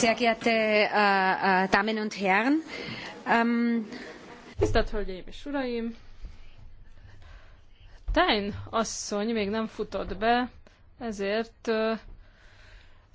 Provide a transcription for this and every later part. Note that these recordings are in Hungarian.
Sehr geehrte äh, äh, Damen und Herren! Ähm, Tisztelt Hölgyeim és Uraim! Tein asszony még nem futott be, ezért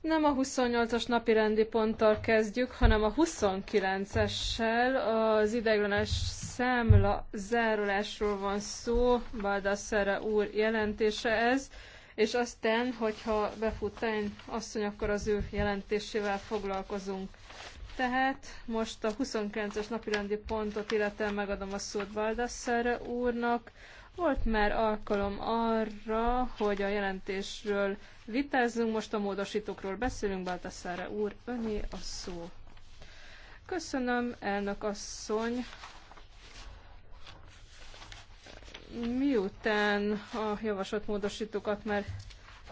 nem a 28-as napi rendi ponttal kezdjük, hanem a 29-essel az ideiglenes számla zárulásról van szó, Baldasszere úr jelentése ez és aztán, hogyha befut Tájn asszony, akkor az ő jelentésével foglalkozunk. Tehát most a 29-es napirendi pontot illetően megadom a szót Baldasszere úrnak. Volt már alkalom arra, hogy a jelentésről vitázzunk, most a módosítókról beszélünk, Baldasszere úr, öné a szó. Köszönöm, elnök asszony. Miután a javasolt módosítókat már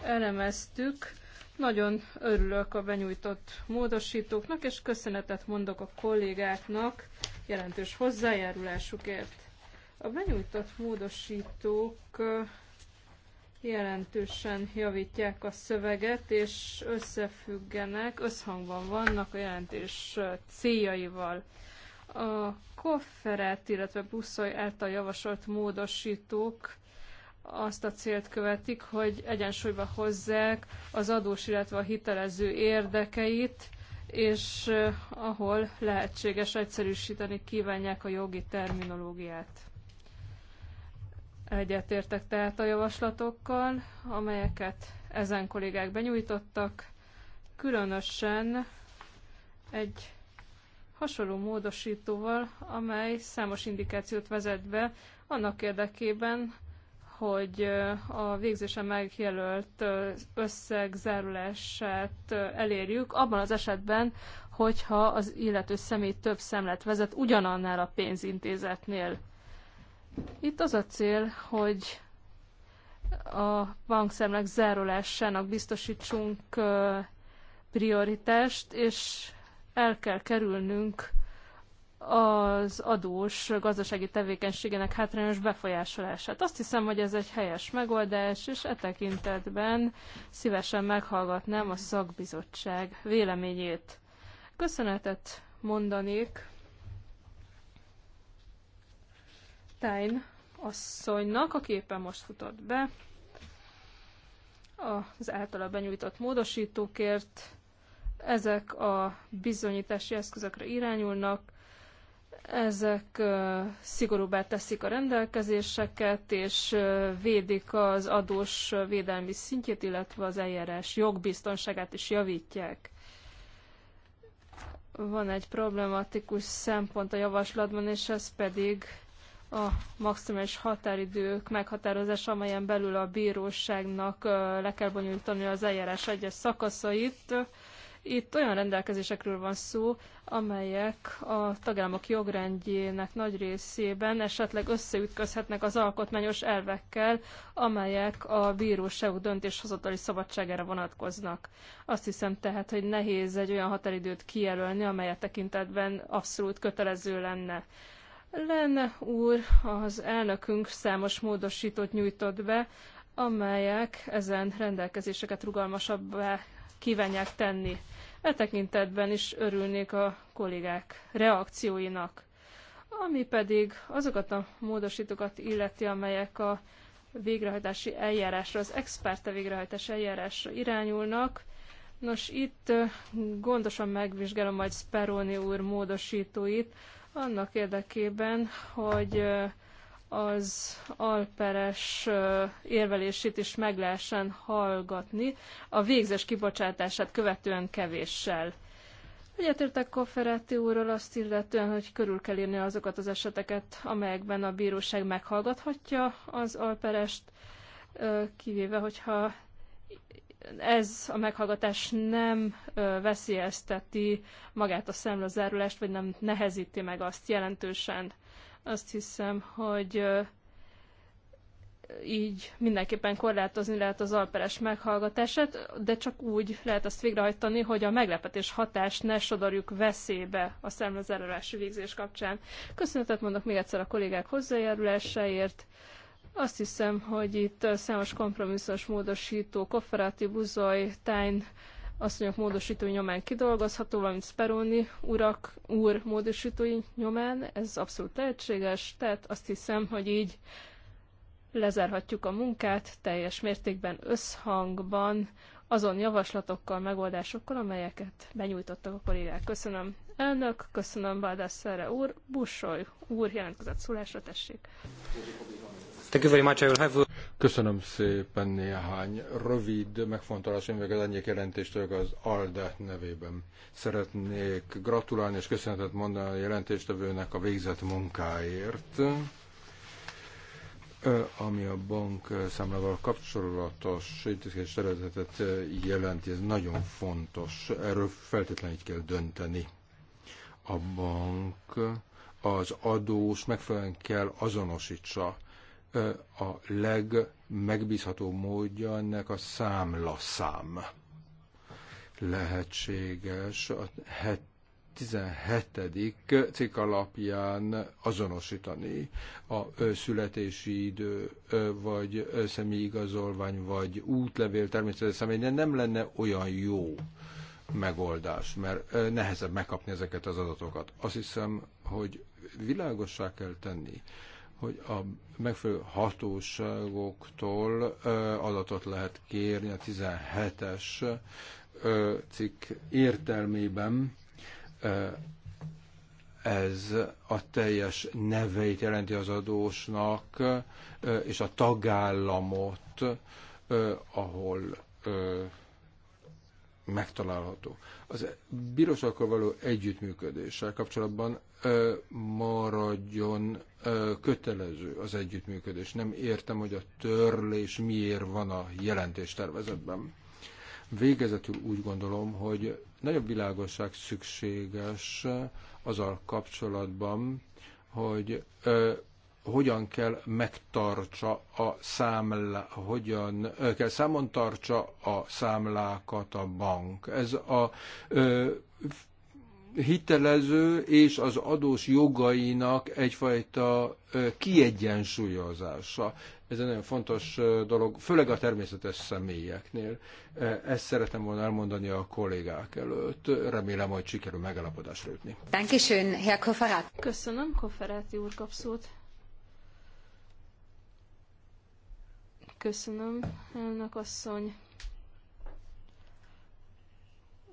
elemeztük, nagyon örülök a benyújtott módosítóknak, és köszönetet mondok a kollégáknak jelentős hozzájárulásukért. A benyújtott módosítók jelentősen javítják a szöveget, és összefüggenek, összhangban vannak a jelentés céljaival. A kofferet, illetve buszolj által javasolt módosítók azt a célt követik, hogy egyensúlyba hozzák az adós, illetve a hitelező érdekeit, és ahol lehetséges egyszerűsíteni kívánják a jogi terminológiát. Egyetértek tehát a javaslatokkal, amelyeket ezen kollégák benyújtottak, különösen egy hasonló módosítóval, amely számos indikációt vezet be annak érdekében, hogy a végzésen megjelölt összeg zárulását elérjük, abban az esetben, hogyha az illető személy több szemlet vezet ugyanannál a pénzintézetnél. Itt az a cél, hogy a bankszemlek zárulásának biztosítsunk prioritást, és el kell kerülnünk az adós gazdasági tevékenységének hátrányos befolyásolását. Azt hiszem, hogy ez egy helyes megoldás, és e tekintetben szívesen meghallgatnám a szakbizottság véleményét. Köszönetet mondanék Tájn asszonynak, aki éppen most futott be az általa benyújtott módosítókért, ezek a bizonyítási eszközökre irányulnak, ezek szigorúbbá teszik a rendelkezéseket, és védik az adós védelmi szintjét, illetve az eljárás jogbiztonságát is javítják. Van egy problematikus szempont a javaslatban, és ez pedig a maximális határidők meghatározása, amelyen belül a bíróságnak le kell bonyolítani az eljárás egyes szakaszait itt olyan rendelkezésekről van szó, amelyek a tagállamok jogrendjének nagy részében esetleg összeütközhetnek az alkotmányos elvekkel, amelyek a bíróságok döntéshozatali szabadságára vonatkoznak. Azt hiszem tehát, hogy nehéz egy olyan határidőt kijelölni, amelyet tekintetben abszolút kötelező lenne. Lenne úr, az elnökünk számos módosítót nyújtott be, amelyek ezen rendelkezéseket rugalmasabbá kívánják tenni. E tekintetben is örülnék a kollégák reakcióinak. Ami pedig azokat a módosítókat illeti, amelyek a végrehajtási eljárásra, az experte végrehajtási eljárásra irányulnak. Nos, itt gondosan megvizsgálom majd Speroni úr módosítóit, annak érdekében, hogy az alperes érvelését is meg lehessen hallgatni, a végzés kibocsátását követően kevéssel. Egyetértek Kofferetti úrral azt illetően, hogy körül kell írni azokat az eseteket, amelyekben a bíróság meghallgathatja az alperest, kivéve, hogyha ez a meghallgatás nem veszélyezteti magát a szemlezárulást, vagy nem nehezíti meg azt jelentősen. Azt hiszem, hogy így mindenképpen korlátozni lehet az alperes meghallgatását, de csak úgy lehet azt végrehajtani, hogy a meglepetés hatást ne sodorjuk veszélybe a szemlezárulási végzés kapcsán. Köszönetet mondok még egyszer a kollégák hozzájárulásáért. Azt hiszem, hogy itt számos kompromisszos módosító, Kofferáti, Buzoy, Tájn, asszonyok módosítói nyomán kidolgozható, valamint Speroni urak, úr módosítói nyomán. Ez abszolút lehetséges, tehát azt hiszem, hogy így lezárhatjuk a munkát teljes mértékben összhangban azon javaslatokkal, megoldásokkal, amelyeket benyújtottak a kollégák. Köszönöm elnök, köszönöm Baldasszere úr, Bussoly úr jelentkezett szólásra, tessék. Köszönöm szépen néhány rövid megfontolásom, még az ennyi jelentéstől az ALDE nevében. Szeretnék gratulálni és köszönetet mondani a jelentéstevőnek a végzett munkáért ami a bank számlával kapcsolatos intézkedés területet jelenti, ez nagyon fontos. Erről feltétlenül így kell dönteni. A bank az adós megfelelően kell azonosítsa a legmegbízható módja ennek a számlaszám. Lehetséges a 17. cikk alapján azonosítani a születési idő, vagy személyigazolvány, vagy útlevél természetesen személyen nem lenne olyan jó megoldás, mert nehezebb megkapni ezeket az adatokat. Azt hiszem, hogy világossá kell tenni, hogy a megfelelő hatóságoktól adatot lehet kérni a 17-es cikk értelmében. Ez a teljes neveit jelenti az adósnak, és a tagállamot, ahol megtalálható. Az bíróságokkal való együttműködéssel kapcsolatban maradjon kötelező az együttműködés. Nem értem, hogy a törlés miért van a jelentéstervezetben. Végezetül úgy gondolom, hogy nagyobb világosság szükséges azzal kapcsolatban, hogy ö, hogyan kell megtartsa a számla, hogyan ö, kell számon tartsa a számlákat a bank. Ez a ö, hitelező és az adós jogainak egyfajta kiegyensúlyozása. Ez egy nagyon fontos dolog, főleg a természetes személyeknél. Ezt szeretem volna elmondani a kollégák előtt. Remélem, hogy sikerül megállapodásra jutni. Dankeschön, Herr Kofferat. Köszönöm, Kofferáti úr kap szót. Köszönöm, elnök asszony.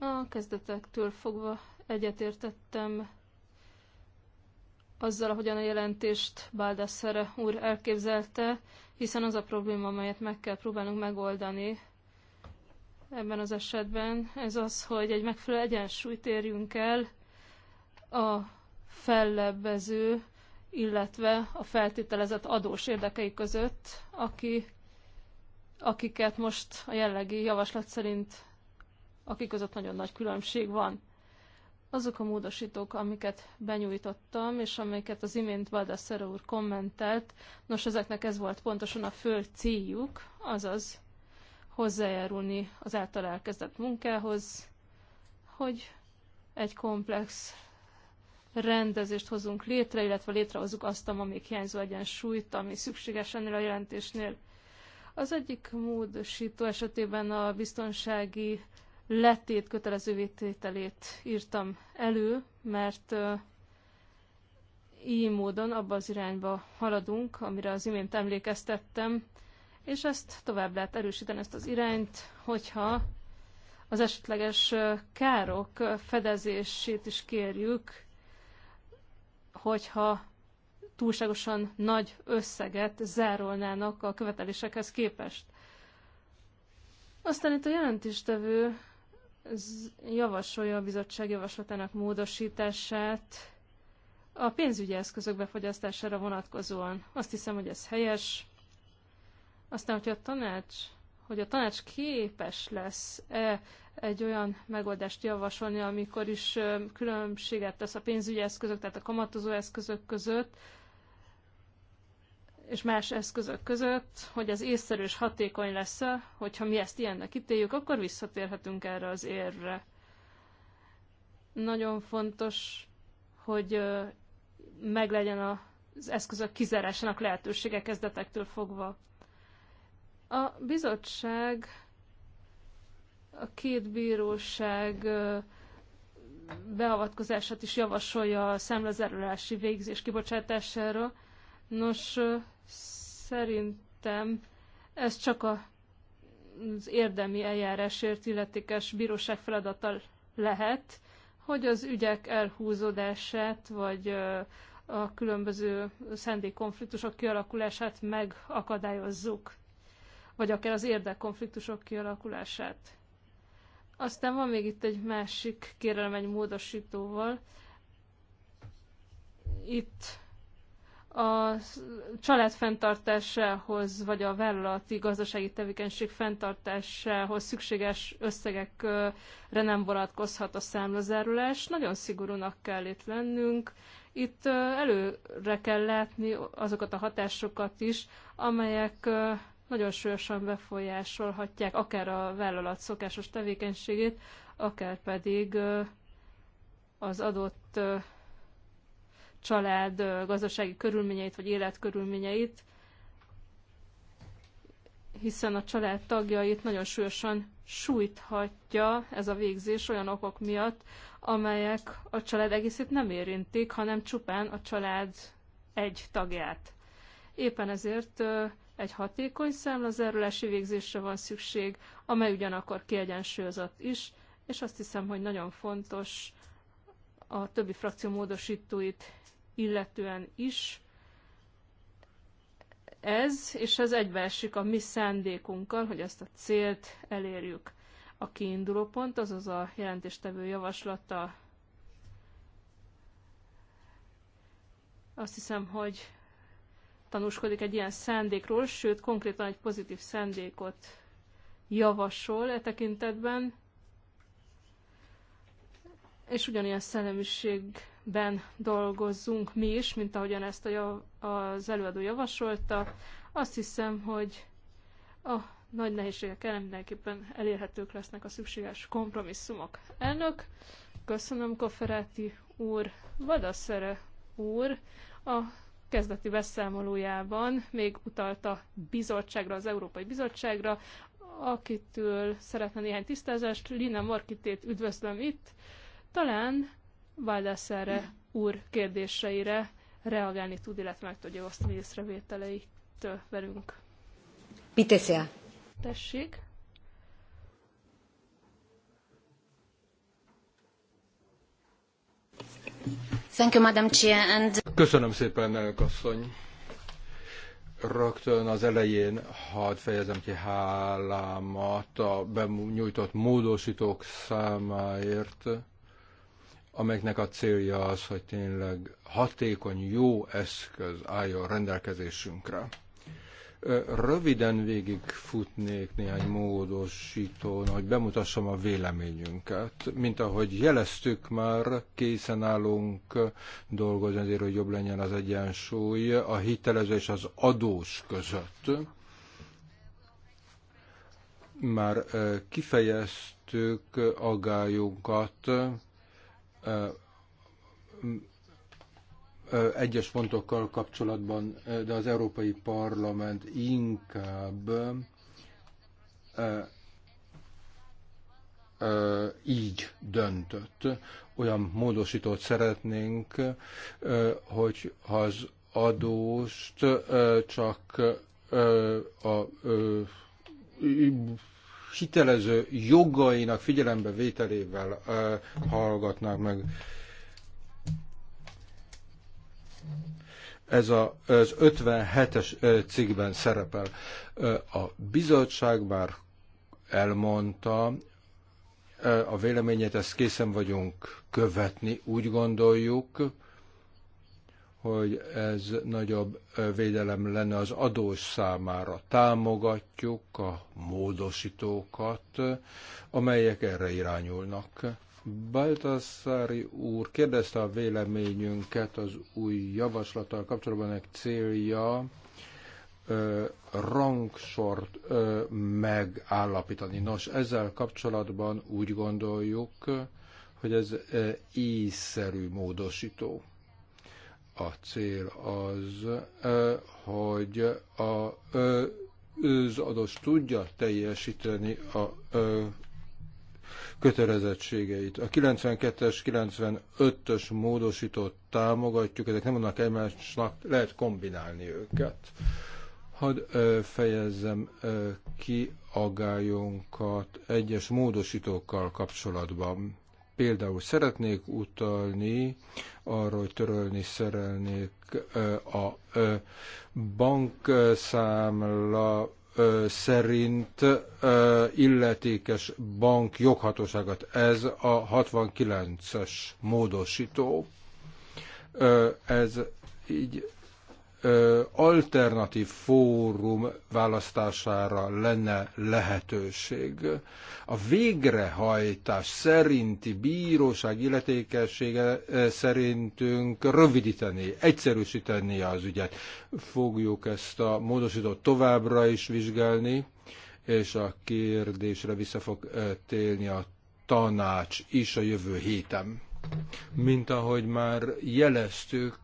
A kezdetektől fogva Egyetértettem azzal, ahogyan a jelentést Baldasser úr elképzelte, hiszen az a probléma, amelyet meg kell próbálnunk megoldani ebben az esetben, ez az, hogy egy megfelelő egyensúlyt érjünk el a fellebbező, illetve a feltételezett adós érdekei között, aki, akiket most a jellegi javaslat szerint akik között nagyon nagy különbség van. Azok a módosítók, amiket benyújtottam, és amiket az imént Baldasszer úr kommentelt, nos, ezeknek ez volt pontosan a fő céljuk, azaz hozzájárulni az által elkezdett munkához, hogy egy komplex rendezést hozunk létre, illetve létrehozzuk azt amik hiányzó egyensúlyt, ami szükséges ennél a jelentésnél. Az egyik módosító esetében a biztonsági letét kötelezővé tételét írtam elő, mert így módon abba az irányba haladunk, amire az imént emlékeztettem, és ezt tovább lehet erősíteni, ezt az irányt, hogyha az esetleges károk fedezését is kérjük, hogyha túlságosan nagy összeget zárolnának a követelésekhez képest. Aztán itt a jelentéstevő javasolja a bizottság javaslatának módosítását a pénzügyi eszközök befogyasztására vonatkozóan. Azt hiszem, hogy ez helyes. Aztán, hogy a tanács, hogy a tanács képes lesz -e egy olyan megoldást javasolni, amikor is különbséget tesz a pénzügyi eszközök, tehát a kamatozó eszközök között, és más eszközök között, hogy az észszerű és hatékony lesz -e, hogyha mi ezt ilyennek ítéljük, akkor visszatérhetünk erre az érre. Nagyon fontos, hogy meglegyen az eszközök kizárásának lehetősége kezdetektől fogva. A bizottság, a két bíróság beavatkozását is javasolja a számlazárulási végzés kibocsátására, Nos, Szerintem ez csak a, az érdemi eljárásért illetékes bíróság feladata lehet, hogy az ügyek elhúzódását, vagy a különböző szendélykonfliktusok kialakulását megakadályozzuk, vagy akár az érdekkonfliktusok kialakulását. Aztán van még itt egy másik kérelem egy módosítóval. Itt a család fenntartásához, vagy a vállalati gazdasági tevékenység fenntartásához szükséges összegekre nem vonatkozhat a számlazárulás. Nagyon szigorúnak kell itt lennünk. Itt előre kell látni azokat a hatásokat is, amelyek nagyon súlyosan befolyásolhatják akár a vállalat szokásos tevékenységét, akár pedig az adott család gazdasági körülményeit vagy életkörülményeit, hiszen a család tagjait nagyon súlyosan sújthatja ez a végzés olyan okok miatt, amelyek a család egészét nem érintik, hanem csupán a család egy tagját. Éppen ezért egy hatékony számlazárulási végzésre van szükség, amely ugyanakkor kiegyensúlyozott is, és azt hiszem, hogy nagyon fontos a többi frakció módosítóit illetően is. Ez, és ez egybeesik a mi szándékunkkal, hogy ezt a célt elérjük. A kiinduló pont, azaz a jelentéstevő javaslata. Azt hiszem, hogy tanúskodik egy ilyen szándékról, sőt, konkrétan egy pozitív szándékot javasol e tekintetben és ugyanilyen szellemiségben dolgozzunk mi is, mint ahogyan ezt a jav, az előadó javasolta. Azt hiszem, hogy a nagy nehézségek ellen mindenképpen elérhetők lesznek a szükséges kompromisszumok. Elnök, köszönöm Koferáti úr, Vadaszere úr, a kezdeti beszámolójában még utalta bizottságra, az Európai Bizottságra, akitől szeretne néhány tisztázást. Lina Markitét üdvözlöm itt, talán Valdászerre úr kérdéseire reagálni tud, illetve meg tudja osztani észrevételeit velünk. Pitesia. Tessék. Thank you, Madam Chia, and... Köszönöm szépen, elnök asszony. Rögtön az elején hadd fejezem ki hálámat a benyújtott módosítók számáért amelynek a célja az, hogy tényleg hatékony, jó eszköz álljon rendelkezésünkre. Röviden végigfutnék néhány módosítón, hogy bemutassam a véleményünket. Mint ahogy jeleztük már, készen állunk dolgozni azért, hogy jobb legyen az egyensúly a hitelező és az adós között. Már kifejeztük agályunkat, egyes pontokkal kapcsolatban, de az Európai Parlament inkább így döntött. Olyan módosítót szeretnénk, hogy ha az adóst csak a hitelező jogainak figyelembe vételével hallgatnák meg. Ez a, az 57-es cikkben szerepel. A bizottság már elmondta, a véleményét, ezt készen vagyunk követni, úgy gondoljuk, hogy ez nagyobb védelem lenne az adós számára. Támogatjuk a módosítókat, amelyek erre irányulnak. Baltaszári úr kérdezte a véleményünket az új javaslattal kapcsolatban, egy célja ö, rangsort ö, megállapítani. Nos, ezzel kapcsolatban úgy gondoljuk, hogy ez ízszerű módosító a cél az, hogy a, az adós tudja teljesíteni a kötelezettségeit. A 92-es, 95-ös módosítót támogatjuk, ezek nem vannak egymásnak, lehet kombinálni őket. Hadd fejezzem ki agályunkat egyes módosítókkal kapcsolatban. Például szeretnék utalni arra, hogy törölni szeretnék a bankszámla szerint illetékes bank joghatóságát. Ez a 69-es módosító. Ez így alternatív fórum választására lenne lehetőség. A végrehajtás szerinti bíróság illetékessége szerintünk rövidíteni, egyszerűsíteni az ügyet. Fogjuk ezt a módosítót továbbra is vizsgálni, és a kérdésre vissza fog télni a tanács is a jövő héten. Mint ahogy már jeleztük,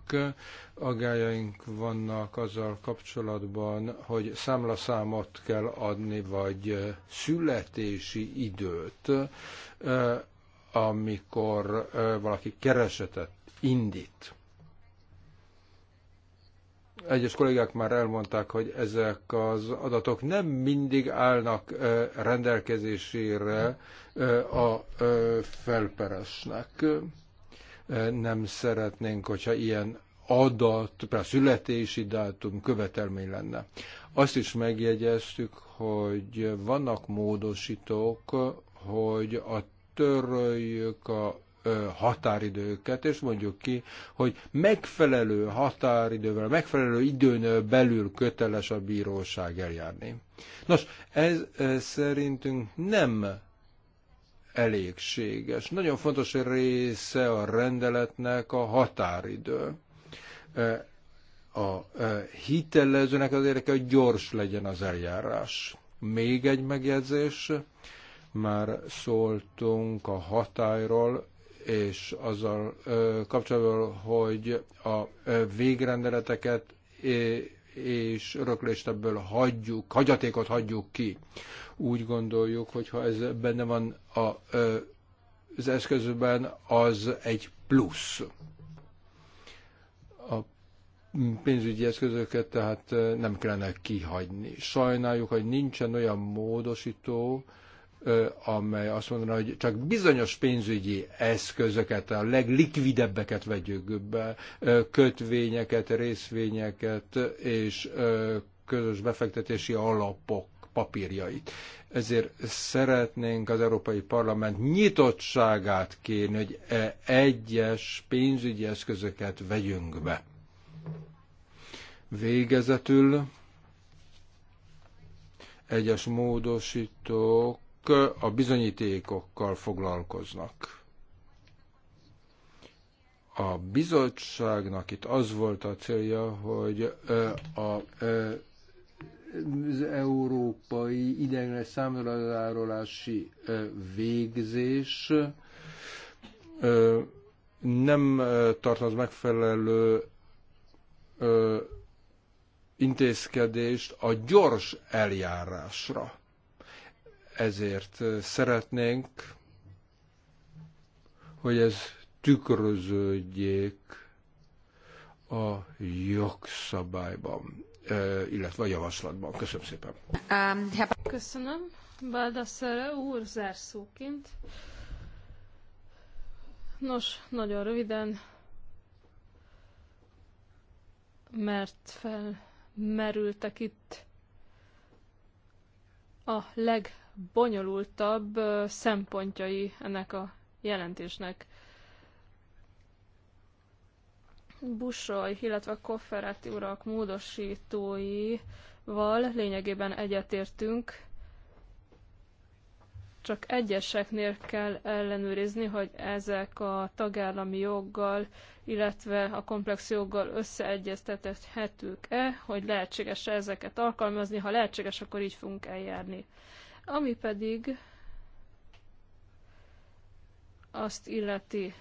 agájaink vannak azzal kapcsolatban, hogy számlaszámot kell adni, vagy születési időt, amikor valaki keresetet indít. Egyes kollégák már elmondták, hogy ezek az adatok nem mindig állnak rendelkezésére a felperesnek. Nem szeretnénk, hogyha ilyen adat, a születési dátum követelmény lenne. Azt is megjegyeztük, hogy vannak módosítók, hogy a töröljük a határidőket, és mondjuk ki, hogy megfelelő határidővel, megfelelő időn belül köteles a bíróság eljárni. Nos, ez szerintünk nem elégséges. Nagyon fontos része a rendeletnek a határidő. A hitelezőnek az érdeke, hogy gyors legyen az eljárás. Még egy megjegyzés, már szóltunk a hatályról, és azzal kapcsolatban, hogy a végrendeleteket és öröklést ebből hagyjuk, hagyatékot hagyjuk ki. Úgy gondoljuk, hogy ha ez benne van a, az eszközben, az egy plusz. A pénzügyi eszközöket tehát nem kellene kihagyni. Sajnáljuk, hogy nincsen olyan módosító, amely azt mondaná, hogy csak bizonyos pénzügyi eszközöket, a leglikvidebbeket vegyük be, kötvényeket, részvényeket és közös befektetési alapok papírjait. Ezért szeretnénk az Európai Parlament nyitottságát kérni, hogy e egyes pénzügyi eszközöket vegyünk be. Végezetül egyes módosítók a bizonyítékokkal foglalkoznak. A bizottságnak itt az volt a célja, hogy a, az európai ideiglenes számlálárolási végzés nem tartalmaz megfelelő intézkedést a gyors eljárásra. Ezért szeretnénk, hogy ez tükröződjék a jogszabályban, illetve a javaslatban. Köszönöm szépen. Um, Köszönöm. Baldasszere úr zárszóként. Nos, nagyon röviden, mert felmerültek itt a leg bonyolultabb szempontjai ennek a jelentésnek. Busoly, illetve Kofferati urak módosítóival lényegében egyetértünk, csak egyeseknél kell ellenőrizni, hogy ezek a tagállami joggal, illetve a komplex joggal összeegyeztethetők-e, hogy lehetséges -e ezeket alkalmazni, ha lehetséges, akkor így fogunk eljárni. Ami pedig azt illeti,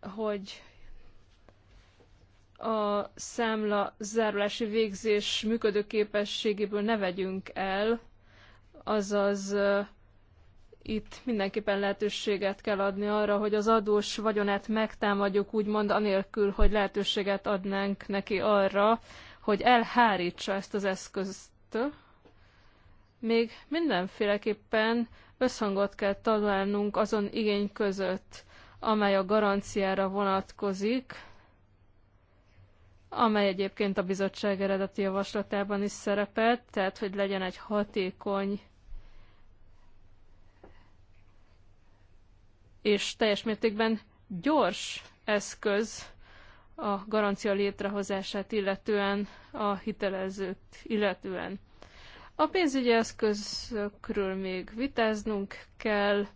hogy a számla zárulási végzés működőképességéből ne vegyünk el, azaz itt mindenképpen lehetőséget kell adni arra, hogy az adós vagyonát megtámadjuk, úgymond anélkül, hogy lehetőséget adnánk neki arra, hogy elhárítsa ezt az eszközt még mindenféleképpen összhangot kell találnunk azon igény között, amely a garanciára vonatkozik, amely egyébként a bizottság eredeti javaslatában is szerepelt, tehát hogy legyen egy hatékony és teljes mértékben gyors eszköz a garancia létrehozását illetően, a hitelezőt illetően. A pénzügyi eszközökről még vitáznunk kell,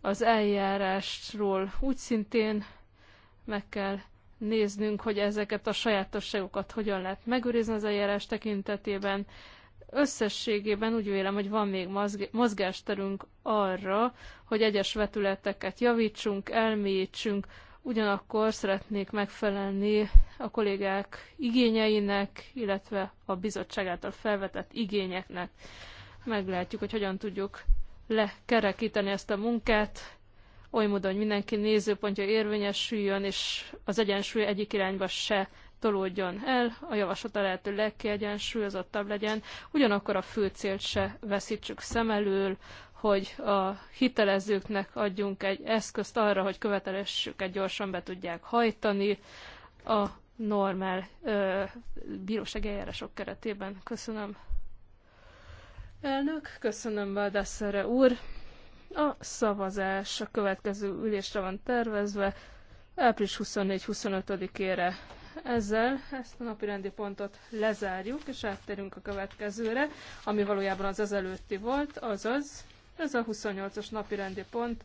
az eljárásról úgy szintén meg kell néznünk, hogy ezeket a sajátosságokat hogyan lehet megőrizni az eljárás tekintetében. Összességében úgy vélem, hogy van még mozgásterünk arra, hogy egyes vetületeket javítsunk, elmélyítsünk, ugyanakkor szeretnék megfelelni a kollégák igényeinek, illetve a bizottság által felvetett igényeknek. Meglátjuk, hogy hogyan tudjuk lekerekíteni ezt a munkát, oly módon, hogy mindenki nézőpontja érvényesüljön, és az egyensúly egyik irányba se tolódjon el, a javaslat a lehető legkiegyensúlyozottabb legyen, ugyanakkor a fő célt se veszítsük szem elől, hogy a hitelezőknek adjunk egy eszközt arra, hogy követelésüket gyorsan be tudják hajtani a normál ö, bírósági eljárások keretében. Köszönöm. Elnök, köszönöm Valdászere úr. A szavazás a következő ülésre van tervezve, április 24-25-ére. Ezzel ezt a napi rendi pontot lezárjuk, és átterünk a következőre, ami valójában az ezelőtti volt, azaz ez a 28-as napi rendi pont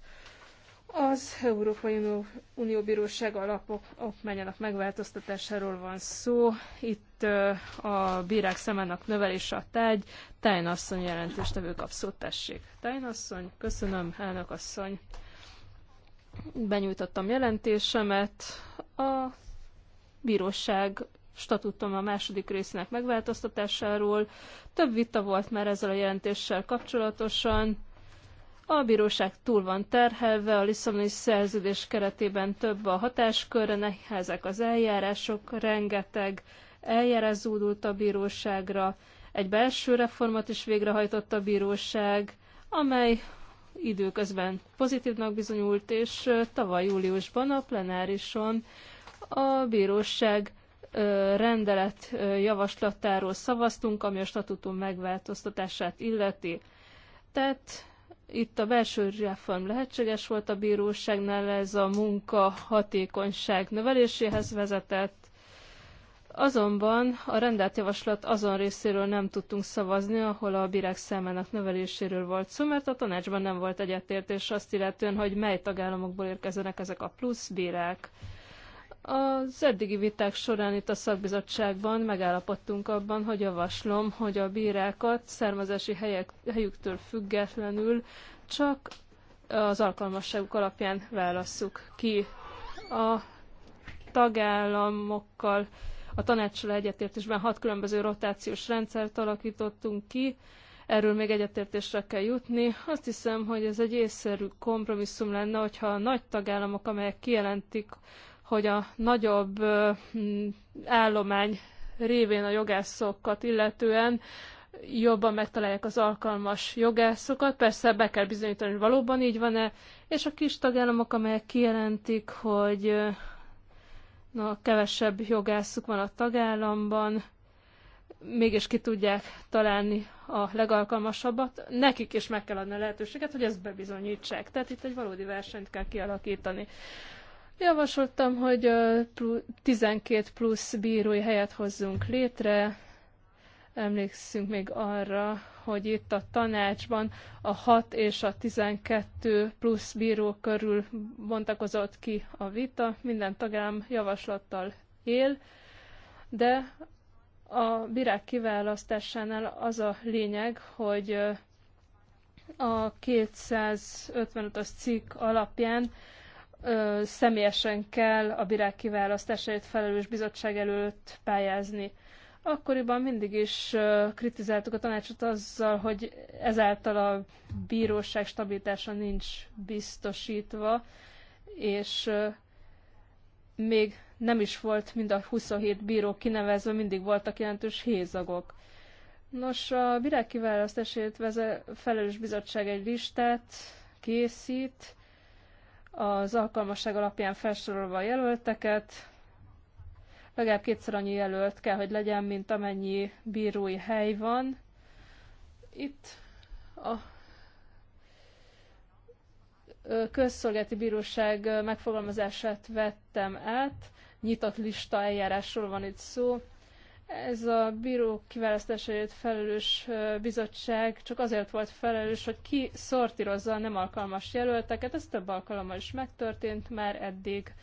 az Európai Unió, Unió Bíróság alapok menjenek megváltoztatásáról van szó. Itt a bírák szemának növelése a tárgy. Tájnasszony jelentéstevő kap szót, tessék. Tájnasszony, köszönöm, elnök asszony. Benyújtottam jelentésemet. A bíróság statutum a második részének megváltoztatásáról. Több vita volt már ezzel a jelentéssel kapcsolatosan a bíróság túl van terhelve, a Lisszaboni szerződés keretében több a hatáskörre, nehezek az eljárások, rengeteg eljárás zúdult a bíróságra, egy belső reformat is végrehajtott a bíróság, amely időközben pozitívnak bizonyult, és tavaly júliusban a plenárison a bíróság rendelet javaslatáról szavaztunk, ami a statutum megváltoztatását illeti. Tehát itt a belső reform lehetséges volt a bíróságnál, ez a munka hatékonyság növeléséhez vezetett, Azonban a rendelt javaslat azon részéről nem tudtunk szavazni, ahol a bírák számának növeléséről volt szó, mert a tanácsban nem volt egyetértés azt illetően, hogy mely tagállamokból érkezenek ezek a plusz bírák. Az eddigi viták során itt a szakbizottságban megállapodtunk abban, hogy javaslom, hogy a bírákat származási helyek, helyüktől függetlenül csak az alkalmasságuk alapján válasszuk ki. A tagállamokkal a tanácssal egyetértésben hat különböző rotációs rendszert alakítottunk ki, erről még egyetértésre kell jutni. Azt hiszem, hogy ez egy észszerű kompromisszum lenne, hogyha a nagy tagállamok, amelyek kijelentik, hogy a nagyobb mm, állomány révén a jogászokat illetően jobban megtalálják az alkalmas jogászokat. Persze be kell bizonyítani, hogy valóban így van-e, és a kis tagállamok, amelyek kijelentik, hogy na, kevesebb jogászuk van a tagállamban, mégis ki tudják találni a legalkalmasabbat, nekik is meg kell adni a lehetőséget, hogy ezt bebizonyítsák. Tehát itt egy valódi versenyt kell kialakítani. Javasoltam, hogy 12 plusz bírói helyet hozzunk létre. Emlékszünk még arra, hogy itt a tanácsban a 6 és a 12 plusz bíró körül bontakozott ki a vita. Minden tagám javaslattal él, de a bírák kiválasztásánál az a lényeg, hogy a 255-ös cikk alapján ö, személyesen kell a virág kiválasztásáért felelős bizottság előtt pályázni. Akkoriban mindig is kritizáltuk a tanácsot azzal, hogy ezáltal a bíróság stabilitása nincs biztosítva, és még nem is volt mind a 27 bíró kinevezve, mindig voltak jelentős hézagok. Nos, a bírák kiválasztásért felelős bizottság egy listát készít, az alkalmasság alapján felsorolva a jelölteket. Legalább kétszer annyi jelölt kell, hogy legyen, mint amennyi bírói hely van. Itt a közszolgálati bíróság megfogalmazását vettem át. Nyitott lista eljárásról van itt szó ez a bíró kiválasztásáért felelős bizottság csak azért volt felelős, hogy ki szortírozza a nem alkalmas jelölteket. Ez több alkalommal is megtörtént már eddig.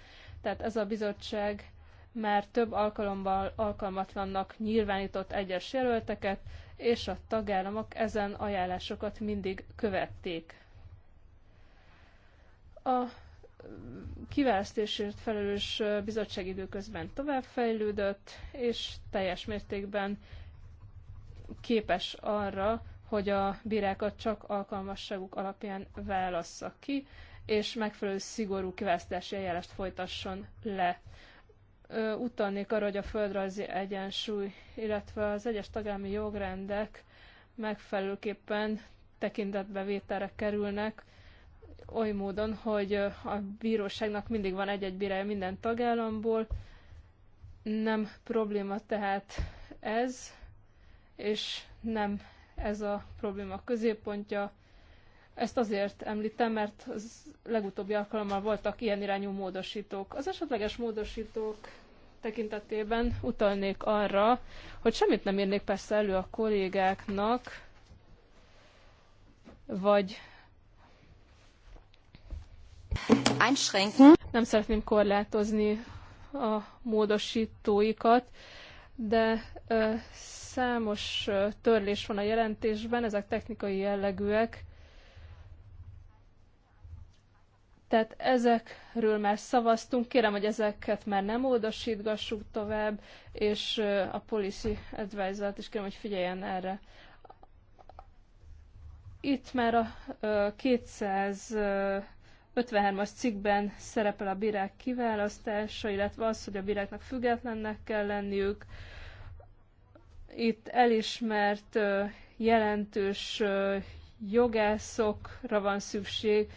Tehát ez a bizottság már több alkalommal alkalmatlannak nyilvánított egyes jelölteket, és a tagállamok ezen ajánlásokat mindig követték. A kiválasztásért felelős bizottság időközben továbbfejlődött, és teljes mértékben képes arra, hogy a bírákat csak alkalmasságuk alapján válassza ki, és megfelelő szigorú kiválasztási eljárást folytasson le. Utalnék arra, hogy a földrajzi egyensúly, illetve az egyes tagállami jogrendek megfelelőképpen tekintetbe vételre kerülnek, oly módon, hogy a bíróságnak mindig van egy-egy bírája minden tagállamból. Nem probléma tehát ez, és nem ez a probléma középpontja. Ezt azért említem, mert az legutóbbi alkalommal voltak ilyen irányú módosítók. Az esetleges módosítók tekintetében utalnék arra, hogy semmit nem írnék persze elő a kollégáknak, vagy Einschränken. Nem szeretném korlátozni a módosítóikat, de ö, számos ö, törlés van a jelentésben, ezek technikai jellegűek. Tehát ezekről már szavaztunk, kérem, hogy ezeket már nem módosítgassuk tovább, és ö, a policy advisor is kérem, hogy figyeljen erre itt már a 200 53-as cikkben szerepel a bírák kiválasztása, illetve az, hogy a bíráknak függetlennek kell lenniük. Itt elismert jelentős jogászokra van szükség.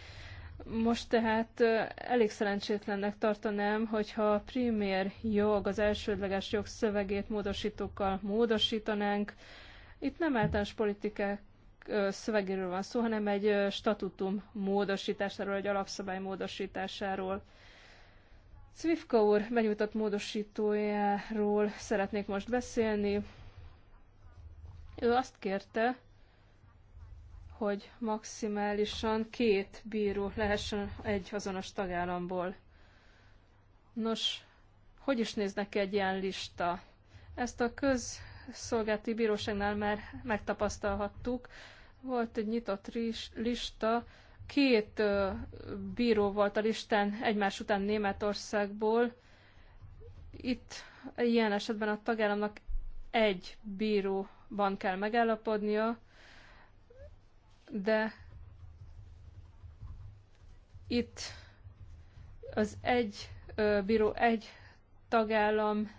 Most tehát elég szerencsétlennek tartanám, hogyha a primér jog, az elsődleges jog szövegét módosítókkal módosítanánk. Itt nem általános politikák szövegéről van szó, hanem egy statutum módosításáról, egy alapszabály módosításáról. Cvifka úr benyújtott módosítójáról szeretnék most beszélni. Ő azt kérte, hogy maximálisan két bíró lehessen egy azonos tagállamból. Nos, hogy is néznek egy ilyen lista? Ezt a köz szolgálati bíróságnál már megtapasztalhattuk. Volt egy nyitott lista, két bíró volt a listán egymás után Németországból. Itt ilyen esetben a tagállamnak egy bíróban kell megállapodnia, de itt az egy bíró, egy tagállam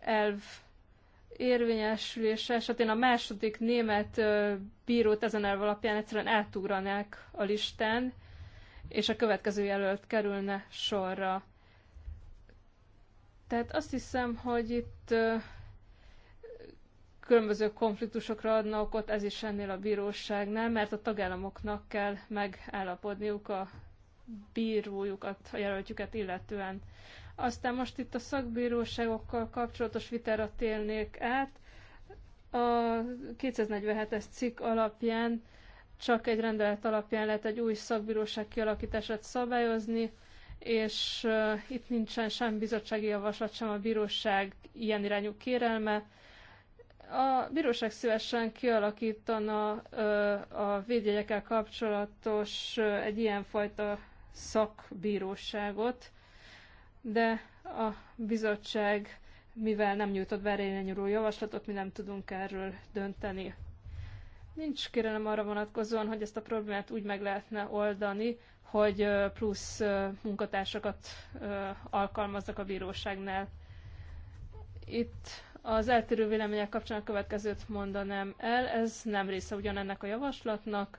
elv érvényesülése esetén a második német bírót ezen elv alapján egyszerűen átugranák a listán, és a következő jelölt kerülne sorra. Tehát azt hiszem, hogy itt különböző konfliktusokra adna okot, ez is ennél a bíróságnál, mert a tagállamoknak kell megállapodniuk a bírójukat, a jelöltjüket illetően. Aztán most itt a szakbíróságokkal kapcsolatos vitára télnék át. A 247-es cikk alapján csak egy rendelet alapján lehet egy új szakbíróság kialakítását szabályozni, és uh, itt nincsen sem bizottsági javaslat, sem a bíróság ilyen irányú kérelme. A bíróság szívesen kialakítana uh, a védjegyekkel kapcsolatos uh, egy ilyenfajta szakbíróságot, de a bizottság, mivel nem nyújtott verényenyúló javaslatot, mi nem tudunk erről dönteni. Nincs kérelem arra vonatkozóan, hogy ezt a problémát úgy meg lehetne oldani, hogy plusz munkatársakat alkalmaznak a bíróságnál. Itt az eltérő vélemények kapcsán a következőt mondanám el. Ez nem része ugyanennek a javaslatnak,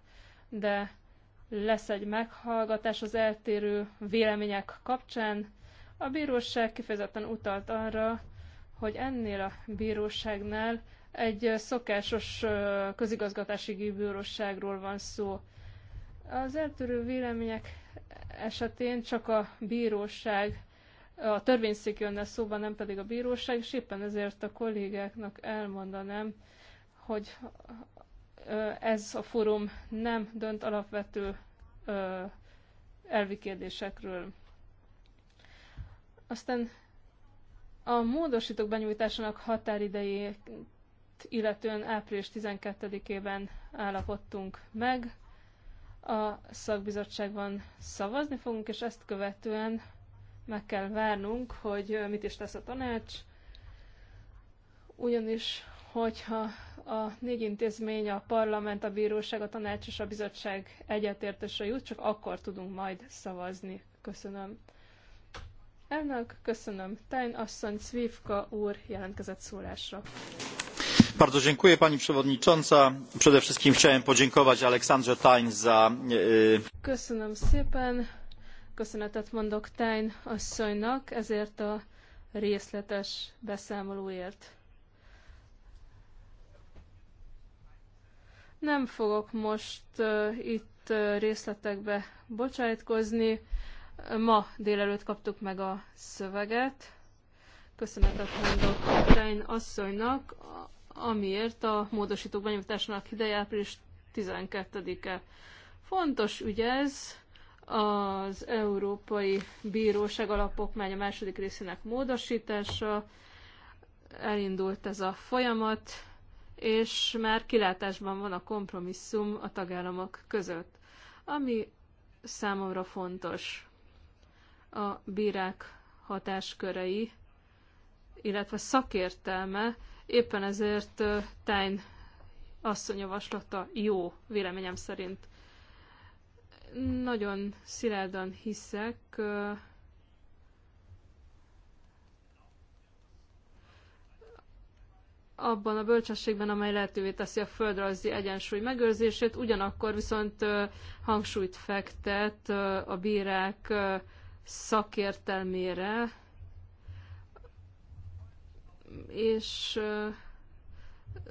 de lesz egy meghallgatás az eltérő vélemények kapcsán, a bíróság kifejezetten utalt arra, hogy ennél a bíróságnál egy szokásos közigazgatási bíróságról van szó. Az eltörő vélemények esetén csak a bíróság, a törvényszék jönne szóba, nem pedig a bíróság, és éppen ezért a kollégáknak elmondanám, hogy ez a fórum nem dönt alapvető elvi kérdésekről. Aztán a módosítók benyújtásának határidejét illetően április 12-ében állapodtunk meg. A szakbizottságban szavazni fogunk, és ezt követően meg kell várnunk, hogy mit is tesz a tanács, ugyanis hogyha a négy intézmény, a parlament, a bíróság, a tanács és a bizottság egyetértésre jut, csak akkor tudunk majd szavazni. Köszönöm. Elnök, köszönöm. Tájn asszony Szvívka úr jelentkezett szólásra. Bardzo dziękuję pani przewodnicząca. Przede wszystkim chciałem podziękować Aleksandrze Tajn za... E, köszönöm szépen. Köszönetet mondok Tájn asszonynak ezért a részletes beszámolóért. Nem fogok most uh, itt uh, részletekbe bocsájtkozni. Ma délelőtt kaptuk meg a szöveget. Köszönetet mondok Klein asszonynak, amiért a módosító benyújtásnak ideje április 12-e. Fontos ügy ez, az Európai Bíróság a második részének módosítása. Elindult ez a folyamat, és már kilátásban van a kompromisszum a tagállamok között, ami számomra fontos a bírák hatáskörei, illetve szakértelme, éppen ezért Tájn asszonyjavaslata jó, véleményem szerint. Nagyon szilárdan hiszek, abban a bölcsességben, amely lehetővé teszi a földrajzi egyensúly megőrzését, ugyanakkor viszont hangsúlyt fektet a bírák szakértelmére, és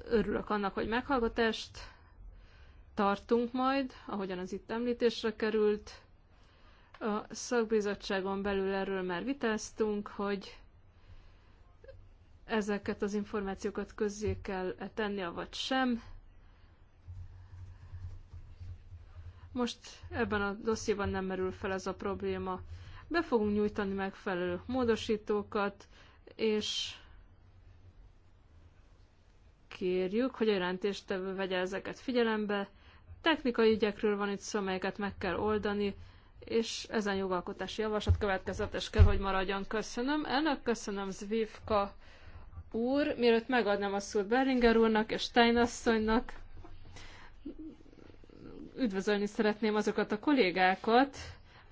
örülök annak, hogy meghallgatást tartunk majd, ahogyan az itt említésre került. A szakbizottságon belül erről már vitáztunk, hogy ezeket az információkat közzé kell -e tenni, vagy sem. Most ebben a dossziéban nem merül fel ez a probléma be fogunk nyújtani megfelelő módosítókat, és kérjük, hogy a jelentéstevő vegye ezeket figyelembe. Technikai ügyekről van itt szó, amelyeket meg kell oldani, és ezen jogalkotási javaslat következetes kell, hogy maradjon. Köszönöm. Elnök, köszönöm Zvivka úr. Mielőtt megadnám a szót Berlinger úrnak és Steinasszonynak, üdvözölni szeretném azokat a kollégákat,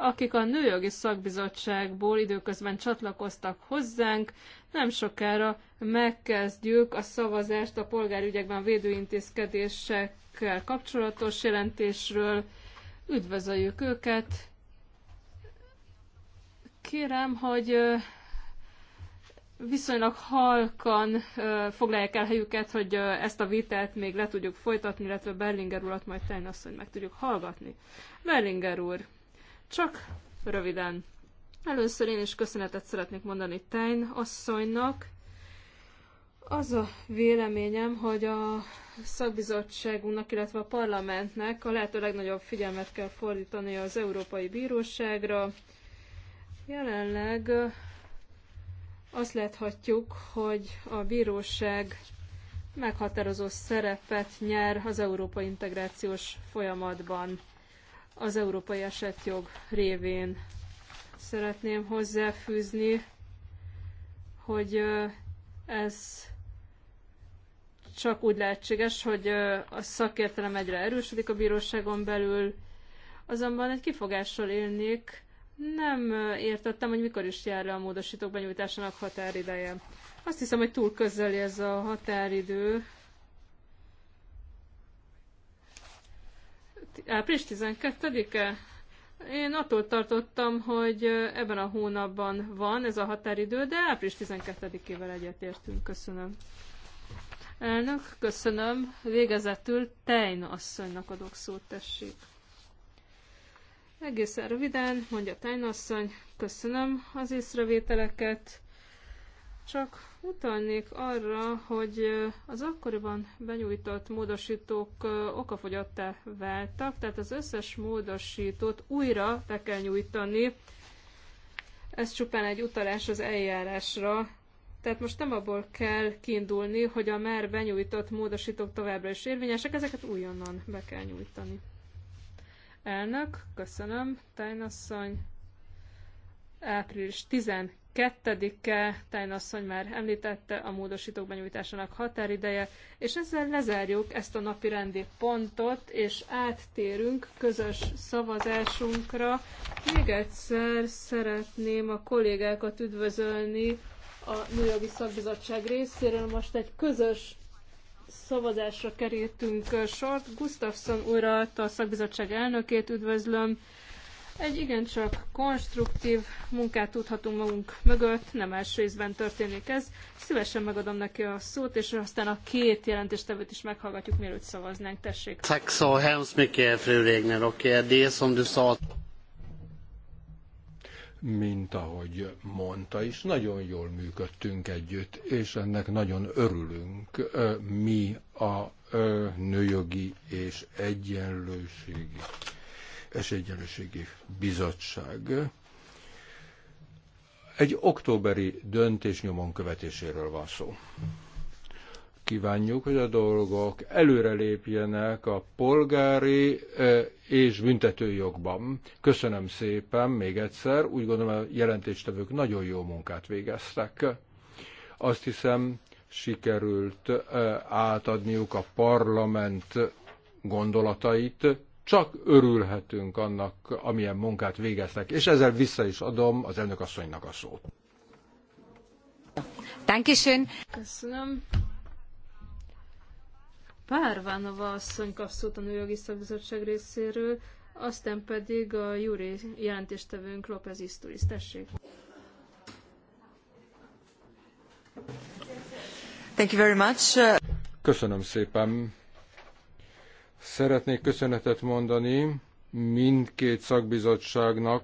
akik a Nőjogi Szakbizottságból időközben csatlakoztak hozzánk. Nem sokára megkezdjük a szavazást a polgárügyekben védőintézkedésekkel kapcsolatos jelentésről. Üdvözöljük őket! Kérem, hogy viszonylag halkan foglalják el helyüket, hogy ezt a vitát még le tudjuk folytatni, illetve Berlinger urat majd hogy meg tudjuk hallgatni. Berlinger úr! Csak röviden. Először én is köszönetet szeretnék mondani Tejn asszonynak. Az a véleményem, hogy a szakbizottságunknak, illetve a parlamentnek a lehető legnagyobb figyelmet kell fordítani az Európai Bíróságra. Jelenleg azt láthatjuk, hogy a bíróság meghatározó szerepet nyer az európai integrációs folyamatban az európai esetjog révén. Szeretném hozzáfűzni, hogy ez csak úgy lehetséges, hogy a szakértelem egyre erősödik a bíróságon belül, azonban egy kifogással élnék, nem értettem, hogy mikor is jár le a módosítók benyújtásának határideje. Azt hiszem, hogy túl közeli ez a határidő, április 12-e? Én attól tartottam, hogy ebben a hónapban van ez a határidő, de április 12-ével egyetértünk. Köszönöm. Elnök, köszönöm. Végezetül Tejn asszonynak adok szót, tessék. Egészen röviden, mondja Tejn asszony, köszönöm az észrevételeket. Csak utalnék arra, hogy az akkoriban benyújtott módosítók okafogyattá váltak, tehát az összes módosítót újra be kell nyújtani. Ez csupán egy utalás az eljárásra, tehát most nem abból kell kiindulni, hogy a már benyújtott módosítók továbbra is érvényesek, ezeket újonnan be kell nyújtani. Elnök, köszönöm, Tájnasszony. Április kettedike, Tájn asszony már említette, a módosítók benyújtásának határideje, és ezzel lezárjuk ezt a napi rendi pontot, és áttérünk közös szavazásunkra. Még egyszer szeretném a kollégákat üdvözölni a Nőjogi Szakbizottság részéről. Most egy közös szavazásra kerítünk sort. Gustafsson urat, a szakbizottság elnökét üdvözlöm, egy igencsak konstruktív munkát tudhatunk magunk mögött, nem első részben történik ez. Szívesen megadom neki a szót, és aztán a két jelentéstevőt is meghallgatjuk, mielőtt szavaznánk. Tessék! Tack så hemskt mycket, fru Regner, och eh, det som du sa... Mint ahogy mondta is, nagyon jól működtünk együtt, és ennek nagyon örülünk mi a nőjogi és egyenlőségi Esélyegyenlőségi Bizottság. Egy októberi döntés nyomon követéséről van szó. Kívánjuk, hogy a dolgok előrelépjenek a polgári e, és büntetőjogban. Köszönöm szépen még egyszer. Úgy gondolom, a jelentéstevők nagyon jó munkát végeztek. Azt hiszem, sikerült e, átadniuk a parlament gondolatait csak örülhetünk annak, amilyen munkát végeznek, és ezzel vissza is adom az elnök asszonynak a szót. Köszönöm. Köszönöm. Párvánova asszony kap szót a Nőjogi Szakbizottság részéről, aztán pedig a Júri jelentéstevőnk López Isturiz. Tessék! Thank you very much. Köszönöm szépen. Szeretnék köszönetet mondani mindkét szakbizottságnak,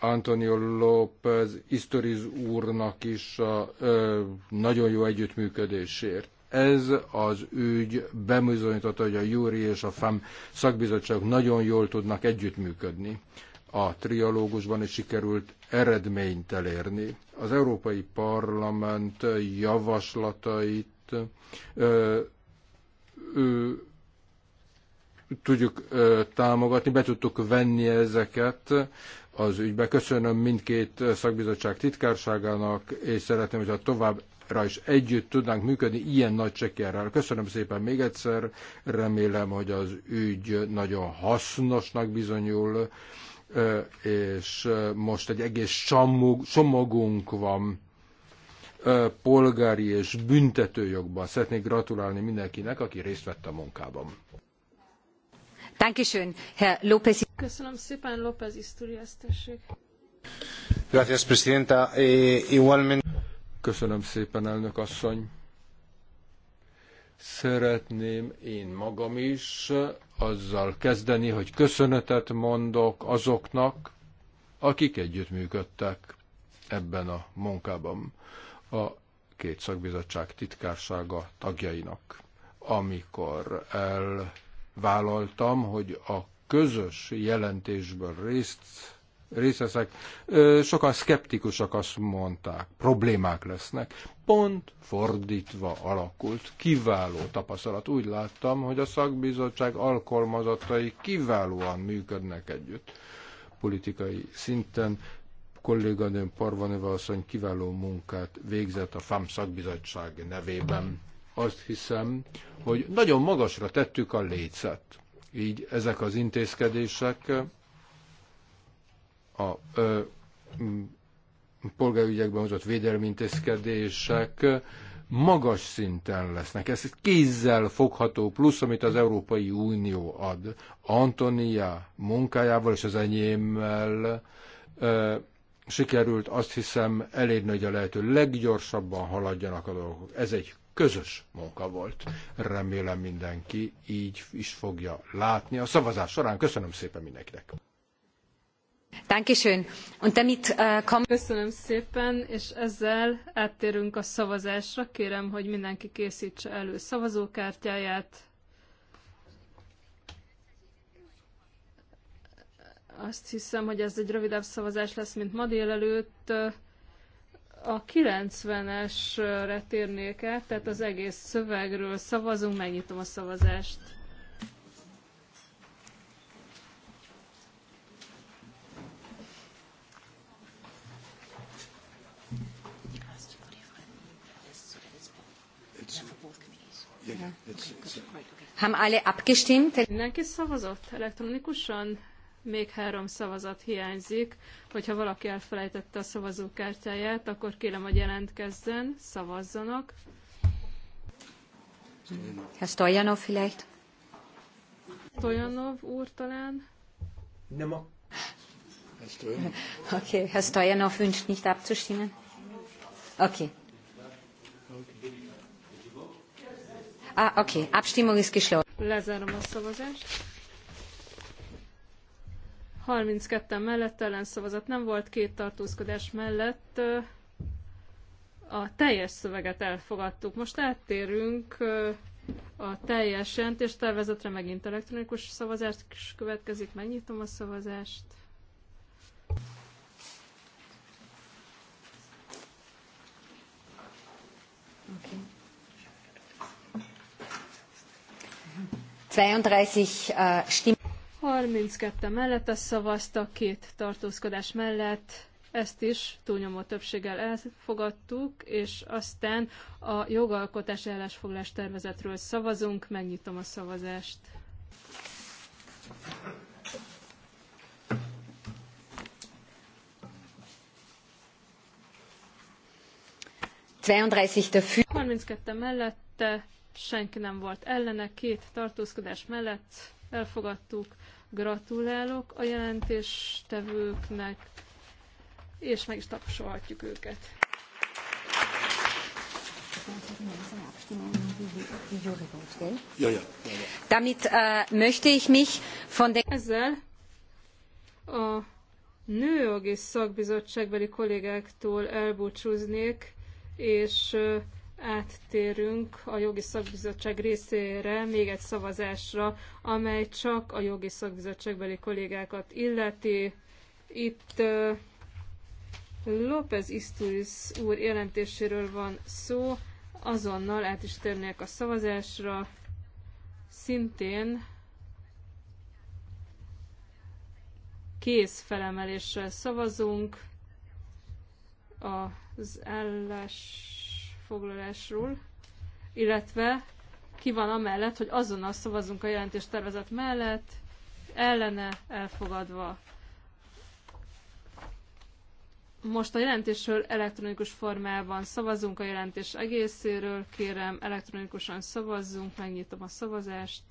Antonio López Istoriz úrnak is a ö, nagyon jó együttműködésért. Ez az ügy bemizonyította, hogy a Júri és a FAM szakbizottság nagyon jól tudnak együttműködni. A trialógusban is sikerült eredményt elérni. Az Európai Parlament javaslatait ö, tudjuk támogatni, be tudtuk venni ezeket az ügybe. Köszönöm mindkét szakbizottság titkárságának, és szeretném, hogyha tovább rá is együtt tudnánk működni ilyen nagy csekjerrel. Köszönöm szépen még egyszer, remélem, hogy az ügy nagyon hasznosnak bizonyul, és most egy egész sammog, somogunk van polgári és büntetőjogban. Szeretnék gratulálni mindenkinek, aki részt vett a munkában. Dankeschön, Herr López. Köszönöm szépen, López Isturias, tessék. Gracias, Presidenta. Eh, igualmente... Köszönöm szépen, elnök asszony. Szeretném én magam is azzal kezdeni, hogy köszönetet mondok azoknak, akik együttműködtek ebben a munkában a két szakbizottság titkársága tagjainak. Amikor elvállaltam, hogy a közös jelentésből részt részeszek, sokan szkeptikusak azt mondták, problémák lesznek. Pont fordítva alakult, kiváló tapasztalat. Úgy láttam, hogy a szakbizottság alkalmazottai kiválóan működnek együtt politikai szinten kolléganőm Parvaneva asszony kiváló munkát végzett a FAM szakbizottság nevében. Azt hiszem, hogy nagyon magasra tettük a lécet. Így ezek az intézkedések a ö, polgárügyekben hozott védelmi intézkedések magas szinten lesznek. Ez kézzel fogható plusz, amit az Európai Unió ad. Antonia munkájával és az enyémmel sikerült azt hiszem elég nagy a lehető leggyorsabban haladjanak a dolgok. Ez egy közös munka volt. Remélem mindenki így is fogja látni a szavazás során. Köszönöm szépen mindenkinek! Äh, Köszönöm szépen, és ezzel áttérünk a szavazásra. Kérem, hogy mindenki készítse elő szavazókártyáját. Azt hiszem, hogy ez egy rövidebb szavazás lesz, mint ma délelőtt. A 90-esre térnék át, tehát az egész szövegről szavazunk, megnyitom a szavazást. alle abgestimmt? Mindenki szavazott elektronikusan? Még három szavazat hiányzik. Hogyha valaki elfelejtette a szavazókártyáját, akkor kérem, hogy jelentkezzen, szavazzanak. Herr Stojanov vielleicht? Stojanov úr talán? Nem a... Oké, Okay, Herr Stojanov wünscht nicht abzustimmen. Okay. Ah, okay. Abstimmung is geschlossen. Lezárom a szavazást. 32-en mellett ellenszavazat nem volt, két tartózkodás mellett a teljes szöveget elfogadtuk. Most áttérünk a teljes tervezetre, megint elektronikus szavazást is következik, megnyitom a szavazást. Okay. 32 uh, stimmen. 32 mellette szavaztak, két tartózkodás mellett ezt is túlnyomó többséggel elfogadtuk, és aztán a jogalkotási állásfoglás tervezetről szavazunk. Megnyitom a szavazást. Dafür. 32 mellette, senki nem volt ellene, két tartózkodás mellett elfogadtuk. Gratulálok a jelentéstevőknek, és meg is tapsolhatjuk őket. Damit äh, möchte ich mich von Ezzel a nőjogi szakbizottságbeli kollégáktól elbúcsúznék, és áttérünk a jogi szakbizottság részére még egy szavazásra, amely csak a jogi szakbizottságbeli kollégákat illeti. Itt López Isturiz úr jelentéséről van szó, azonnal át is térnék a szavazásra. Szintén kész felemeléssel szavazunk az állás foglalásról, illetve ki van amellett, hogy azonnal szavazunk a jelentéstervezet mellett, ellene elfogadva. Most a jelentésről elektronikus formában szavazunk a jelentés egészéről. Kérem, elektronikusan szavazzunk, megnyitom a szavazást.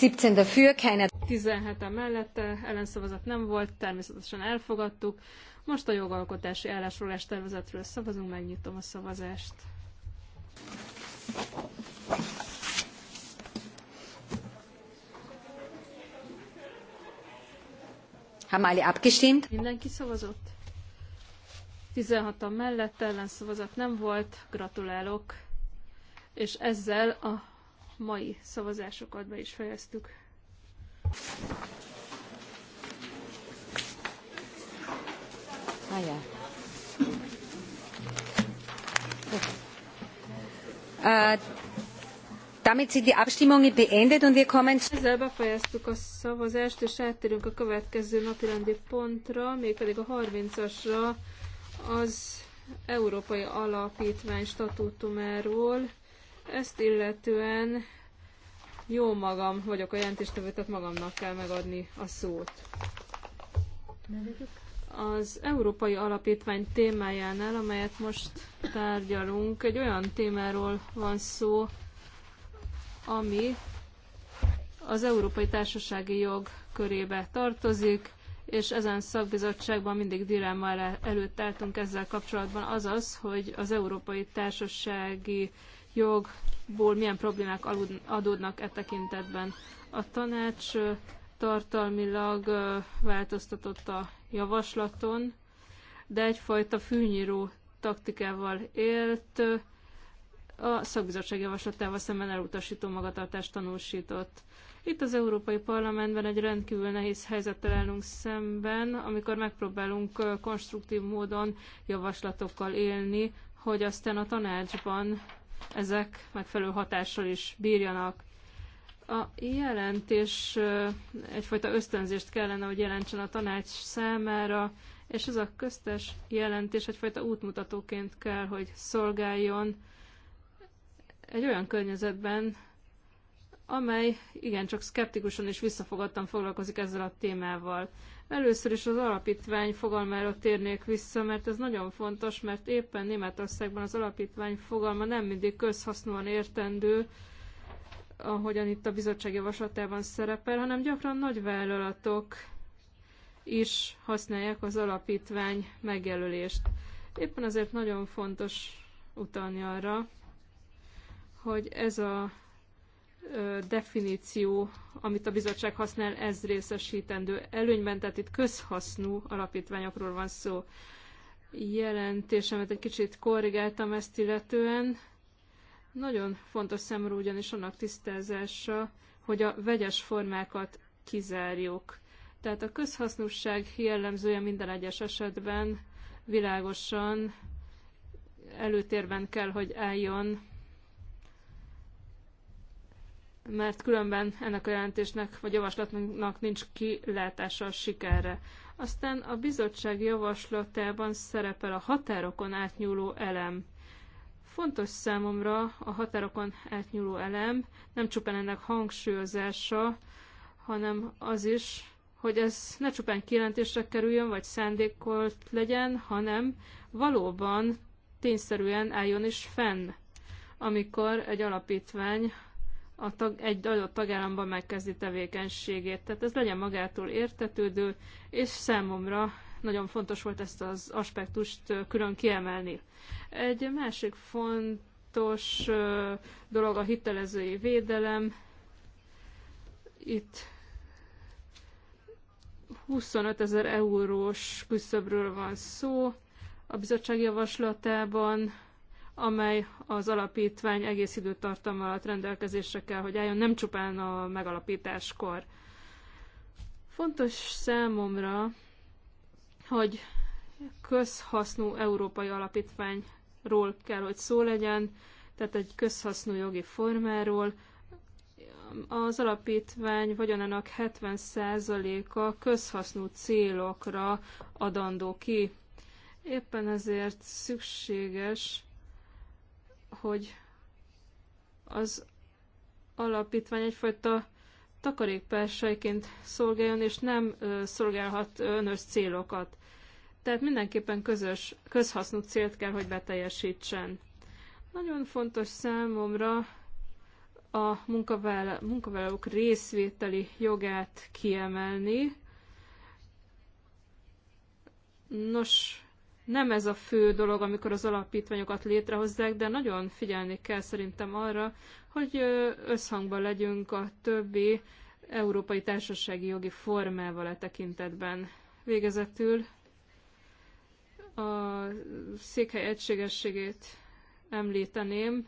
17 dafür, keine... 17 mellette ellenszavazat nem volt, természetesen elfogadtuk. Most a jogalkotási állásrólás tervezetről szavazunk, megnyitom a szavazást. Hamáli abgestimmt. Mindenki szavazott? 16-an mellett ellenszavazat nem volt, gratulálok. És ezzel a mai szavazásokat be is fejeztük. Hájá. Äh, damit sind die Abstimmungen beendet und wir kommen zu... Ezzel befejeztük a szavazást, és áttérünk a következő napirendi pontra, mégpedig a 30-asra az Európai Alapítvány statútumáról. Ezt illetően jó magam vagyok a jelentéstevő, tehát magamnak kell megadni a szót. Az Európai Alapítvány témájánál, amelyet most tárgyalunk, egy olyan témáról van szó, ami az Európai Társasági Jog körébe tartozik, és ezen szakbizottságban mindig dilemma előtt álltunk ezzel kapcsolatban, azaz, hogy az Európai Társasági jogból milyen problémák adódnak e tekintetben. A tanács tartalmilag változtatott a javaslaton, de egyfajta fűnyíró taktikával élt, a szakbizottság javaslatával szemben elutasító magatartást tanúsított. Itt az Európai Parlamentben egy rendkívül nehéz helyzettel állunk szemben, amikor megpróbálunk konstruktív módon javaslatokkal élni, hogy aztán a tanácsban ezek megfelelő hatással is bírjanak. A jelentés egyfajta ösztönzést kellene, hogy jelentsen a tanács számára, és ez a köztes jelentés egyfajta útmutatóként kell, hogy szolgáljon egy olyan környezetben, amely igencsak szkeptikusan és visszafogottan foglalkozik ezzel a témával. Először is az alapítvány fogalmára térnék vissza, mert ez nagyon fontos, mert éppen Németországban az alapítvány fogalma nem mindig közhasznúan értendő, ahogyan itt a bizottság javaslatában szerepel, hanem gyakran nagyvállalatok is használják az alapítvány megjelölést. Éppen azért nagyon fontos utalni arra, hogy ez a definíció, amit a bizottság használ, ez részesítendő előnyben, tehát itt közhasznú alapítványokról van szó. Jelentésemet egy kicsit korrigáltam ezt illetően. Nagyon fontos számomra ugyanis annak tisztázása, hogy a vegyes formákat kizárjuk. Tehát a közhasznúság jellemzője minden egyes esetben világosan előtérben kell, hogy álljon mert különben ennek a jelentésnek vagy javaslatnak nincs kilátása a sikerre. Aztán a bizottság javaslatában szerepel a határokon átnyúló elem. Fontos számomra a határokon átnyúló elem, nem csupán ennek hangsúlyozása, hanem az is, hogy ez ne csupán kijelentésre kerüljön, vagy szándékolt legyen, hanem valóban tényszerűen álljon is fenn, amikor egy alapítvány a tag, egy adott tagállamban megkezdi tevékenységét. Tehát ez legyen magától értetődő, és számomra nagyon fontos volt ezt az aspektust külön kiemelni. Egy másik fontos dolog a hitelezői védelem. Itt 25 ezer eurós küszöbről van szó a bizottság javaslatában amely az alapítvány egész időtartam alatt rendelkezésre kell, hogy álljon, nem csupán a megalapításkor. Fontos számomra, hogy közhasznú európai alapítványról kell, hogy szó legyen, tehát egy közhasznú jogi formáról. Az alapítvány vagyonának 70%-a közhasznú célokra adandó ki. Éppen ezért szükséges, hogy az alapítvány egyfajta takarékpársaiként szolgáljon, és nem szolgálhat önös célokat. Tehát mindenképpen közös, közhasznú célt kell, hogy beteljesítsen. Nagyon fontos számomra a munkavállalók részvételi jogát kiemelni. Nos, nem ez a fő dolog, amikor az alapítványokat létrehozzák, de nagyon figyelni kell szerintem arra, hogy összhangban legyünk a többi európai társasági jogi formával a e tekintetben. Végezetül a székhely egységességét említeném.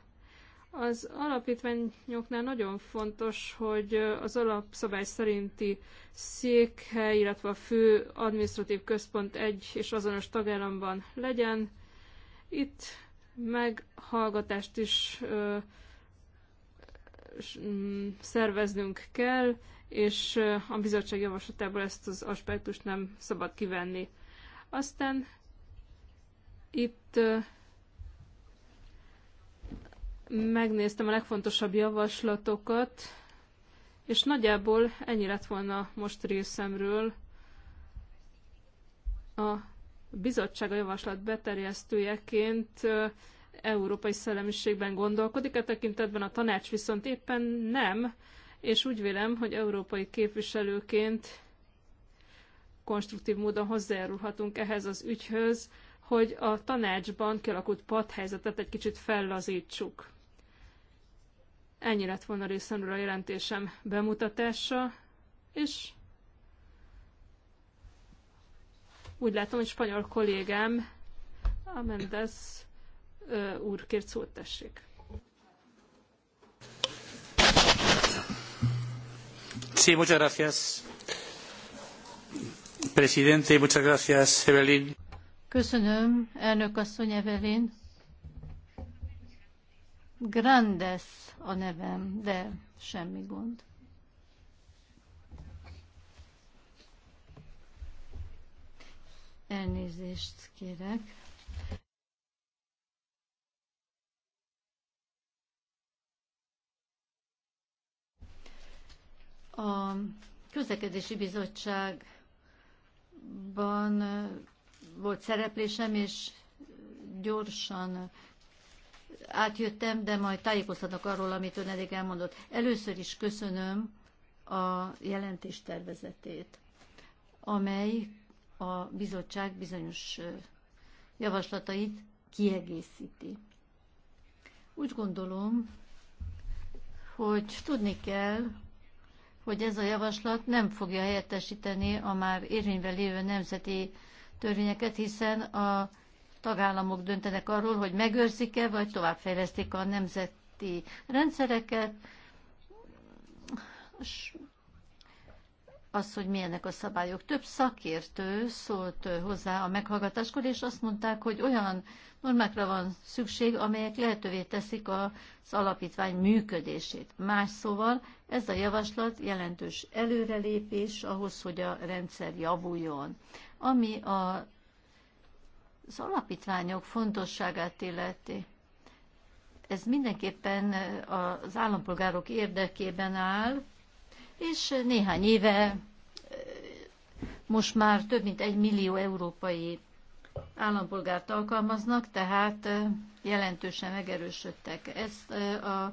Az alapítványoknál nagyon fontos, hogy az alapszabály szerinti székhely, illetve a fő administratív központ egy és azonos tagállamban legyen. Itt meghallgatást is ö, mm, szerveznünk kell, és a bizottság javaslatából ezt az aspektust nem szabad kivenni. Aztán itt megnéztem a legfontosabb javaslatokat, és nagyjából ennyi lett volna most részemről a bizottság a javaslat beterjesztőjeként európai szellemiségben gondolkodik, e tekintetben a tanács viszont éppen nem, és úgy vélem, hogy európai képviselőként konstruktív módon hozzájárulhatunk ehhez az ügyhöz, hogy a tanácsban kialakult padhelyzetet egy kicsit fellazítsuk. Ennyi lett volna részemről a jelentésem bemutatása, és úgy látom, hogy spanyol kollégám Amendez úr kért szót tessék. Sí, muchas gracias. Presidente, muchas gracias, Evelyn. Köszönöm, elnök asszony Evelyn. Grandes a nevem, de semmi gond. Elnézést kérek. A közlekedési bizottságban volt szereplésem, és gyorsan átjöttem, de majd tájékoztatok arról, amit ön eddig elmondott. Először is köszönöm a jelentés tervezetét, amely a bizottság bizonyos javaslatait kiegészíti. Úgy gondolom, hogy tudni kell, hogy ez a javaslat nem fogja helyettesíteni a már érvényben lévő nemzeti törvényeket, hiszen a tagállamok döntenek arról, hogy megőrzik-e, vagy továbbfejlesztik a nemzeti rendszereket. és Az, hogy milyenek a szabályok. Több szakértő szólt hozzá a meghallgatáskor, és azt mondták, hogy olyan normákra van szükség, amelyek lehetővé teszik az alapítvány működését. Más szóval ez a javaslat jelentős előrelépés ahhoz, hogy a rendszer javuljon. Ami a az alapítványok fontosságát illeti. Ez mindenképpen az állampolgárok érdekében áll, és néhány éve most már több mint egy millió európai állampolgárt alkalmaznak, tehát jelentősen megerősödtek. Ezt a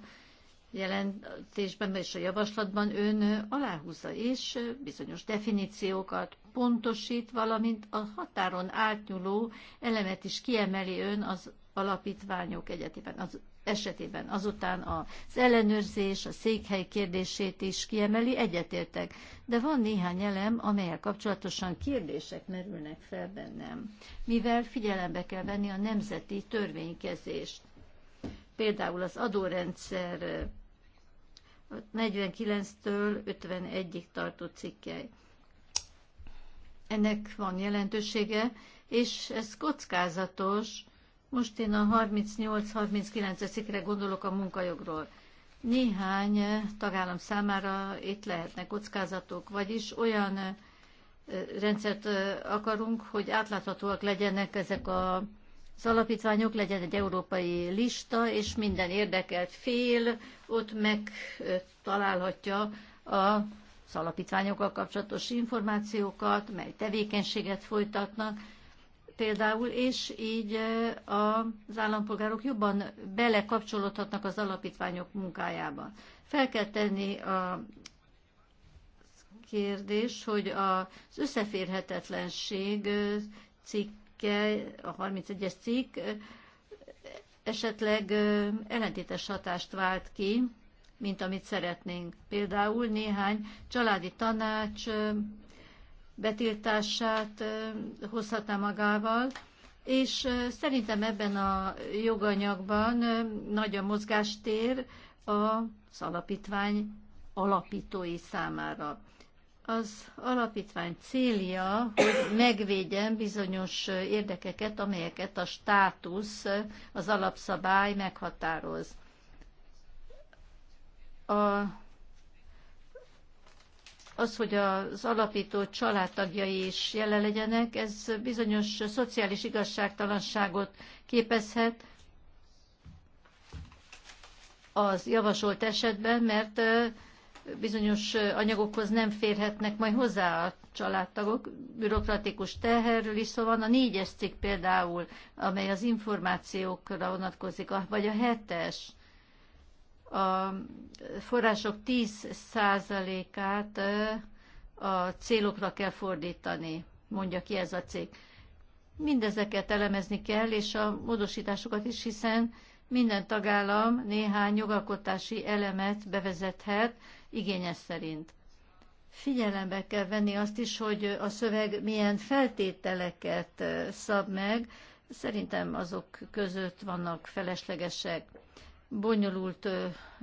jelentésben és a javaslatban ön aláhúzza, és bizonyos definíciókat, pontosít, valamint a határon átnyúló elemet is kiemeli ön az alapítványok egyetében, az esetében. Azután az ellenőrzés, a székhely kérdését is kiemeli, egyetértek. De van néhány elem, amelyel kapcsolatosan kérdések merülnek fel bennem, mivel figyelembe kell venni a nemzeti törvénykezést. Például az adórendszer 49-től 51-ig tartó cikkely ennek van jelentősége, és ez kockázatos. Most én a 38-39 szikre gondolok a munkajogról. Néhány tagállam számára itt lehetnek kockázatok, vagyis olyan rendszert akarunk, hogy átláthatóak legyenek ezek a az alapítványok, legyen egy európai lista, és minden érdekelt fél ott megtalálhatja a az alapítványokkal kapcsolatos információkat, mely tevékenységet folytatnak, például, és így e, az állampolgárok jobban belekapcsolódhatnak az alapítványok munkájába. Fel kell tenni a kérdés, hogy az összeférhetetlenség e, cikke, a 31-es cikk e, esetleg ellentétes hatást vált ki mint amit szeretnénk. Például néhány családi tanács betiltását hozhatná magával, és szerintem ebben a joganyagban nagy a mozgástér az alapítvány alapítói számára. Az alapítvány célja, hogy megvédjen bizonyos érdekeket, amelyeket a státusz, az alapszabály meghatároz a, az, hogy az alapító családtagjai is jelen legyenek, ez bizonyos szociális igazságtalanságot képezhet az javasolt esetben, mert bizonyos anyagokhoz nem férhetnek majd hozzá a családtagok, bürokratikus teherről is szóval van. A négyes cikk például, amely az információkra vonatkozik, vagy a hetes, a források 10%-át a célokra kell fordítani, mondja ki ez a cég. Mindezeket elemezni kell, és a módosításokat is, hiszen minden tagállam néhány jogalkotási elemet bevezethet igényes szerint. Figyelembe kell venni azt is, hogy a szöveg milyen feltételeket szab meg, szerintem azok között vannak feleslegesek bonyolult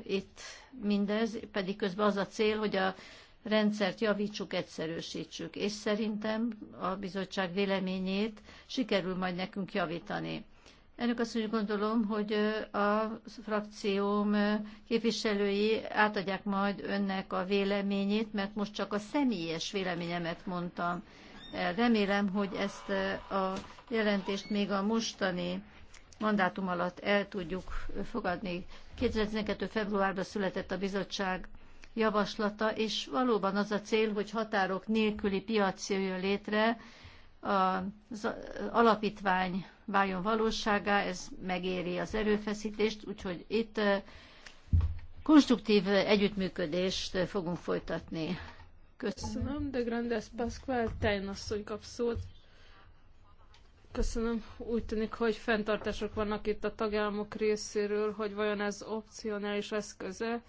itt mindez, pedig közben az a cél, hogy a rendszert javítsuk, egyszerűsítsük. És szerintem a bizottság véleményét sikerül majd nekünk javítani. Ennek azt úgy gondolom, hogy a frakcióm képviselői átadják majd önnek a véleményét, mert most csak a személyes véleményemet mondtam. Remélem, hogy ezt a jelentést még a mostani mandátum alatt el tudjuk fogadni. 2012. februárban született a bizottság javaslata, és valóban az a cél, hogy határok nélküli piac jöjjön létre, az alapítvány váljon valóságá, ez megéri az erőfeszítést, úgyhogy itt eh, konstruktív együttműködést fogunk folytatni. Köszönöm, de Grandes Pascual, Tejnasszony kap szót. Köszönöm. Úgy tűnik, hogy fenntartások vannak itt a tagállamok részéről, hogy vajon ez opcionális eszköze.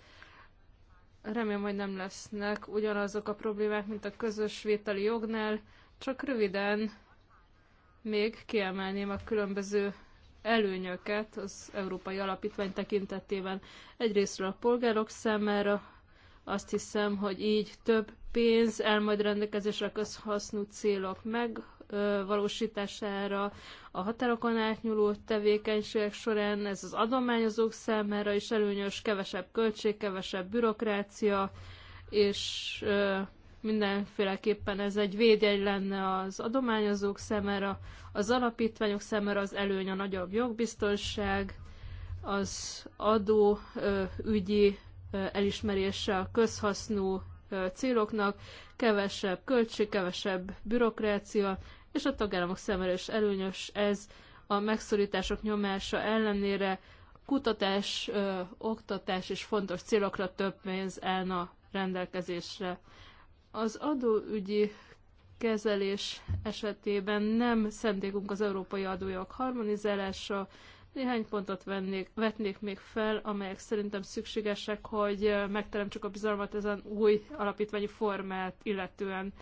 Remélem, hogy nem lesznek ugyanazok a problémák, mint a közös vételi jognál. Csak röviden még kiemelném a különböző előnyöket az Európai Alapítvány tekintetében. Egyrésztről a polgárok számára azt hiszem, hogy így több pénz majd rendelkezésre közhasznú célok meg megvalósítására, a határokon átnyúló tevékenységek során, ez az adományozók számára is előnyös, kevesebb költség, kevesebb bürokrácia, és mindenféleképpen ez egy védjegy lenne az adományozók számára, az alapítványok számára az előny a nagyobb jogbiztonság, az adó ügyi elismerése a közhasznú céloknak, kevesebb költség, kevesebb bürokrácia, és a tagállamok számára is előnyös ez a megszorítások nyomása ellenére kutatás, ö, oktatás és fontos célokra több pénz állna rendelkezésre. Az adóügyi kezelés esetében nem szendékunk az európai adójog harmonizálása, néhány pontot vennék, vetnék még fel, amelyek szerintem szükségesek, hogy megteremtsük a bizalmat ezen új alapítványi formát illetően.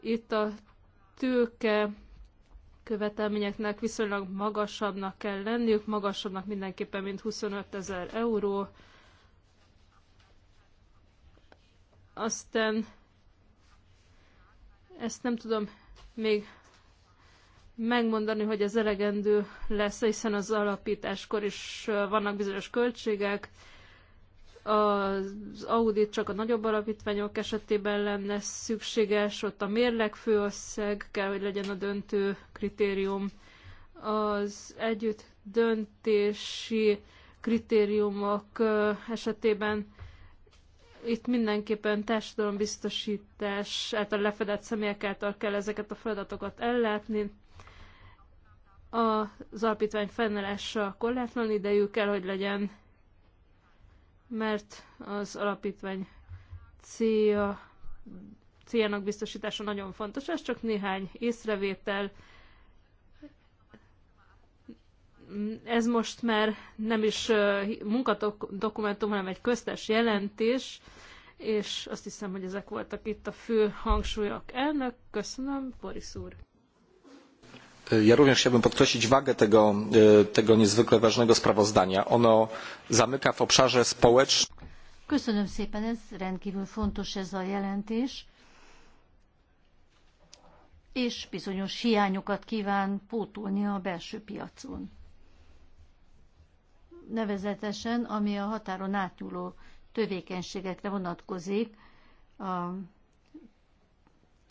Itt a tőke követelményeknek viszonylag magasabbnak kell lenniük, magasabbnak mindenképpen, mint 25 ezer euró. Aztán ezt nem tudom még megmondani, hogy ez elegendő lesz, hiszen az alapításkor is vannak bizonyos költségek, az audit csak a nagyobb alapítványok esetében lenne szükséges, ott a mérleg főösszeg kell, hogy legyen a döntő kritérium. Az együtt döntési kritériumok esetében itt mindenképpen társadalombiztosítás által lefedett személyek által kell ezeket a feladatokat ellátni. Az alapítvány fennállása korlátlan idejű kell, hogy legyen mert az alapítvány célja, céljának biztosítása nagyon fontos. Ez csak néhány észrevétel. Ez most már nem is munkadokumentum, hanem egy köztes jelentés, és azt hiszem, hogy ezek voltak itt a fő hangsúlyok. Elnök, köszönöm, Boris úr. E, ja również chciałbym podkreślić wagę tego, e, tego niezwykle ważnego sprawozdania. Ono zamyka w obszarze społecznym. Köszönöm szépen, ez rendkívül fontos ez a jelentés, és bizonyos hiányokat kíván pótolni a belső piacon. Nevezetesen, ami a határon átnyúló tevékenységekre vonatkozik a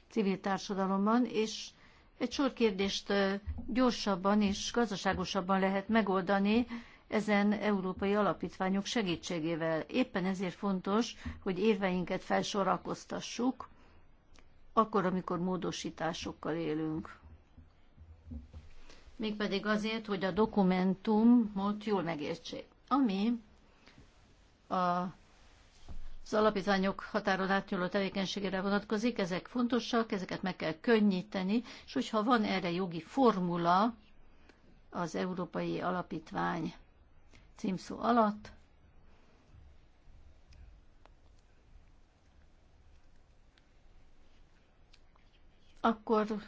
civil társadalomban, és egy sor kérdést gyorsabban és gazdaságosabban lehet megoldani ezen európai alapítványok segítségével. Éppen ezért fontos, hogy érveinket felsorakoztassuk, akkor, amikor módosításokkal élünk. Mégpedig azért, hogy a dokumentumot jól megértsék. Ami a az alapítványok határon átnyúló tevékenységére vonatkozik, ezek fontosak, ezeket meg kell könnyíteni, és hogyha van erre jogi formula az Európai Alapítvány címszó alatt, akkor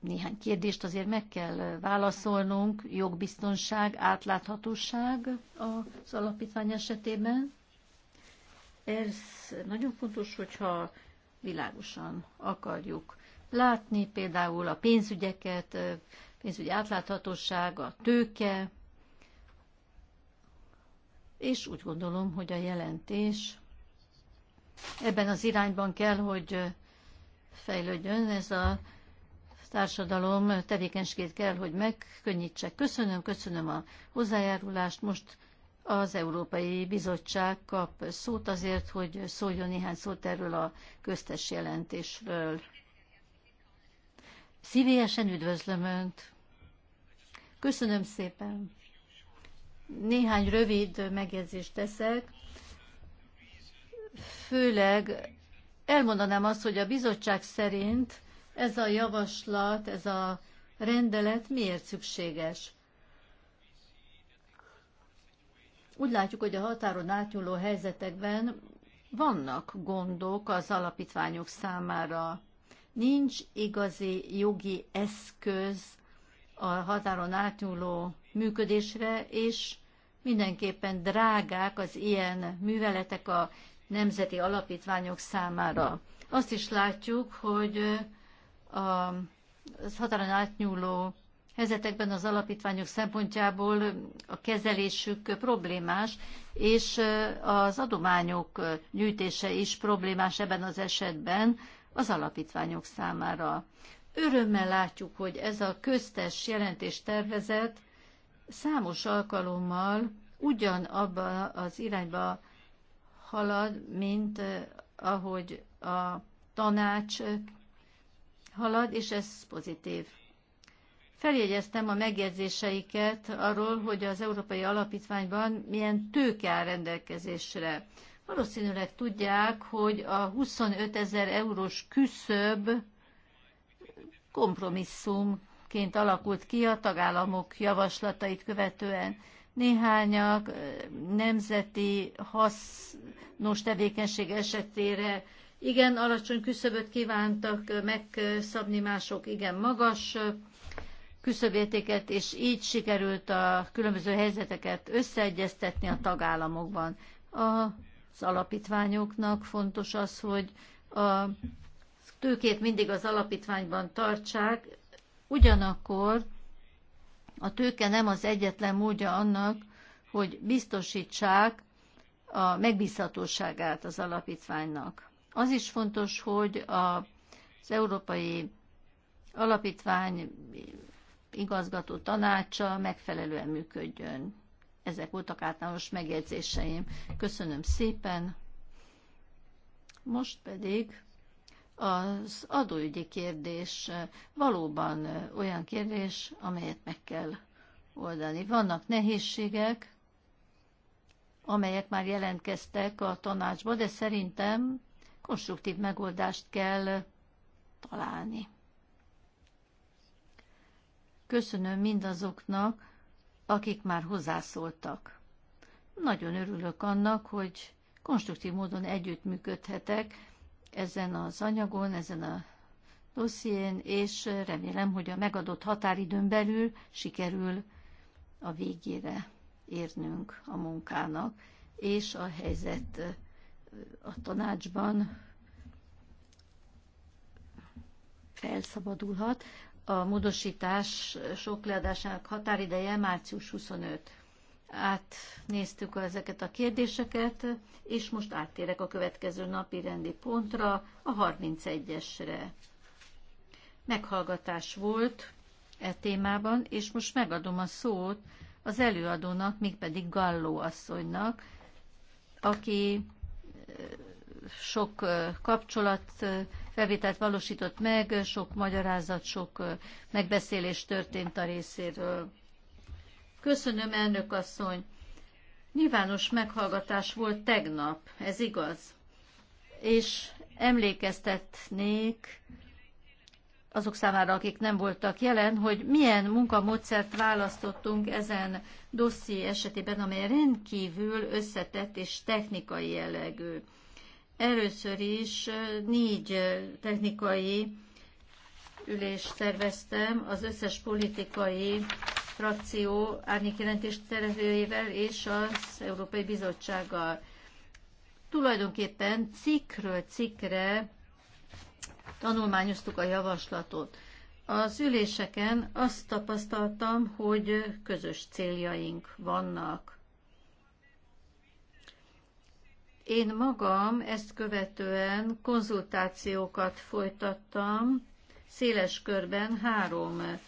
néhány kérdést azért meg kell válaszolnunk, jogbiztonság, átláthatóság az alapítvány esetében. Ez nagyon fontos, hogyha világosan akarjuk látni, például a pénzügyeket, pénzügyi átláthatóság, a tőke, és úgy gondolom, hogy a jelentés ebben az irányban kell, hogy fejlődjön ez a társadalom tevékenységét kell, hogy megkönnyítse. Köszönöm, köszönöm a hozzájárulást. Most az Európai Bizottság kap szót azért, hogy szóljon néhány szót erről a köztes jelentésről. Szívélyesen üdvözlöm Önt! Köszönöm szépen! Néhány rövid megjegyzést teszek. Főleg elmondanám azt, hogy a bizottság szerint ez a javaslat, ez a rendelet miért szükséges? Úgy látjuk, hogy a határon átnyúló helyzetekben vannak gondok az alapítványok számára. Nincs igazi jogi eszköz a határon átnyúló működésre, és mindenképpen drágák az ilyen műveletek a nemzeti alapítványok számára. Azt is látjuk, hogy a határon átnyúló helyzetekben az alapítványok szempontjából a kezelésük problémás, és az adományok gyűjtése is problémás ebben az esetben az alapítványok számára. Örömmel látjuk, hogy ez a köztes jelentés tervezet számos alkalommal ugyanabba az irányba halad, mint ahogy a tanács halad, és ez pozitív. Feljegyeztem a megjegyzéseiket arról, hogy az Európai Alapítványban milyen tőke áll rendelkezésre. Valószínűleg tudják, hogy a 25 ezer eurós küszöb kompromisszumként alakult ki a tagállamok javaslatait követően. Néhányak eh, nemzeti hasznos tevékenység esetére igen alacsony küszöböt kívántak megszabni, mások igen magas küszöbértéket, és így sikerült a különböző helyzeteket összeegyeztetni a tagállamokban. Az alapítványoknak fontos az, hogy a tőkét mindig az alapítványban tartsák, ugyanakkor a tőke nem az egyetlen módja annak, hogy biztosítsák a megbízhatóságát az alapítványnak. Az is fontos, hogy az Európai Alapítvány igazgató tanácsa megfelelően működjön. Ezek voltak általános megjegyzéseim. Köszönöm szépen. Most pedig az adóügyi kérdés valóban olyan kérdés, amelyet meg kell oldani. Vannak nehézségek, amelyek már jelentkeztek a tanácsba, de szerintem konstruktív megoldást kell találni. Köszönöm mindazoknak, akik már hozzászóltak. Nagyon örülök annak, hogy konstruktív módon együttműködhetek ezen az anyagon, ezen a dosszién, és remélem, hogy a megadott határidőn belül sikerül a végére érnünk a munkának, és a helyzet a tanácsban felszabadulhat. A módosítás sok leadásának határideje március 25. Átnéztük ezeket a kérdéseket, és most áttérek a következő napi rendi pontra, a 31-esre. Meghallgatás volt e témában, és most megadom a szót az előadónak, mégpedig Galló asszonynak, aki sok kapcsolat, felvételt valósított meg, sok magyarázat, sok megbeszélés történt a részéről. Köszönöm, elnök asszony. Nyilvános meghallgatás volt tegnap, ez igaz. És emlékeztetnék azok számára, akik nem voltak jelen, hogy milyen munkamódszert választottunk ezen dosszi esetében, amely rendkívül összetett és technikai jellegű. Először is négy technikai ülést szerveztem az összes politikai frakció árnyékjelentést tervezőjével és az Európai Bizottsággal. Tulajdonképpen cikkről cikkre tanulmányoztuk a javaslatot. Az üléseken azt tapasztaltam, hogy közös céljaink vannak. Én magam ezt követően konzultációkat folytattam széles körben három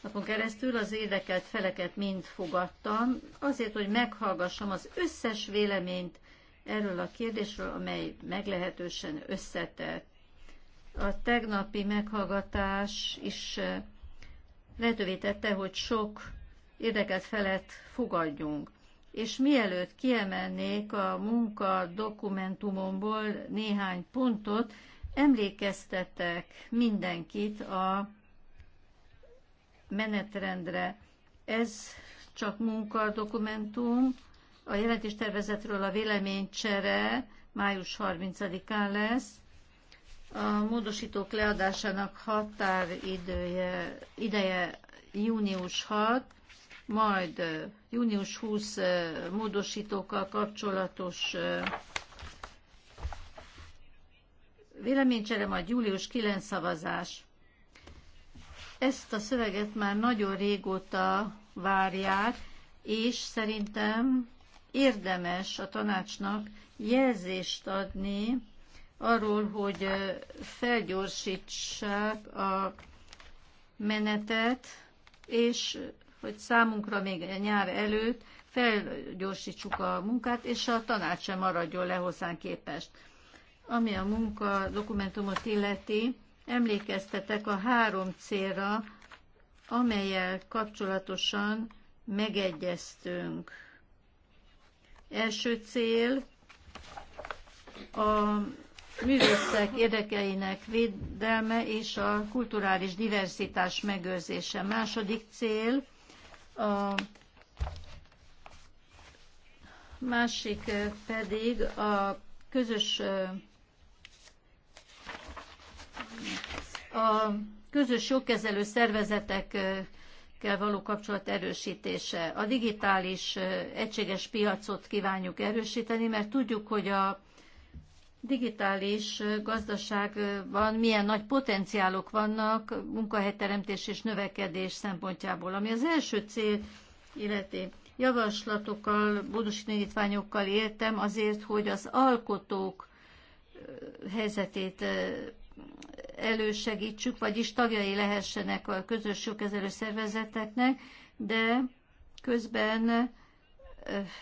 napon keresztül az érdekelt feleket mind fogadtam, azért, hogy meghallgassam az összes véleményt erről a kérdésről, amely meglehetősen összetett. A tegnapi meghallgatás is lehetővé tette, hogy sok érdeket felett fogadjunk. És mielőtt kiemelnék a munka dokumentumomból néhány pontot, emlékeztetek mindenkit a menetrendre. Ez csak munka dokumentum, a jelentéstervezetről a véleménycsere május 30-án lesz, a módosítók leadásának határidője ideje június 6, majd június 20 módosítókkal kapcsolatos véleménycsere, majd július 9 szavazás. Ezt a szöveget már nagyon régóta várják, és szerintem érdemes a tanácsnak jelzést adni, arról, hogy felgyorsítsák a menetet, és hogy számunkra még a nyár előtt felgyorsítsuk a munkát, és a tanács sem maradjon le hozzánk képest. Ami a munka dokumentumot illeti, emlékeztetek a három célra, amelyel kapcsolatosan megegyeztünk. Első cél a művészek érdekeinek védelme és a kulturális diversitás megőrzése. Második cél a másik eh, pedig a közös eh, a közös jogkezelő szervezetekkel való kapcsolat erősítése. A digitális eh, egységes piacot kívánjuk erősíteni, mert tudjuk, hogy a digitális gazdaságban milyen nagy potenciálok vannak munkahelyteremtés és növekedés szempontjából. Ami az első cél illeti javaslatokkal, módosítványokkal éltem azért, hogy az alkotók helyzetét elősegítsük, vagyis tagjai lehessenek a közös jogkezelő szervezeteknek, de közben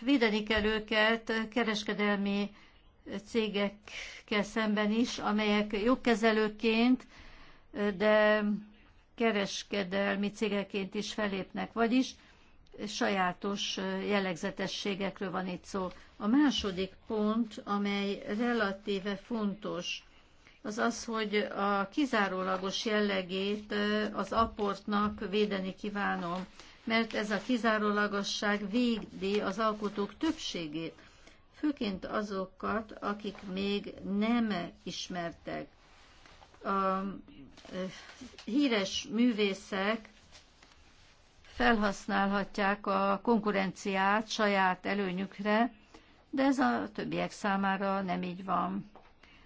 védeni kell őket kereskedelmi cégekkel szemben is, amelyek jogkezelőként, de kereskedelmi cégeként is felépnek, vagyis sajátos jellegzetességekről van itt szó. A második pont, amely relatíve fontos, az az, hogy a kizárólagos jellegét az aportnak védeni kívánom, mert ez a kizárólagosság védi az alkotók többségét főként azokat, akik még nem ismertek. A híres művészek felhasználhatják a konkurenciát saját előnyükre, de ez a többiek számára nem így van.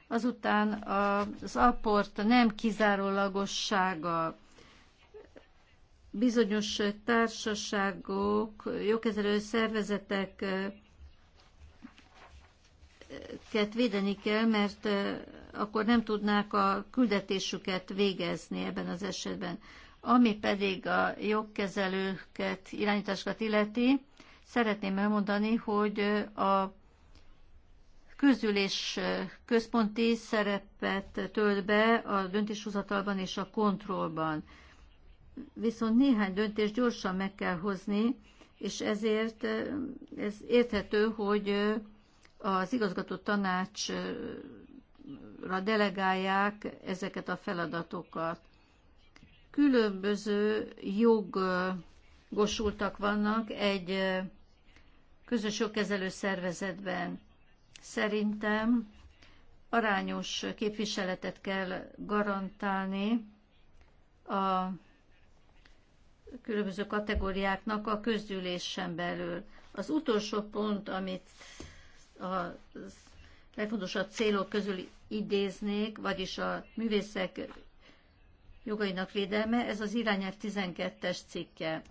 Azután az apport nem kizárólagossága. Bizonyos társaságok, jogkezelő szervezetek őket védeni kell, mert akkor nem tudnák a küldetésüket végezni ebben az esetben. Ami pedig a jogkezelőket, irányításokat illeti, szeretném elmondani, hogy a közülés központi szerepet tölt be a döntéshozatalban és a kontrollban. Viszont néhány döntést gyorsan meg kell hozni, és ezért ez érthető, hogy az igazgató tanácsra delegálják ezeket a feladatokat. Különböző joggosultak vannak egy közös jogkezelő szervezetben. Szerintem arányos képviseletet kell garantálni a különböző kategóriáknak a közgyűlésen belül. Az utolsó pont, amit a legfontosabb célok közül idéznék, vagyis a művészek jogainak védelme, ez az irányelv 12-es cikke.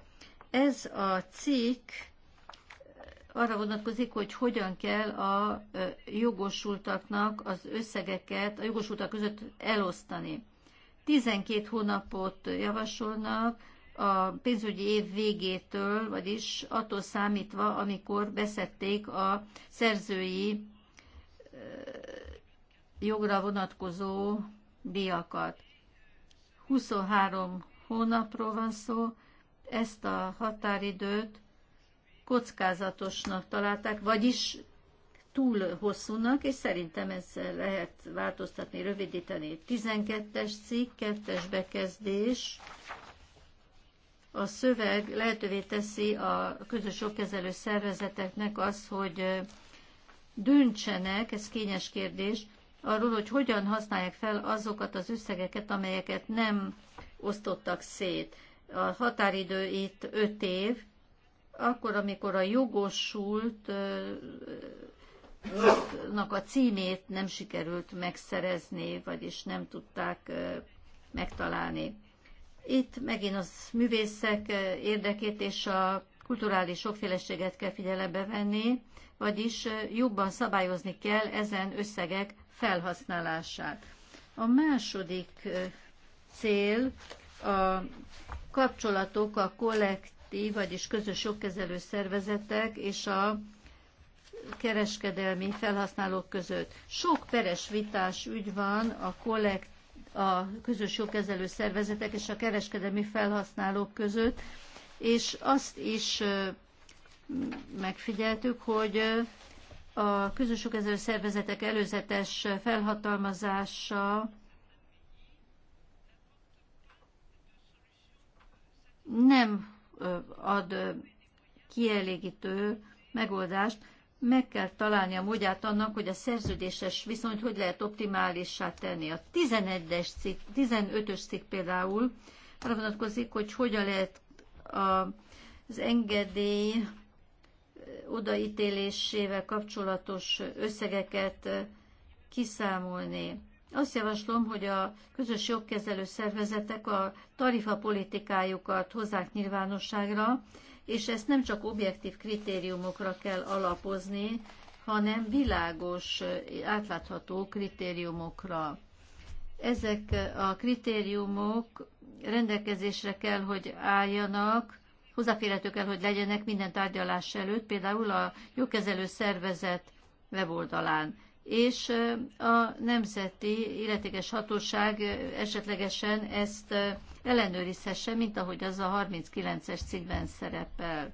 Ez a cikk arra vonatkozik, hogy hogyan kell a jogosultaknak az összegeket a jogosultak között elosztani. 12 hónapot javasolnak, a pénzügyi év végétől, vagyis attól számítva, amikor beszették a szerzői jogra vonatkozó díjakat. 23 hónapról van szó, ezt a határidőt kockázatosnak találták, vagyis túl hosszúnak, és szerintem ezzel lehet változtatni, rövidíteni. 12-es cikk, 2-es bekezdés, a szöveg lehetővé teszi a közös jogkezelő szervezeteknek az, hogy döntsenek, ez kényes kérdés, arról, hogy hogyan használják fel azokat az összegeket, amelyeket nem osztottak szét. A határidő itt 5 év, akkor, amikor a jogosultnak a címét nem sikerült megszerezni, vagyis nem tudták megtalálni. Itt megint az művészek eh, érdekét és a kulturális sokféleséget kell figyelembe venni, vagyis eh, jobban szabályozni kell ezen összegek felhasználását. A második eh, cél a kapcsolatok a kollektív, vagyis közös jogkezelő szervezetek és a kereskedelmi felhasználók között. Sok peres vitás ügy van a kollektív a közös jogkezelő szervezetek és a kereskedelmi felhasználók között, és azt is megfigyeltük, hogy a közös jogkezelő szervezetek előzetes felhatalmazása nem ad kielégítő megoldást meg kell találni a módját annak, hogy a szerződéses viszonyt hogy lehet optimálissá tenni. A 11-es cikk, 15-ös cikk például arra vonatkozik, hogy hogyan lehet a, az engedély odaítélésével kapcsolatos összegeket kiszámolni. Azt javaslom, hogy a közös jogkezelő szervezetek a tarifa politikájukat hozzák nyilvánosságra, és ezt nem csak objektív kritériumokra kell alapozni, hanem világos, átlátható kritériumokra. Ezek a kritériumok rendelkezésre kell, hogy álljanak, hozzáférhető kell, hogy legyenek minden tárgyalás előtt, például a jogkezelő szervezet weboldalán és a nemzeti illetékes hatóság esetlegesen ezt ellenőrizhesse, mint ahogy az a 39-es cikkben szerepel.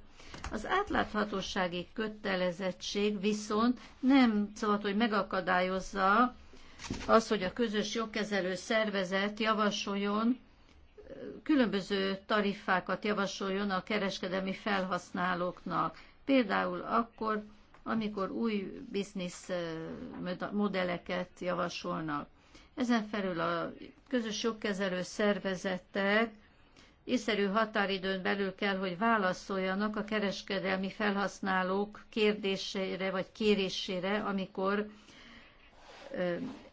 Az átláthatósági kötelezettség viszont nem szabad, hogy megakadályozza az, hogy a közös jogkezelő szervezet javasoljon, különböző tarifákat javasoljon a kereskedelmi felhasználóknak. Például akkor, amikor új biznisz modelleket javasolnak. Ezen felül a közös jogkezelő szervezetek észszerű határidőn belül kell, hogy válaszoljanak a kereskedelmi felhasználók kérdésére vagy kérésére, amikor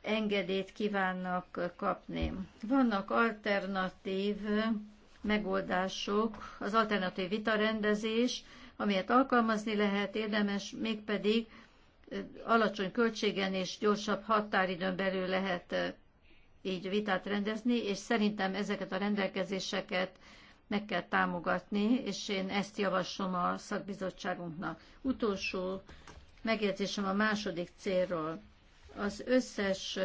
engedélyt kívánnak kapni. Vannak alternatív megoldások, az alternatív vitarendezés, amelyet alkalmazni lehet, érdemes, mégpedig alacsony költségen és gyorsabb határidőn belül lehet így vitát rendezni, és szerintem ezeket a rendelkezéseket meg kell támogatni, és én ezt javaslom a szakbizottságunknak. Utolsó megjegyzésem a második célról. Az összes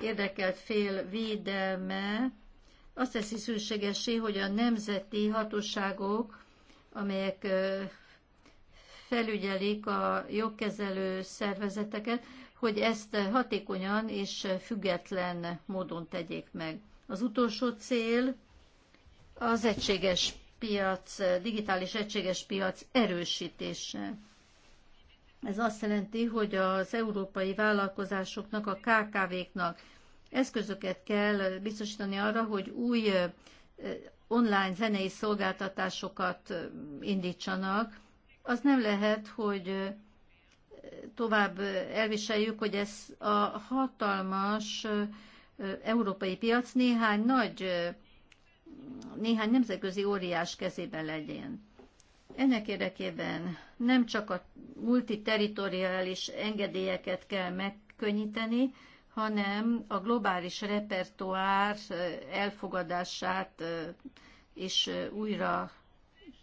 érdekelt fél védelme azt teszi szükségesé, hogy a nemzeti hatóságok amelyek felügyelik a jogkezelő szervezeteket, hogy ezt hatékonyan és független módon tegyék meg. Az utolsó cél az egységes piac, digitális egységes piac erősítése. Ez azt jelenti, hogy az európai vállalkozásoknak, a KKV-knak eszközöket kell biztosítani arra, hogy új online zenei szolgáltatásokat indítsanak, az nem lehet, hogy tovább elviseljük, hogy ez a hatalmas európai piac néhány nagy, néhány nemzetközi óriás kezében legyen. Ennek érdekében nem csak a multiterritoriális engedélyeket kell megkönnyíteni, hanem a globális repertoár elfogadását is újra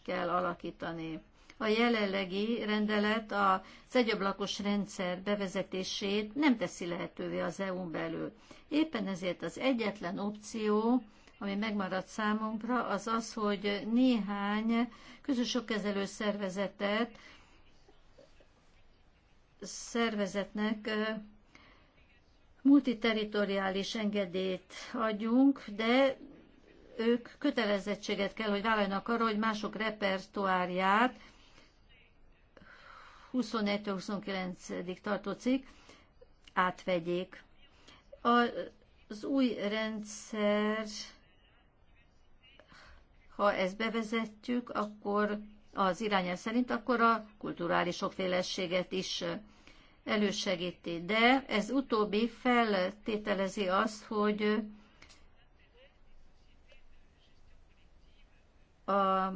kell alakítani. A jelenlegi rendelet az egyablakos rendszer bevezetését nem teszi lehetővé az EU-n belül. Éppen ezért az egyetlen opció, ami megmaradt számunkra, az az, hogy néhány közös okkezelő szervezetet szervezetnek multiterritoriális engedélyt adjunk, de ők kötelezettséget kell, hogy vállaljanak arra, hogy mások repertoárját 21-29. tartó cikk átvegyék. Az új rendszer, ha ezt bevezetjük, akkor az irányel szerint, akkor a kulturális sokféleséget is elősegíti. De ez utóbbi feltételezi azt, hogy a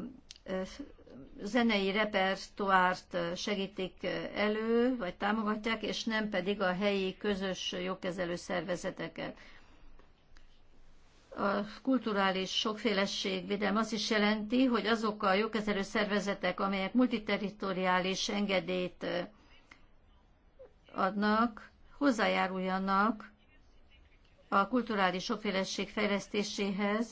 zenei repertoárt segítik elő, vagy támogatják, és nem pedig a helyi közös jogkezelő szervezeteket. A kulturális sokféleség védelme azt is jelenti, hogy azok a jogkezelő szervezetek, amelyek multiterritoriális engedélyt adnak, hozzájáruljanak a kulturális sokféleség fejlesztéséhez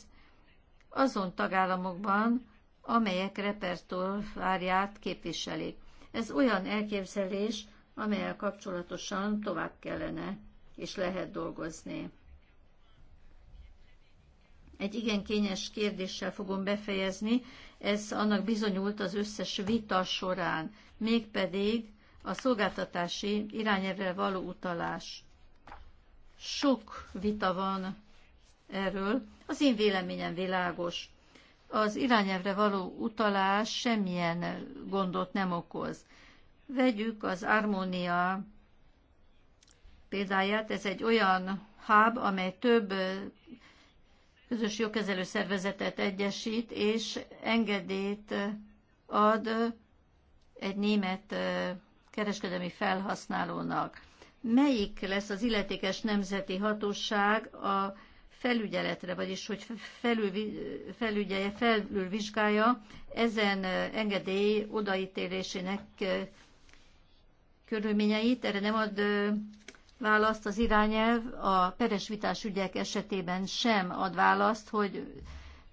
azon tagállamokban, amelyek repertoárját képviselik. Ez olyan elképzelés, amelyel kapcsolatosan tovább kellene és lehet dolgozni. Egy igen kényes kérdéssel fogom befejezni, ez annak bizonyult az összes vita során, mégpedig a szolgáltatási irányelvre való utalás. Sok vita van erről. Az én véleményem világos. Az irányelvre való utalás semmilyen gondot nem okoz. Vegyük az Armonia példáját, ez egy olyan háb, amely több közös jogkezelő szervezetet egyesít, és engedélyt ad egy német kereskedelmi felhasználónak. Melyik lesz az illetékes nemzeti hatóság a felügyeletre, vagyis hogy felül, felügyelje, felülvizsgálja ezen engedély odaítélésének körülményeit. Erre nem ad választ az irányelv, a peresvitás ügyek esetében sem ad választ, hogy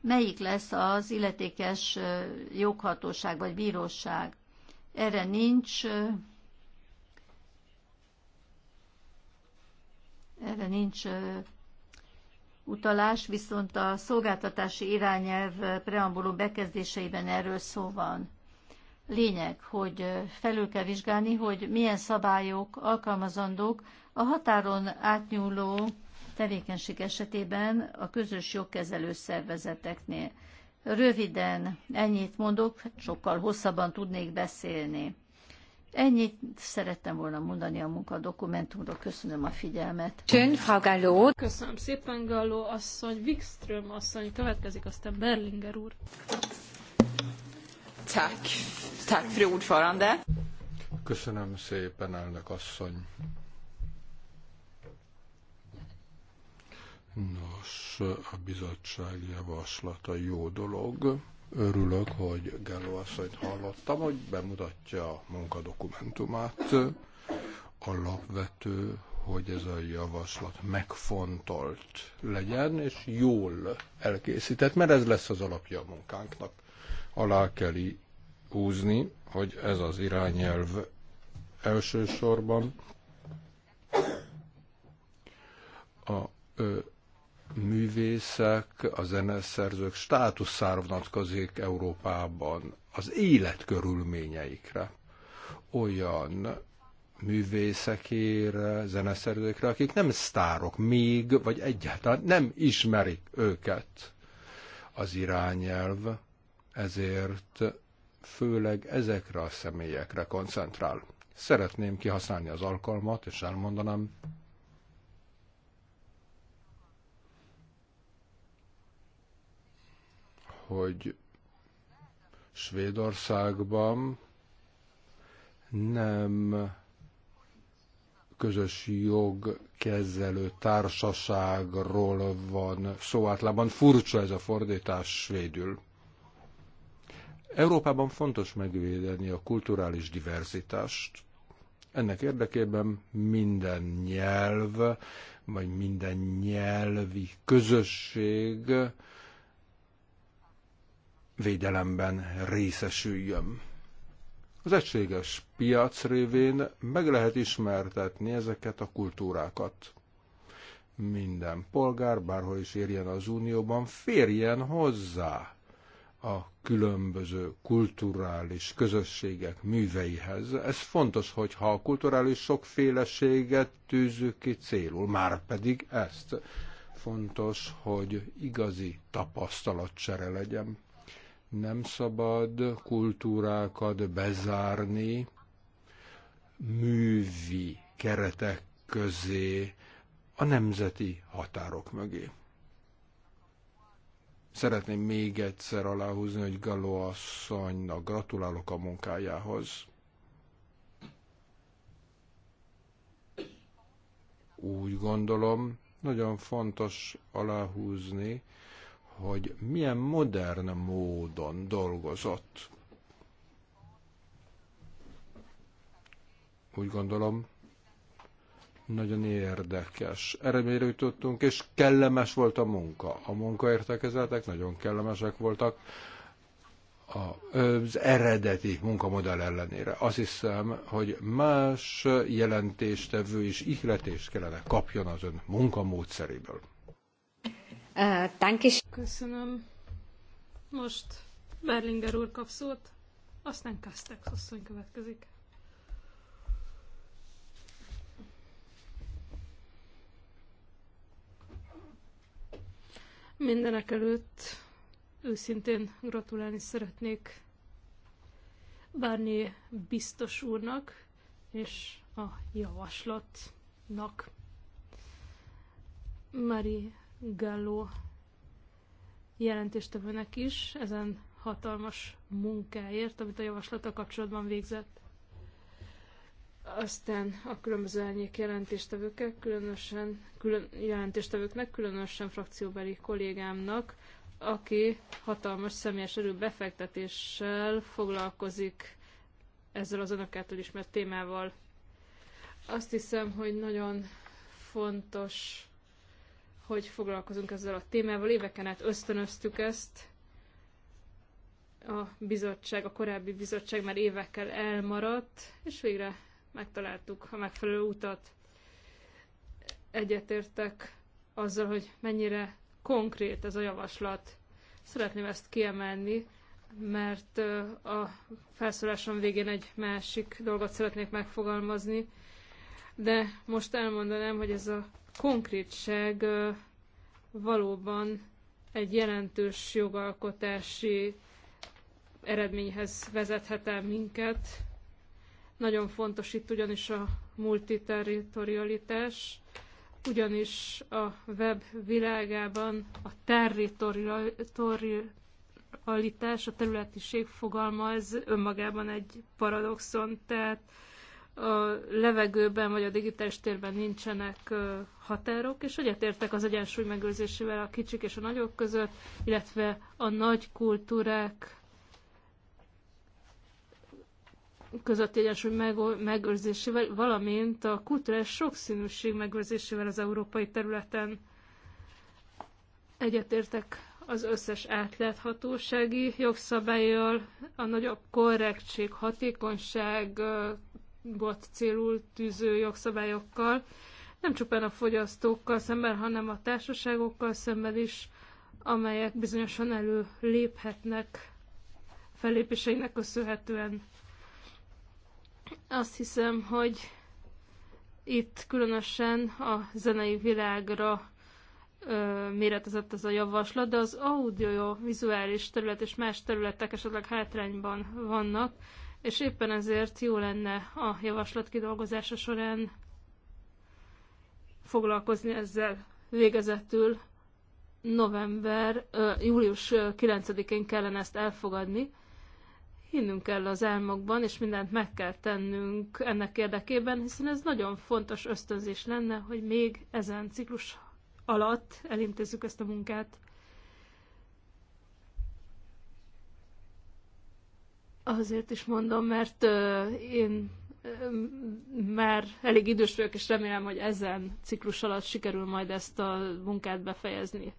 melyik lesz az illetékes joghatóság vagy bíróság erre nincs erre nincs utalás, viszont a szolgáltatási irányelv preambulum bekezdéseiben erről szó van. Lényeg, hogy felül kell vizsgálni, hogy milyen szabályok alkalmazandók a határon átnyúló tevékenység esetében a közös jogkezelő szervezeteknél. Röviden ennyit mondok, sokkal hosszabban tudnék beszélni. Ennyit szerettem volna mondani a munka munkadokumentumról. Köszönöm a figyelmet. Csön, Frau Galló. Köszönöm szépen, Galló asszony. Wikström asszony következik, aztán Berlinger úr. Tak, tak, fru ordförande. Köszönöm szépen, elnök asszony. Nos, a bizottság javaslata jó dolog. Örülök, hogy Gelo asszonyt hallottam, hogy bemutatja a munkadokumentumát. Alapvető, hogy ez a javaslat megfontolt legyen, és jól elkészített, mert ez lesz az alapja a munkánknak. Alá kell húzni, hogy ez az irányelv elsősorban a ö, művészek, a zeneszerzők státuszára vonatkozik Európában, az élet körülményeikre. Olyan művészekére, zeneszerzőkre, akik nem sztárok még, vagy egyáltalán nem ismerik őket. Az irányelv ezért főleg ezekre a személyekre koncentrál. Szeretném kihasználni az alkalmat, és elmondanám, hogy Svédországban nem közös jogkezelő társaságról van szó. Általában furcsa ez a fordítás svédül. Európában fontos megvédeni a kulturális diverzitást. Ennek érdekében minden nyelv, vagy minden nyelvi közösség védelemben részesüljön. Az egységes piac révén meg lehet ismertetni ezeket a kultúrákat. Minden polgár, bárhol is érjen az Unióban, férjen hozzá a különböző kulturális közösségek műveihez. Ez fontos, hogyha a kulturális sokféleséget tűzzük ki célul, már pedig ezt. Fontos, hogy igazi tapasztalatcsere legyen nem szabad kultúrákat bezárni művi keretek közé, a nemzeti határok mögé. Szeretném még egyszer aláhúzni, hogy Galo asszonynak gratulálok a munkájához. Úgy gondolom, nagyon fontos aláhúzni, hogy milyen modern módon dolgozott. Úgy gondolom, nagyon érdekes. Eredményre jutottunk, és kellemes volt a munka. A munkaértekezetek nagyon kellemesek voltak az eredeti munkamodell ellenére. Azt hiszem, hogy más jelentéstevő is ihletést kellene kapjon az ön munkamódszeréből. Uh, Köszönöm. Most Berlinger úr kap szót, aztán Kastex asszony következik. Mindenek előtt őszintén gratulálni szeretnék Bárné biztos úrnak és a javaslatnak. Mari Gallo jelentéstevőnek is ezen hatalmas munkáért, amit a javaslata kapcsolatban végzett. Aztán a különböző elnyék jelentéstevőkkel, különösen külön, jelentéstevőknek, különösen frakcióbeli kollégámnak, aki hatalmas személyes erő befektetéssel foglalkozik ezzel az önök által ismert témával. Azt hiszem, hogy nagyon fontos hogy foglalkozunk ezzel a témával. Éveken át ösztönöztük ezt. A bizottság, a korábbi bizottság már évekkel elmaradt, és végre megtaláltuk a megfelelő utat. Egyetértek azzal, hogy mennyire konkrét ez a javaslat. Szeretném ezt kiemelni, mert a felszólásom végén egy másik dolgot szeretnék megfogalmazni, de most elmondanám, hogy ez a konkrétság valóban egy jelentős jogalkotási eredményhez vezethet el minket. Nagyon fontos itt ugyanis a multiterritorialitás, ugyanis a web világában a territorialitás, a területiség fogalma, ez önmagában egy paradoxon, tehát a levegőben vagy a digitális térben nincsenek határok, és egyetértek az egyensúly megőrzésével a kicsik és a nagyok között, illetve a nagy kultúrák közötti egyensúly megőrzésével, valamint a kulturális sokszínűség megőrzésével az európai területen. Egyetértek az összes átláthatósági jogszabályjal, a nagyobb korrektség, hatékonyság gott célul tűző jogszabályokkal, nem csupán a fogyasztókkal szemben, hanem a társaságokkal szemben is, amelyek bizonyosan elő léphetnek fellépéseinek köszönhetően. Azt hiszem, hogy itt különösen a zenei világra ö, méretezett ez a javaslat, de az audio-vizuális terület és más területek esetleg hátrányban vannak, és éppen ezért jó lenne a javaslat kidolgozása során foglalkozni ezzel végezetül november, július 9-én kellene ezt elfogadni. Hinnünk kell az álmokban, és mindent meg kell tennünk ennek érdekében, hiszen ez nagyon fontos ösztönzés lenne, hogy még ezen ciklus alatt elintézzük ezt a munkát. Azért is mondom, mert én már elég idős vagyok, és remélem, hogy ezen ciklus alatt sikerül majd ezt a munkát befejezni.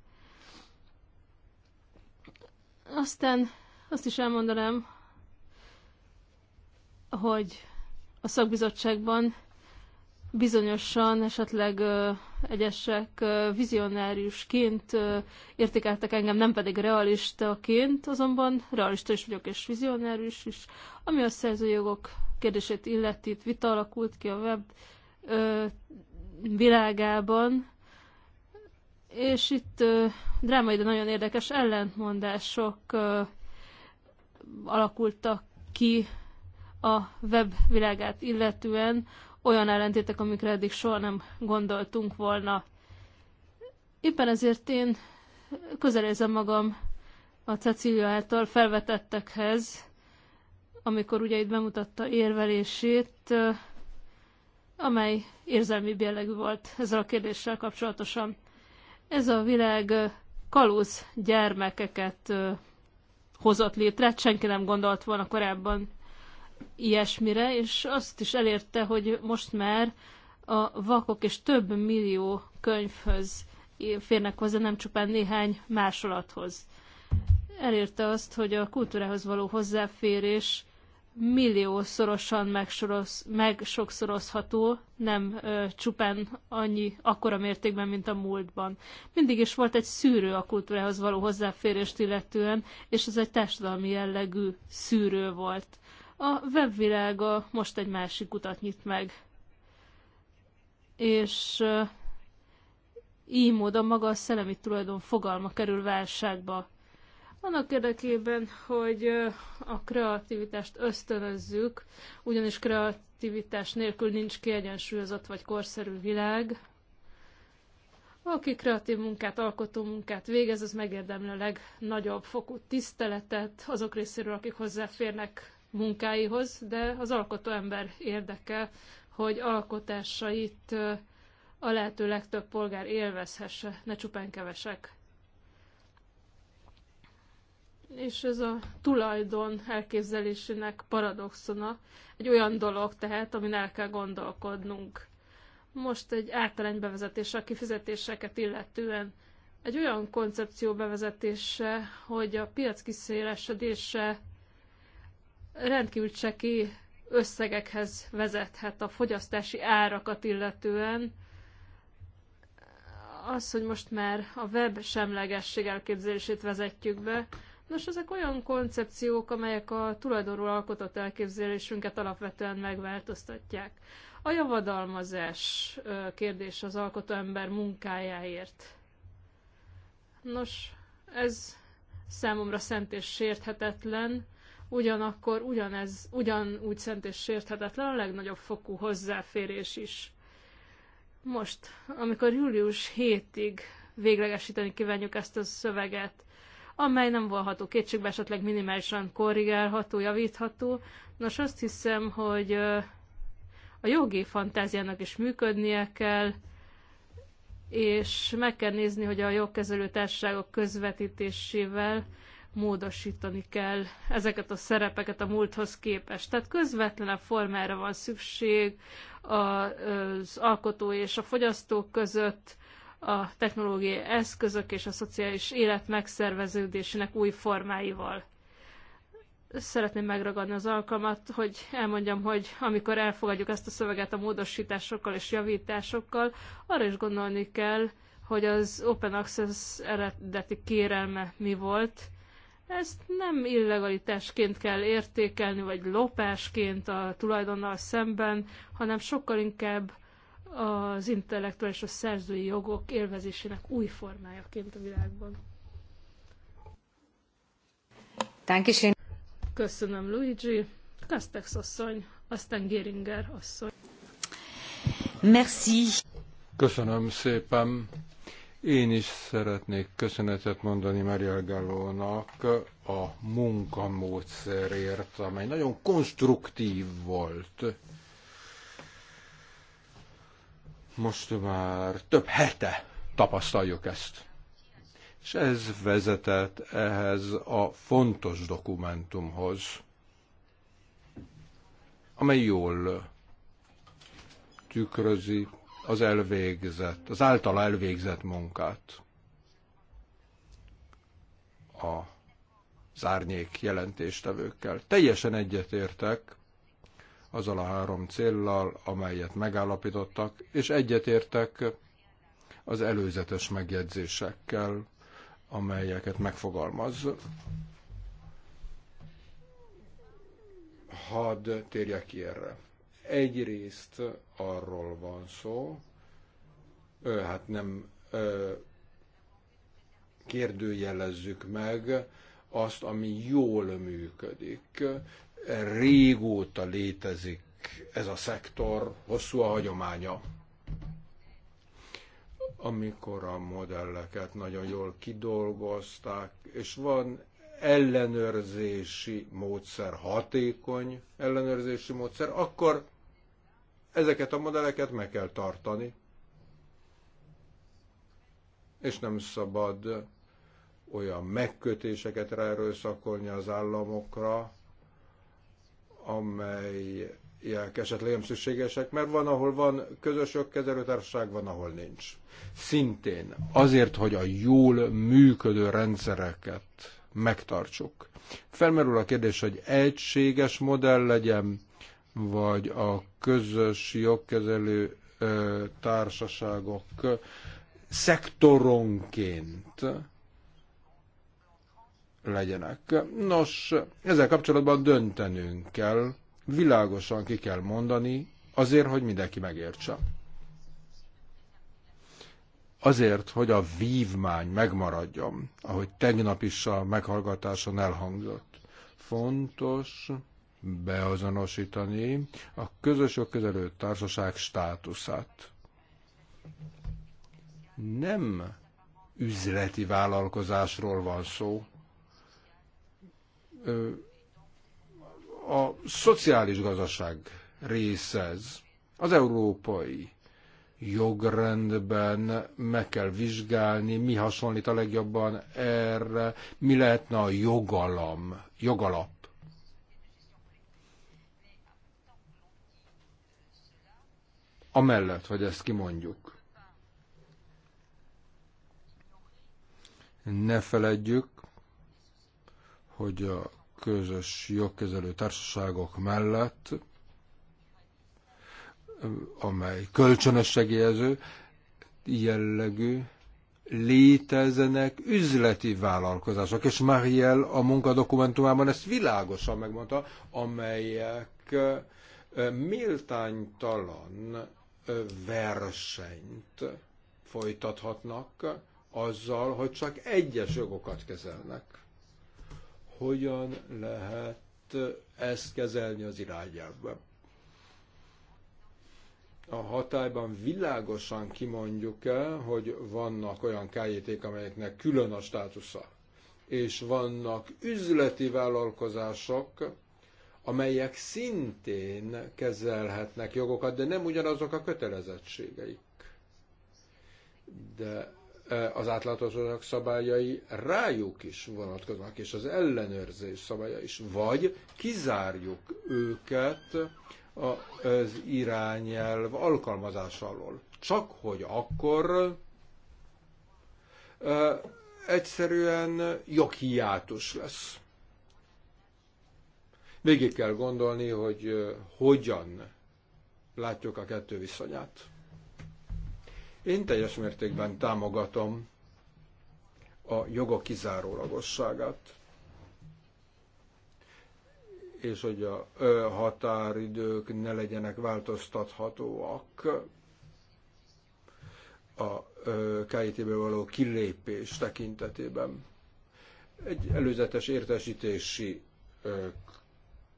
Aztán azt is elmondanám, hogy a szakbizottságban bizonyosan esetleg egyesek vizionáriusként értékeltek engem, nem pedig realistaként, azonban realista is vagyok, és vizionárius is. Ami a szerzőjogok kérdését illeti, itt vita alakult ki a web világában, és itt drámai, de nagyon érdekes ellentmondások alakultak ki a web világát illetően, olyan ellentétek, amikre eddig soha nem gondoltunk volna. Éppen ezért én közelézem magam a Cecília által felvetettekhez, amikor ugye itt bemutatta érvelését, amely érzelmi jellegű volt ezzel a kérdéssel kapcsolatosan. Ez a világ kalóz gyermekeket hozott létre, senki nem gondolt volna korábban ilyesmire, és azt is elérte, hogy most már a vakok és több millió könyvhöz férnek hozzá, nem csupán néhány másolathoz. Elérte azt, hogy a kultúrához való hozzáférés milliószorosan megsokszorozható, nem ö, csupán annyi, akkora mértékben, mint a múltban. Mindig is volt egy szűrő a kultúrához való hozzáférést illetően, és ez egy társadalmi jellegű szűrő volt. A webvilága most egy másik utat nyit meg. És így módon maga a szellemi tulajdon fogalma kerül válságba. Annak érdekében, hogy a kreativitást ösztönözzük, ugyanis kreativitás nélkül nincs kiegyensúlyozott vagy korszerű világ. Aki kreatív munkát, alkotó munkát végez, az megérdemli a legnagyobb fokú tiszteletet azok részéről, akik hozzáférnek munkáihoz, de az alkotó ember érdeke, hogy alkotásait a lehető legtöbb polgár élvezhesse, ne csupán kevesek. És ez a tulajdon elképzelésének paradoxona egy olyan dolog tehát, amin el kell gondolkodnunk. Most egy általány bevezetése a kifizetéseket illetően egy olyan koncepció bevezetése, hogy a piac kiszélesedése rendkívül cseki összegekhez vezethet a fogyasztási árakat illetően. Az, hogy most már a web semlegesség elképzelését vezetjük be, Nos, ezek olyan koncepciók, amelyek a tulajdonról alkotott elképzelésünket alapvetően megváltoztatják. A javadalmazás kérdés az alkotó ember munkájáért. Nos, ez számomra szent és sérthetetlen, ugyanakkor ugyanez, ugyanúgy szent és sérthetetlen a legnagyobb fokú hozzáférés is. Most, amikor július 7-ig véglegesíteni kívánjuk ezt a szöveget, amely nem volható kétségbe, esetleg minimálisan korrigálható, javítható. Nos, azt hiszem, hogy a jogi fantáziának is működnie kell, és meg kell nézni, hogy a jogkezelő társaságok közvetítésével módosítani kell ezeket a szerepeket a múlthoz képest. Tehát közvetlenebb formára van szükség az alkotó és a fogyasztók között, a technológiai eszközök és a szociális élet megszerveződésének új formáival. Szeretném megragadni az alkalmat, hogy elmondjam, hogy amikor elfogadjuk ezt a szöveget a módosításokkal és javításokkal, arra is gondolni kell, hogy az Open Access eredeti kérelme mi volt, ezt nem illegalitásként kell értékelni, vagy lopásként a tulajdonnal szemben, hanem sokkal inkább az intellektuális és a szerzői jogok élvezésének új formájaként a világban. Köszönöm, Luigi. Kastex asszony, aztán Geringer asszony. Merci. Köszönöm szépen. Én is szeretnék köszönetet mondani Maria Gallónak a munkamódszerért, amely nagyon konstruktív volt. Most már több hete tapasztaljuk ezt. És ez vezetett ehhez a fontos dokumentumhoz, amely jól tükrözi az elvégzett, az általa elvégzett munkát. A zárnyék jelentéstevőkkel. Teljesen egyetértek azzal a három céllal, amelyet megállapítottak, és egyetértek az előzetes megjegyzésekkel, amelyeket megfogalmaz. Hadd térjek ki erre. Egyrészt arról van szó, hát nem kérdőjelezzük meg azt, ami jól működik. Régóta létezik ez a szektor, hosszú a hagyománya. Amikor a modelleket nagyon jól kidolgozták, és van ellenőrzési módszer, hatékony ellenőrzési módszer, akkor Ezeket a modelleket meg kell tartani, és nem szabad olyan megkötéseket ráerőszakolni az államokra, amelyek esetleg nem szükségesek, mert van, ahol van közös jogkezelőtársaság, van, ahol nincs. Szintén azért, hogy a jól működő rendszereket megtartsuk. Felmerül a kérdés, hogy egységes modell legyen, vagy a közös jogkezelő társaságok szektoronként legyenek. Nos, ezzel kapcsolatban döntenünk kell, világosan ki kell mondani, azért, hogy mindenki megértse. Azért, hogy a vívmány megmaradjon, ahogy tegnap is a meghallgatáson elhangzott. Fontos, beazonosítani a közösök közelő társaság státuszát. Nem üzleti vállalkozásról van szó. A szociális gazdaság része ez. Az európai jogrendben meg kell vizsgálni, mi hasonlít a legjobban erre, mi lehetne a jogalam, jogalap amellett, hogy ezt kimondjuk. Ne feledjük, hogy a közös jogkezelő társaságok mellett, amely kölcsönös segélyező jellegű, léteznek üzleti vállalkozások, és Mariel a munkadokumentumában ezt világosan megmondta, amelyek méltánytalan versenyt folytathatnak azzal, hogy csak egyes jogokat kezelnek. Hogyan lehet ezt kezelni az irányelvben? A hatályban világosan kimondjuk el, hogy vannak olyan kjt amelyeknek külön a státusza, és vannak üzleti vállalkozások, amelyek szintén kezelhetnek jogokat, de nem ugyanazok a kötelezettségeik. De e, az átláthatóság szabályai rájuk is vonatkoznak, és az ellenőrzés szabálya is. Vagy kizárjuk őket az irányelv alkalmazás alól. Csak hogy akkor e, egyszerűen joghiátus lesz. Végig kell gondolni, hogy hogyan látjuk a kettő viszonyát. Én teljes mértékben támogatom a jogok kizárólagosságát, és hogy a határidők ne legyenek változtathatóak a kit való kilépés tekintetében. Egy előzetes értesítési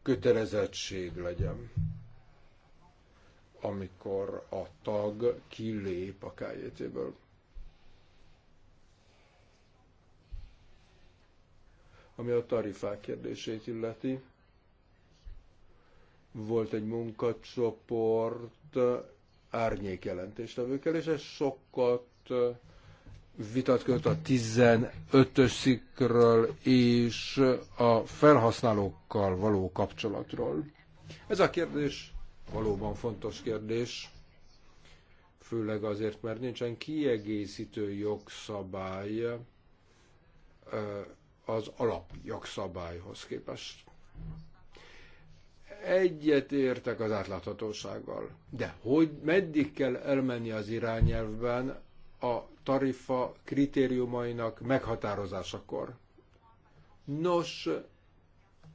kötelezettség legyen, amikor a tag kilép a KJT-ből. Ami a tarifák kérdését illeti, volt egy munkacsoport árnyék jelentéstevőkkel, és ez sokat vitat költ a 15-ös szikről és a felhasználókkal való kapcsolatról. Ez a kérdés valóban fontos kérdés, főleg azért, mert nincsen kiegészítő jogszabály az alapjogszabályhoz képest. Egyet értek az átláthatósággal, de hogy meddig kell elmenni az irányelvben, a tarifa kritériumainak meghatározásakor. Nos,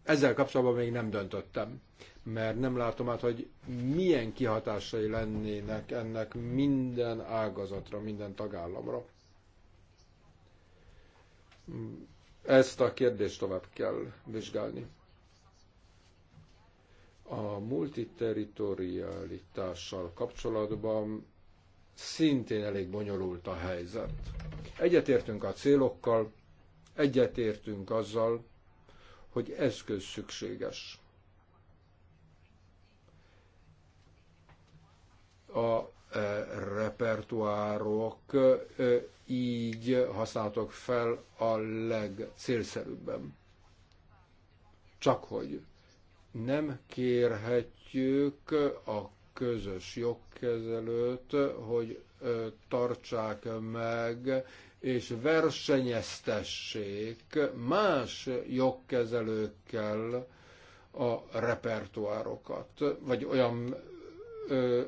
ezzel kapcsolatban még nem döntöttem, mert nem látom át, hogy milyen kihatásai lennének ennek minden ágazatra, minden tagállamra. Ezt a kérdést tovább kell vizsgálni. A multiterritorialitással kapcsolatban szintén elég bonyolult a helyzet. Egyetértünk a célokkal, egyetértünk azzal, hogy eszköz szükséges. A e, repertoárok e, így használtok fel a legcélszerűbben. Csak hogy nem kérhetjük a közös jogkezelőt, hogy tartsák meg és versenyeztessék más jogkezelőkkel a repertoárokat, vagy olyan ö,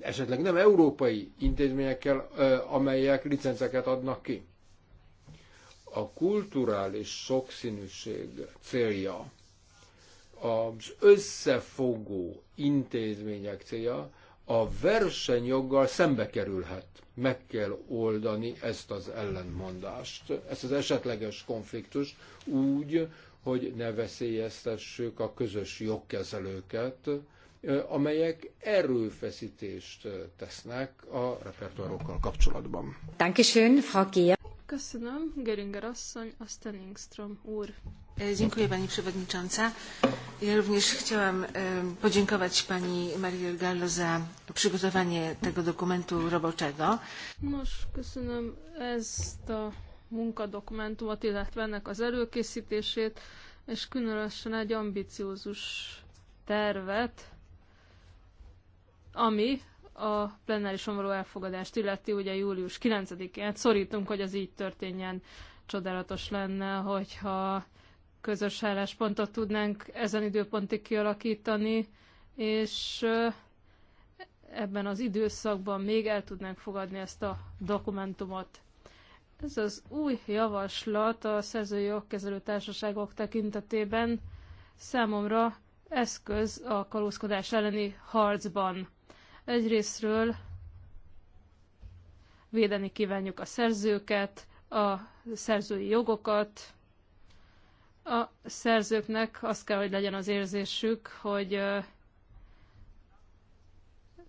esetleg nem európai intézményekkel, ö, amelyek licenceket adnak ki. A kulturális sokszínűség célja az összefogó intézmények célja a versenyjoggal szembe kerülhet. Meg kell oldani ezt az ellentmondást, ezt az esetleges konfliktust úgy, hogy ne veszélyeztessük a közös jogkezelőket, amelyek erőfeszítést tesznek a repertoárokkal kapcsolatban. Dankeschön, Frau Gier. Köszönöm, Geringer asszony, aztán Ingström úr. E, dziękuję Pani Przewodnicząca. Ja również chciałam e, podziękować Pani Marii Gallo za przygotowanie tego dokumentu roboczego. Nos, köszönöm ezt a munkadokumentumot, illetve ennek az előkészítését, és különösen egy ambiciózus tervet, ami a plenárison való elfogadást illeti, ugye július 9-át szorítunk, hogy az így történjen. Csodálatos lenne, hogyha közös álláspontot tudnánk ezen időpontig kialakítani, és ebben az időszakban még el tudnánk fogadni ezt a dokumentumot. Ez az új javaslat a szerzői jogkezelő társaságok tekintetében számomra eszköz a kalózkodás elleni harcban. Egyrésztről védeni kívánjuk a szerzőket, a szerzői jogokat. A szerzőknek az kell, hogy legyen az érzésük, hogy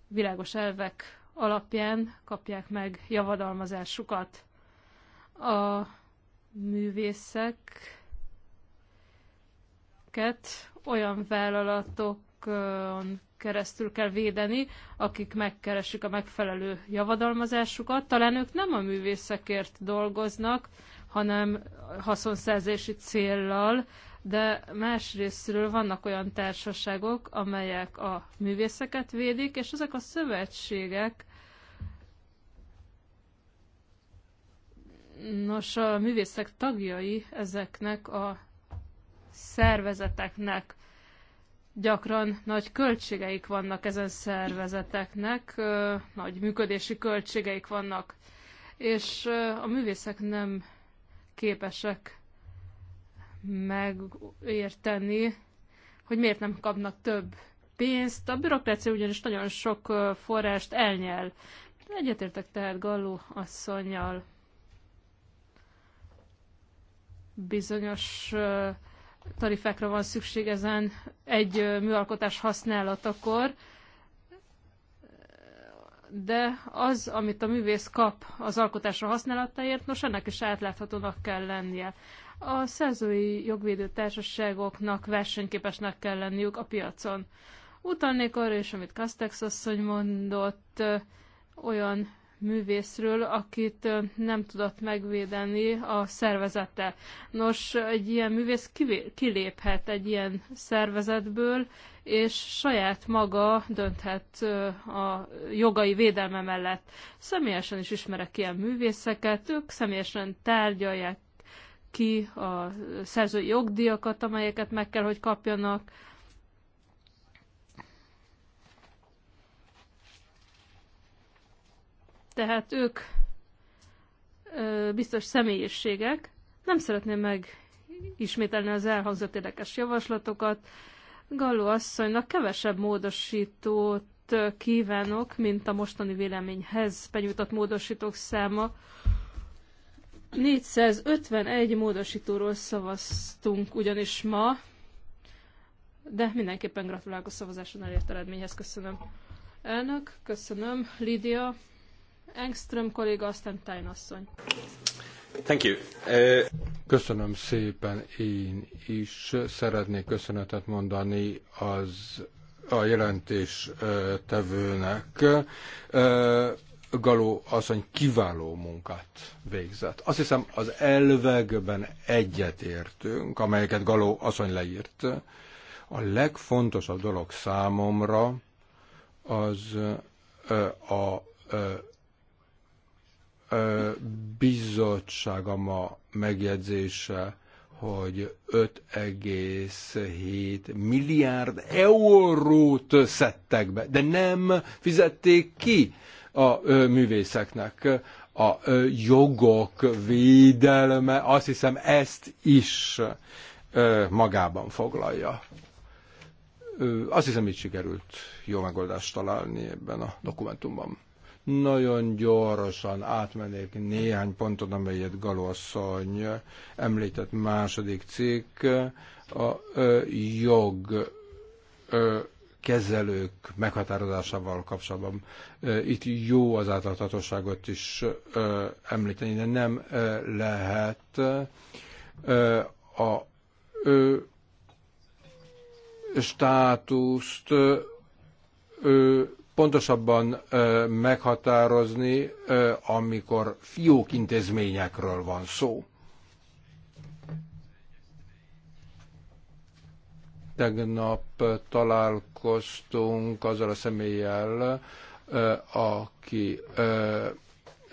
világos elvek alapján kapják meg javadalmazásukat. A művészeket olyan vállalatokon keresztül kell védeni, akik megkeresik a megfelelő javadalmazásukat. Talán ők nem a művészekért dolgoznak, hanem haszonszerzési céllal, de másrésztről vannak olyan társaságok, amelyek a művészeket védik, és ezek a szövetségek, nos, a művészek tagjai ezeknek a szervezeteknek. Gyakran nagy költségeik vannak ezen szervezeteknek, nagy működési költségeik vannak, és a művészek nem képesek megérteni, hogy miért nem kapnak több pénzt. A bürokrácia ugyanis nagyon sok forrást elnyel. Egyetértek tehát Galló asszonyjal bizonyos tarifákra van szükség ezen egy műalkotás használatakor, de az, amit a művész kap az alkotásra használataért. nos, ennek is átláthatónak kell lennie. A szerzői jogvédő társaságoknak versenyképesnek kell lenniük a piacon. Utalnék arra is, amit Castex asszony mondott, olyan művészről, akit nem tudott megvédeni a szervezete. Nos, egy ilyen művész kiléphet egy ilyen szervezetből, és saját maga dönthet a jogai védelme mellett. Személyesen is ismerek ilyen művészeket, ők személyesen tárgyalják ki a szerzői jogdíjakat, amelyeket meg kell, hogy kapjanak, Tehát ők ö, biztos személyiségek. Nem szeretném megismételni az elhangzott érdekes javaslatokat. Galló asszonynak kevesebb módosítót kívánok, mint a mostani véleményhez benyújtott módosítók száma. 451 módosítóról szavaztunk ugyanis ma, de mindenképpen gratulálok a szavazáson elért eredményhez. Köszönöm. Elnök, köszönöm. Lídia, Engström kolléga, aztán Tájn asszony. Thank you. Uh, Köszönöm szépen, én is szeretnék köszönetet mondani az a jelentés tevőnek. Galó asszony kiváló munkát végzett. Azt hiszem az elvekben egyetértünk, amelyeket Galó asszony leírt. A legfontosabb dolog számomra az a bizottsága ma megjegyzése, hogy 5,7 milliárd eurót szedtek be, de nem fizették ki a művészeknek a jogok védelme, azt hiszem ezt is magában foglalja. Azt hiszem, itt sikerült jó megoldást találni ebben a dokumentumban. Nagyon gyorsan átmennék néhány ponton, amelyet Galoasszony említett második cikk, a jog kezelők meghatározásával kapcsolatban. Itt jó az átláthatóságot is említeni, de nem lehet a státuszt pontosabban meghatározni, amikor fiók intézményekről van szó. Tegnap találkoztunk azzal a személlyel, aki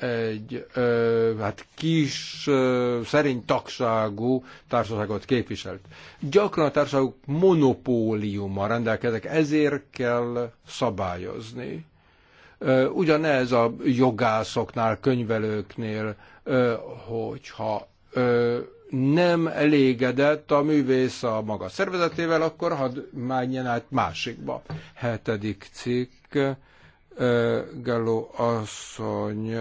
egy ö, hát kis, ö, szerény tagságú társaságot képviselt. Gyakran a társaságok monopóliummal rendelkeznek, ezért kell szabályozni. Ö, ugyanez a jogászoknál, könyvelőknél, ö, hogyha ö, nem elégedett a művész a maga szervezetével, akkor hadd menjen át másikba. Hetedik cikk Gelló asszony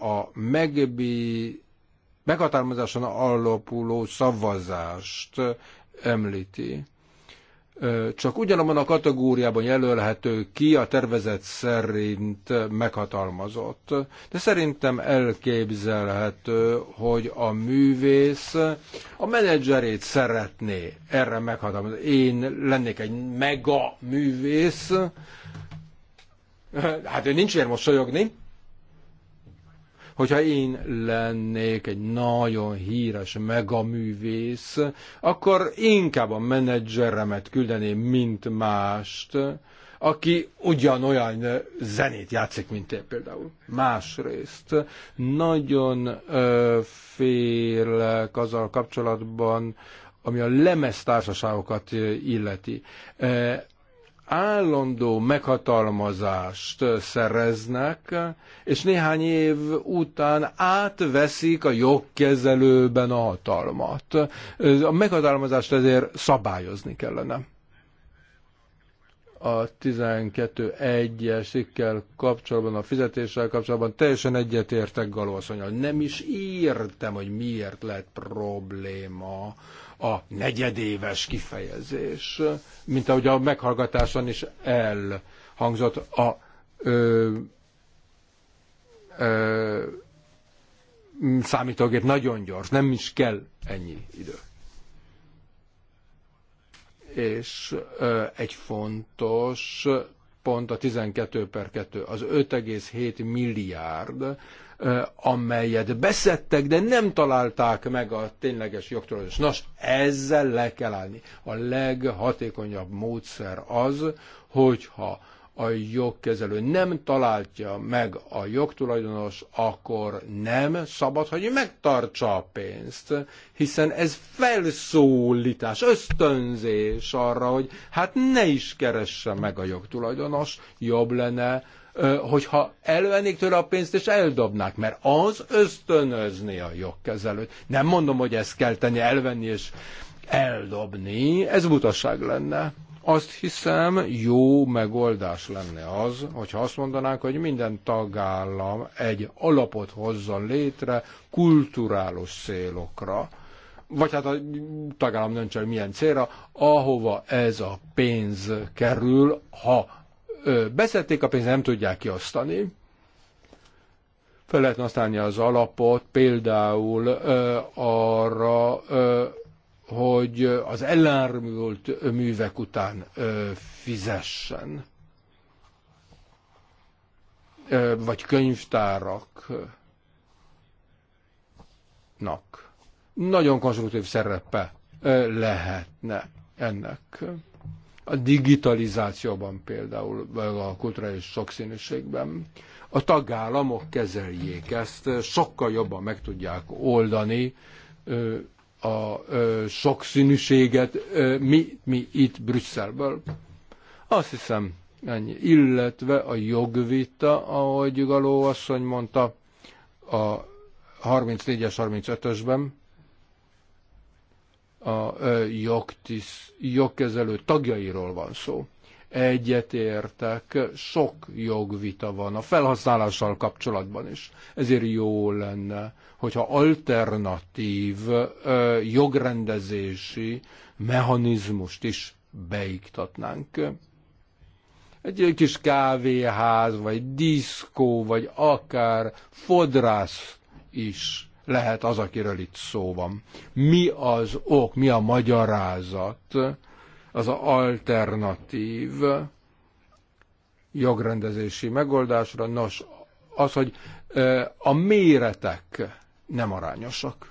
a megbí, meghatározáson alapuló szavazást említi. Csak ugyanabban a kategóriában jelölhető ki a tervezet szerint meghatalmazott. De szerintem elképzelhető, hogy a művész a menedzserét szeretné erre meghatalmazni. Én lennék egy mega művész, Hát ő nincs miért mosolyogni. Hogyha én lennék egy nagyon híres megaművész, akkor inkább a menedzseremet küldeném, mint mást, aki ugyanolyan zenét játszik, mint én például. Másrészt nagyon ö, félek azzal kapcsolatban, ami a lemeztársaságokat illeti állandó meghatalmazást szereznek, és néhány év után átveszik a jogkezelőben a hatalmat. A meghatalmazást ezért szabályozni kellene. A 12.1-es cikkel kapcsolatban, a fizetéssel kapcsolatban teljesen egyetértek Galószonyal. Nem is értem, hogy miért lett probléma a negyedéves kifejezés, mint ahogy a meghallgatáson is elhangzott a ö, ö, számítógép nagyon gyors, nem is kell ennyi idő. És ö, egy fontos pont a 12 per 2, az 5,7 milliárd, amelyet beszettek, de nem találták meg a tényleges jogtulajdonos. Nos, ezzel le kell állni. A leghatékonyabb módszer az, hogyha a jogkezelő nem találja meg a jogtulajdonos, akkor nem szabad, hogy megtartsa a pénzt, hiszen ez felszólítás, ösztönzés arra, hogy hát ne is keresse meg a jogtulajdonos, jobb lenne, hogyha elvennék tőle a pénzt és eldobnák, mert az ösztönözné a jogkezelőt. Nem mondom, hogy ezt kell tenni, elvenni és eldobni, ez butaság lenne. Azt hiszem, jó megoldás lenne az, hogyha azt mondanánk, hogy minden tagállam egy alapot hozzon létre kulturális célokra, vagy hát a tagállam nem csak milyen célra, ahova ez a pénz kerül, ha beszették a pénzt, nem tudják kiosztani. Fel lehet használni az alapot például arra, hogy az elármult művek után fizessen. Vagy könyvtáraknak. Nagyon konstruktív szerepe lehetne ennek a digitalizációban például, vagy a kulturális sokszínűségben, a tagállamok kezeljék ezt, sokkal jobban meg tudják oldani a sokszínűséget, mi, mi itt Brüsszelből. Azt hiszem, ennyi. Illetve a jogvita, ahogy Galó asszony mondta, a 34-es, 35-ösben, a jogtisz, jogkezelő tagjairól van szó. Egyetértek, sok jogvita van a felhasználással kapcsolatban is. Ezért jó lenne, hogyha alternatív jogrendezési mechanizmust is beiktatnánk. Egy kis kávéház, vagy diszkó, vagy akár fodrász is lehet az, akiről itt szó van. Mi az ok, mi a magyarázat, az a alternatív jogrendezési megoldásra? Nos, az, hogy a méretek nem arányosak.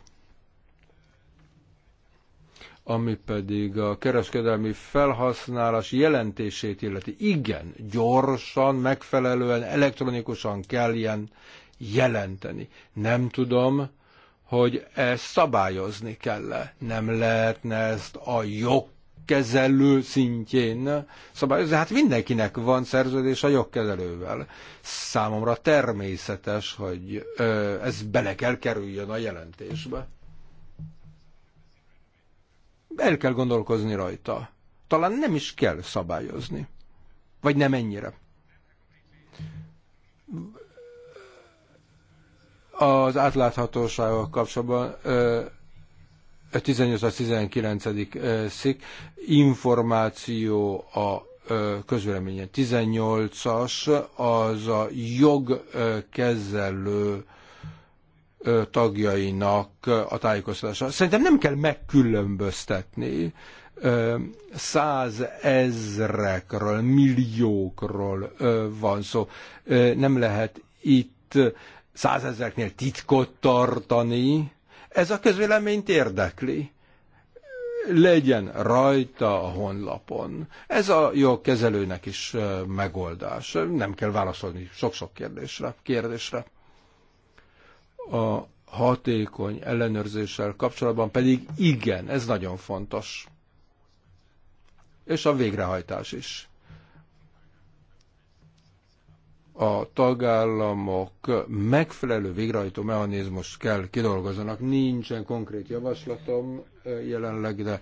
Ami pedig a kereskedelmi felhasználás jelentését illeti. Igen, gyorsan, megfelelően, elektronikusan kell ilyen jelenteni. Nem tudom, hogy ezt szabályozni kell. -e. Nem lehetne ezt a jogkezelő szintjén szabályozni. Hát mindenkinek van szerződés a jogkezelővel. Számomra természetes, hogy ez bele kell kerüljön a jelentésbe. El kell gondolkozni rajta. Talán nem is kell szabályozni. Vagy nem ennyire az átláthatósággal kapcsolatban 18-19. szik információ a közvéleményen. 18-as az a jogkezelő tagjainak a tájékoztatása. Szerintem nem kell megkülönböztetni százezrekről, milliókról van szó. Nem lehet itt százezreknél titkot tartani, ez a közvéleményt érdekli. Legyen rajta a honlapon. Ez a jogkezelőnek is megoldás. Nem kell válaszolni sok-sok kérdésre. kérdésre. A hatékony ellenőrzéssel kapcsolatban pedig igen, ez nagyon fontos. És a végrehajtás is a tagállamok megfelelő végrehajtó mechanizmust kell kidolgozzanak. Nincsen konkrét javaslatom jelenleg, de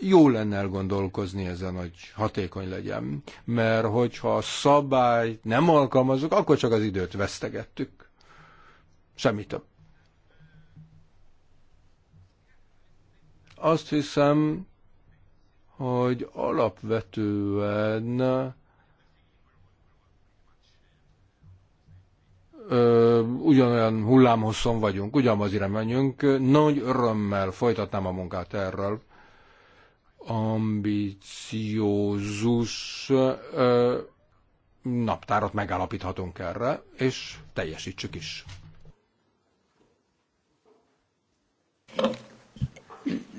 jó lenne elgondolkozni ezen, hogy hatékony legyen, mert hogyha a szabályt nem alkalmazunk, akkor csak az időt vesztegettük. Semmi több. Azt hiszem, hogy alapvetően ö, ugyanolyan hullámhosszon vagyunk, ugyanaz ire menjünk. Nagy örömmel folytatnám a munkát erről. Ambiciózus ö, naptárat megállapíthatunk erre, és teljesítsük is.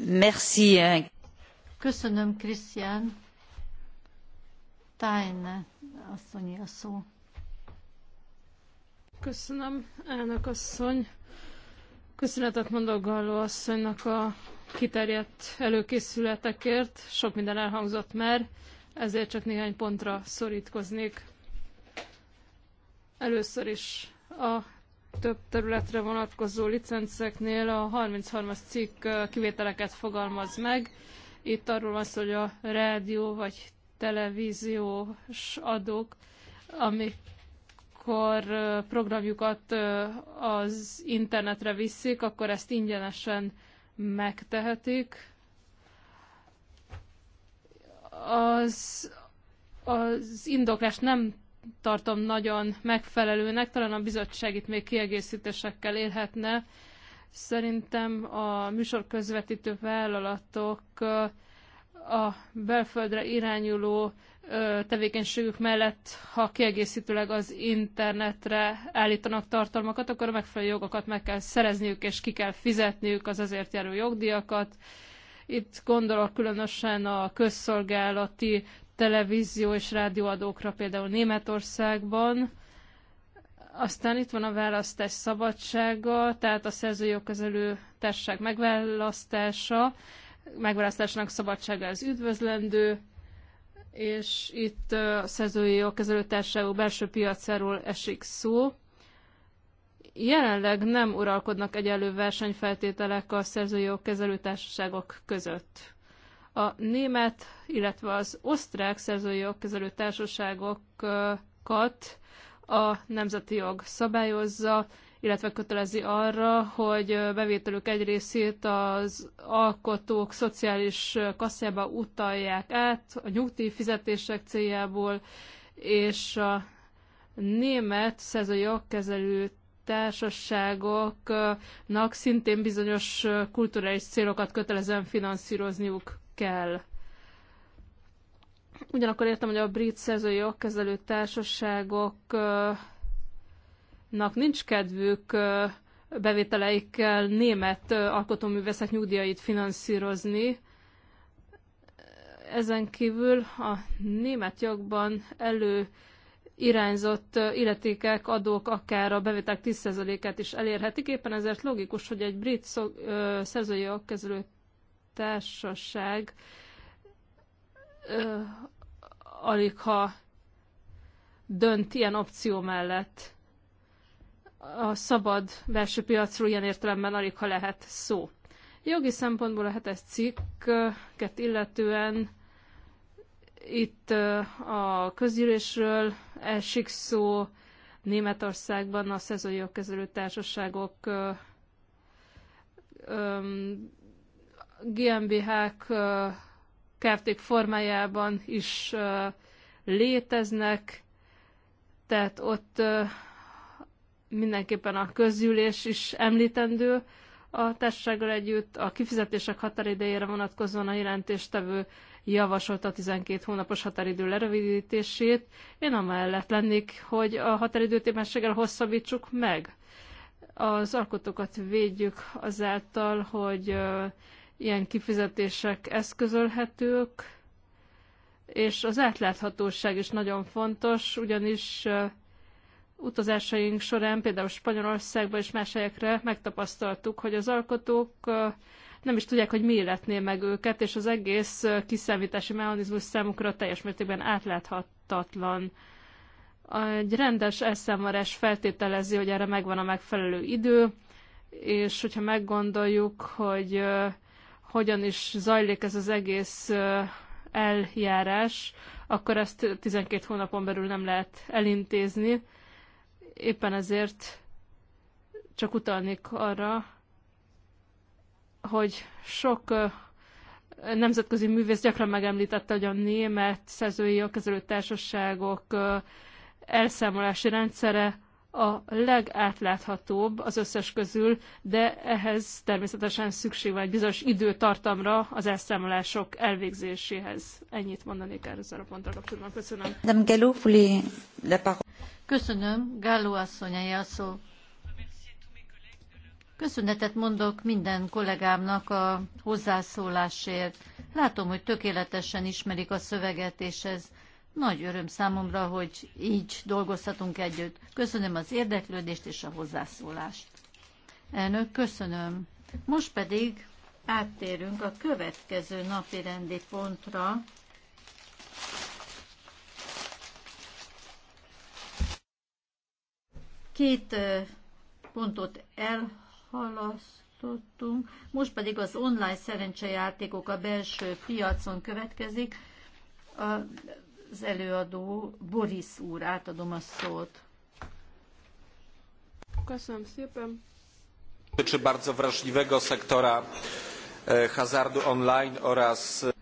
Merci. Euh. Köszönöm, Krisztián. Tájne asszonyi a szó. Köszönöm, elnök asszony. Köszönetet mondok Galló asszonynak a kiterjedt előkészületekért. Sok minden elhangzott már, ezért csak néhány pontra szorítkoznék. Először is a több területre vonatkozó licenceknél a 33. cikk kivételeket fogalmaz meg. Itt arról van szó, hogy a rádió vagy televíziós adók, amik amikor programjukat az internetre viszik, akkor ezt ingyenesen megtehetik. Az, az indoklást nem tartom nagyon megfelelőnek, talán a bizottság itt még kiegészítésekkel élhetne. Szerintem a műsor közvetítő vállalatok a belföldre irányuló tevékenységük mellett, ha kiegészítőleg az internetre állítanak tartalmakat, akkor a megfelelő jogokat meg kell szerezniük, és ki kell fizetniük az azért járó jogdíjakat. Itt gondolok különösen a közszolgálati televízió és rádióadókra, például Németországban. Aztán itt van a választás szabadsága, tehát a szerzőjogkezelő közelő társaság megválasztása megválasztásnak szabadsága az üdvözlendő, és itt a szerzői jogkezelőtársaságok belső piacáról esik szó. Jelenleg nem uralkodnak egyenlő versenyfeltételek a szerzői jogkezelőtársaságok között. A német, illetve az osztrák szerzői jogkezelőtársaságokat a nemzeti jog szabályozza, illetve kötelezi arra, hogy bevételük egy részét az alkotók szociális kasszába utalják át a fizetések céljából, és a német szerzőjogkezelő társaságoknak szintén bizonyos kulturális célokat kötelezően finanszírozniuk kell. Ugyanakkor értem, hogy a brit szerzői jogkezelő társaságok nak nincs kedvük bevételeikkel német alkotóművészek nyugdíjait finanszírozni. Ezen kívül a német jogban elő irányzott illetékek, adók akár a bevételek 10%-át is elérhetik. Éppen ezért logikus, hogy egy brit szerzői jogkezelő társaság ö, alig ha dönt ilyen opció mellett a szabad belső piacról ilyen értelemben alig ha lehet szó. Jogi szempontból a hetes cikket illetően itt a közgyűlésről esik szó, Németországban a szezoni jogkezelő társaságok GmbH-k kft formájában is léteznek, tehát ott mindenképpen a közgyűlés is említendő a testsággal együtt. A kifizetések határidejére vonatkozóan a jelentéstevő javasolta a 12 hónapos határidő lerövidítését. Én amellett lennék, hogy a határidőt éppenséggel hosszabbítsuk meg. Az alkotókat védjük azáltal, hogy ilyen kifizetések eszközölhetők, és az átláthatóság is nagyon fontos, ugyanis utazásaink során, például spanyolországban és más helyekre megtapasztaltuk, hogy az alkotók nem is tudják, hogy mi illetné meg őket, és az egész kiszámítási mechanizmus számukra teljes mértékben átláthatatlan. Egy rendes elszámolás feltételezi, hogy erre megvan a megfelelő idő, és hogyha meggondoljuk, hogy hogyan is zajlik ez az egész eljárás, akkor ezt 12 hónapon belül nem lehet elintézni, Éppen ezért csak utalnék arra, hogy sok nemzetközi művész gyakran megemlítette, hogy a német szerzői a társaságok elszámolási rendszere a legátláthatóbb az összes közül, de ehhez természetesen szükség van egy bizonyos időtartamra az elszámolások elvégzéséhez. Ennyit mondanék erről a pontra kapcsolatban. Köszönöm. Köszönöm, Gálló asszony, a Köszönetet mondok minden kollégámnak a hozzászólásért. Látom, hogy tökéletesen ismerik a szöveget, és ez nagy öröm számomra, hogy így dolgozhatunk együtt. Köszönöm az érdeklődést és a hozzászólást. Elnök, köszönöm. Most pedig áttérünk a következő napi rendi pontra, Két pontot elhalasztottunk, most pedig az online szerencsejátékok a belső piacon következik. Az előadó Boris úr, átadom a szót. Köszönöm szépen. Dotyczy bardzo wrażliwego sektora e, hazardu online oraz e,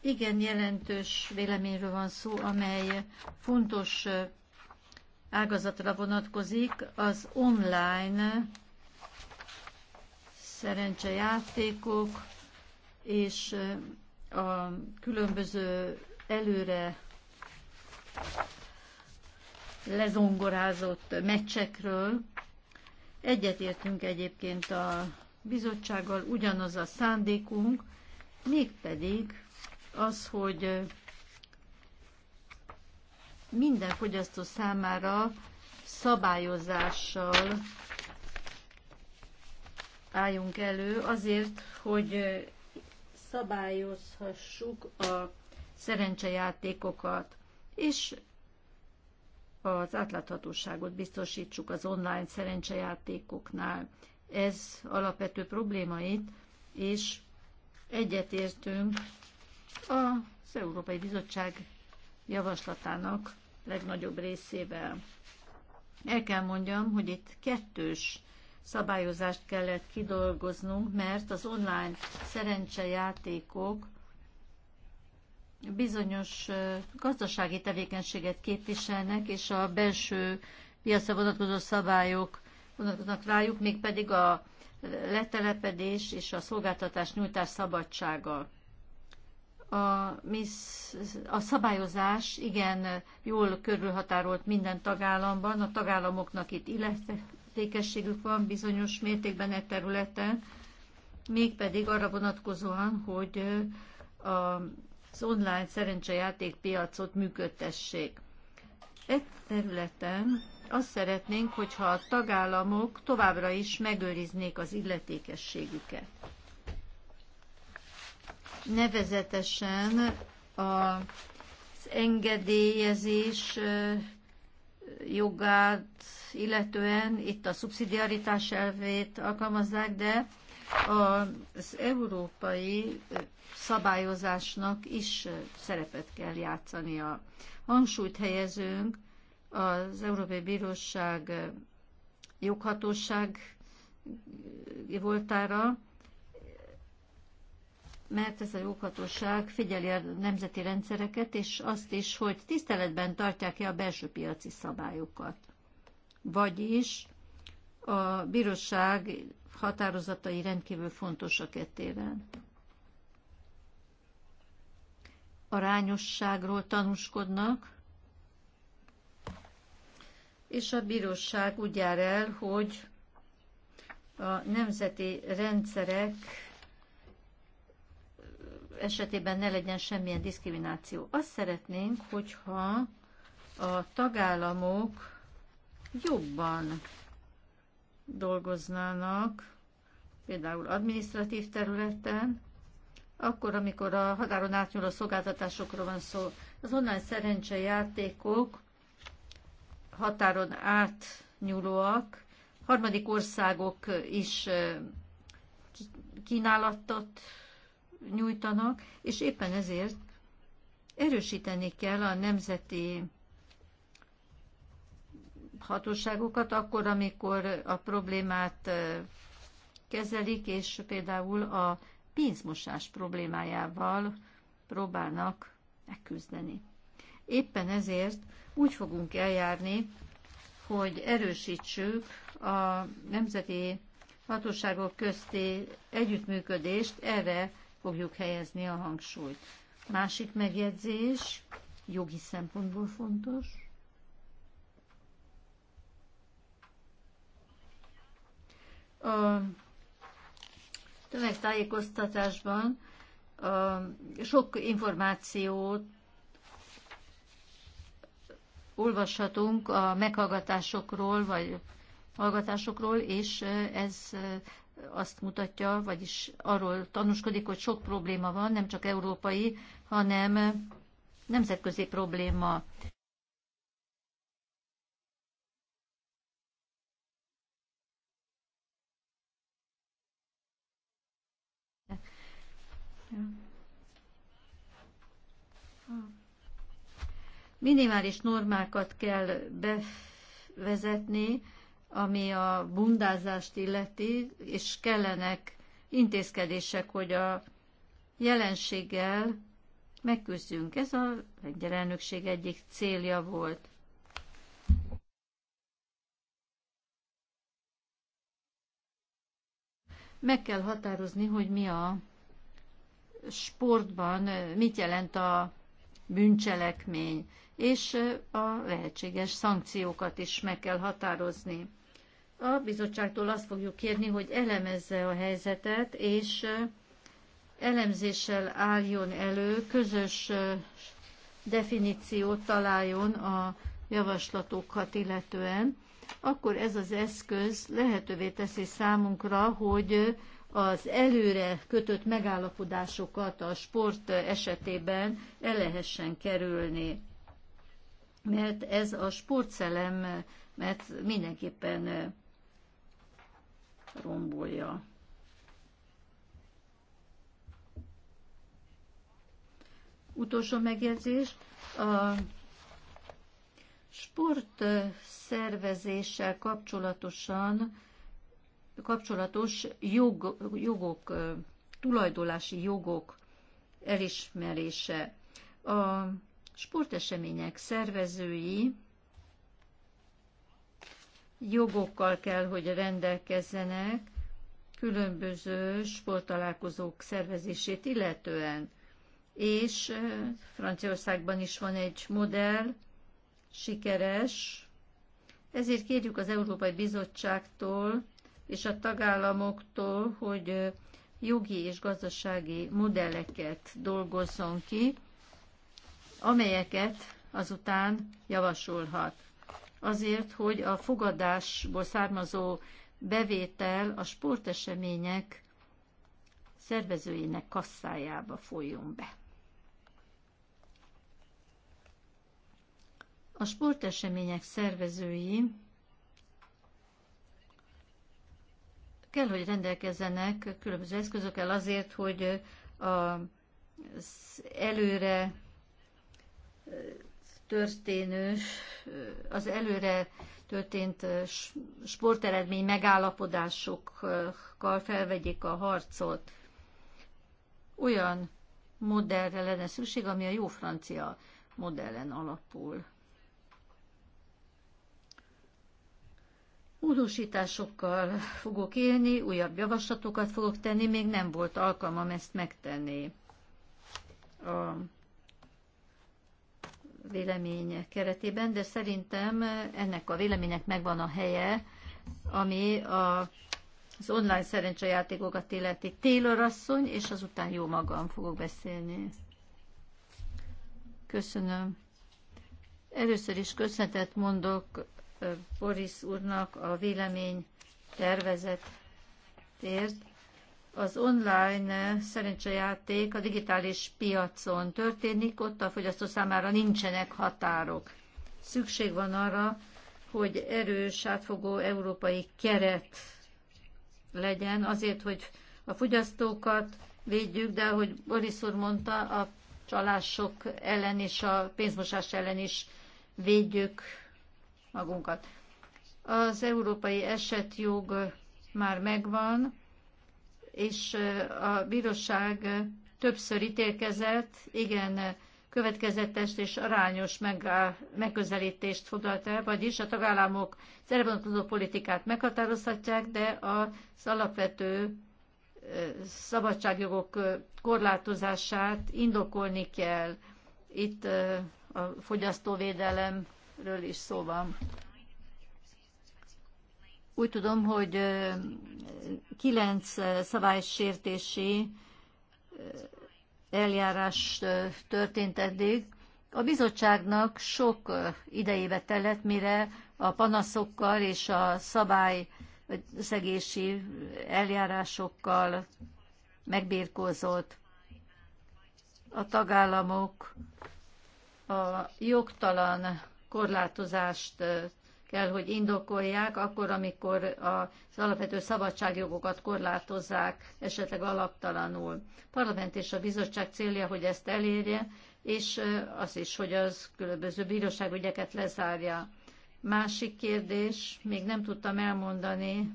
igen jelentős véleményről van szó, amely fontos e, ágazatra vonatkozik, az online szerencsejátékok és a különböző előre lezongorázott meccsekről. Egyetértünk egyébként a bizottsággal, ugyanaz a szándékunk, mégpedig az, hogy minden fogyasztó számára szabályozással álljunk elő azért, hogy szabályozhassuk a szerencsejátékokat, és az átláthatóságot biztosítsuk az online szerencsejátékoknál. Ez alapvető problémait, és egyetértünk az Európai Bizottság javaslatának legnagyobb részével. El kell mondjam, hogy itt kettős szabályozást kellett kidolgoznunk, mert az online szerencsejátékok bizonyos gazdasági tevékenységet képviselnek, és a belső piacra vonatkozó szabályok vonatkoznak rájuk, mégpedig a letelepedés és a szolgáltatás nyújtás szabadsága a, a szabályozás igen jól körülhatárolt minden tagállamban, a tagállamoknak itt illetékességük van bizonyos mértékben e területen, mégpedig arra vonatkozóan, hogy az online szerencsejáték piacot működtessék. E területen azt szeretnénk, hogyha a tagállamok továbbra is megőriznék az illetékességüket nevezetesen az engedélyezés jogát illetően itt a szubszidiaritás elvét alkalmazzák, de az európai szabályozásnak is szerepet kell játszani a Hangsúlyt helyezünk az Európai Bíróság joghatóság voltára, mert ez a joghatóság figyeli a nemzeti rendszereket, és azt is, hogy tiszteletben tartják-e a belső piaci szabályokat. Vagyis a bíróság határozatai rendkívül fontosak ettéren. Arányosságról tanúskodnak, és a bíróság úgy jár el, hogy a nemzeti rendszerek esetében ne legyen semmilyen diszkrimináció. Azt szeretnénk, hogyha a tagállamok jobban dolgoznának, például administratív területen, akkor, amikor a határon átnyúló szolgáltatásokról van szó. Az online szerencsejátékok határon átnyúlóak, harmadik országok is eh, kínálatot nyújtanak, és éppen ezért erősíteni kell a nemzeti hatóságokat akkor, amikor a problémát kezelik, és például a pénzmosás problémájával próbálnak megküzdeni. Éppen ezért úgy fogunk eljárni, hogy erősítsük a nemzeti hatóságok közti együttműködést, erre fogjuk helyezni a hangsúlyt. Másik megjegyzés, jogi szempontból fontos. A tömegtájékoztatásban sok információt olvashatunk a meghallgatásokról, vagy hallgatásokról, és ez azt mutatja, vagyis arról tanúskodik, hogy sok probléma van, nem csak európai, hanem nemzetközi probléma. Minimális normákat kell bevezetni, ami a bundázást illeti, és kellenek intézkedések, hogy a jelenséggel megküzdjünk. Ez a lengyel elnökség egyik célja volt. Meg kell határozni, hogy mi a sportban mit jelent a bűncselekmény, és a lehetséges szankciókat is meg kell határozni. A bizottságtól azt fogjuk kérni, hogy elemezze a helyzetet, és elemzéssel álljon elő, közös definíciót találjon a javaslatokat illetően, akkor ez az eszköz lehetővé teszi számunkra, hogy az előre kötött megállapodásokat a sport esetében el lehessen kerülni. Mert ez a sportszelem, mert mindenképpen rombolja. Utolsó megjegyzés. A sport szervezéssel kapcsolatosan kapcsolatos jog, jogok, tulajdonlási jogok elismerése. A sportesemények szervezői jogokkal kell, hogy rendelkezzenek különböző sporttalálkozók szervezését illetően. És eh, Franciaországban is van egy modell, sikeres, ezért kérjük az Európai Bizottságtól és a tagállamoktól, hogy eh, jogi és gazdasági modelleket dolgozzon ki, amelyeket azután javasolhat azért, hogy a fogadásból származó bevétel a sportesemények szervezőinek kasszájába folyjon be. A sportesemények szervezői kell, hogy rendelkezzenek különböző eszközökkel azért, hogy az előre történő, az előre történt sporteredmény megállapodásokkal felvegyék a harcot. Olyan modellre lenne szükség, ami a jó francia modellen alapul. Módosításokkal fogok élni, újabb javaslatokat fogok tenni, még nem volt alkalmam ezt megtenni. A vélemény keretében, de szerintem ennek a véleménynek megvan a helye, ami a, az online szerencsejátékokat illeti Taylor asszony, és azután jó magam fogok beszélni. Köszönöm. Először is köszönetet mondok Boris úrnak a vélemény tervezetért az online szerencsejáték a digitális piacon történik, ott a fogyasztó számára nincsenek határok. Szükség van arra, hogy erős, átfogó európai keret legyen, azért, hogy a fogyasztókat védjük, de ahogy Boris úr mondta, a csalások ellen és a pénzmosás ellen is védjük magunkat. Az európai esetjog már megvan, és a bíróság többször ítélkezett, igen, következetes és arányos megközelítést foglalt el, vagyis a tagállamok szerepontozó politikát meghatározhatják, de az alapvető szabadságjogok korlátozását indokolni kell. Itt a fogyasztóvédelemről is szó van. Úgy tudom, hogy kilenc szabálysértési eljárás történt eddig. A bizottságnak sok idejébe telett, mire a panaszokkal és a szabályszegési eljárásokkal megbírkozott A tagállamok a jogtalan korlátozást kell, hogy indokolják, akkor, amikor az alapvető szabadságjogokat korlátozzák, esetleg alaptalanul. A parlament és a bizottság célja, hogy ezt elérje, és az is, hogy az különböző bíróságügyeket lezárja. Másik kérdés, még nem tudtam elmondani,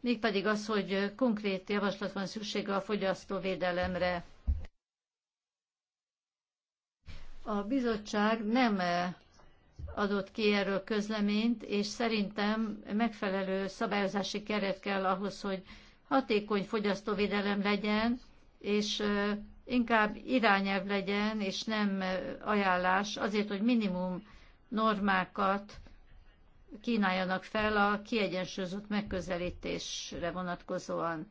mégpedig az, hogy konkrét javaslat van szüksége a fogyasztóvédelemre. A bizottság nem e, adott ki erről közleményt, és szerintem megfelelő szabályozási keret kell ahhoz, hogy hatékony fogyasztóvédelem legyen, és e, inkább irányelv legyen, és nem e, ajánlás, azért, hogy minimum normákat kínáljanak fel a kiegyensúlyozott megközelítésre vonatkozóan.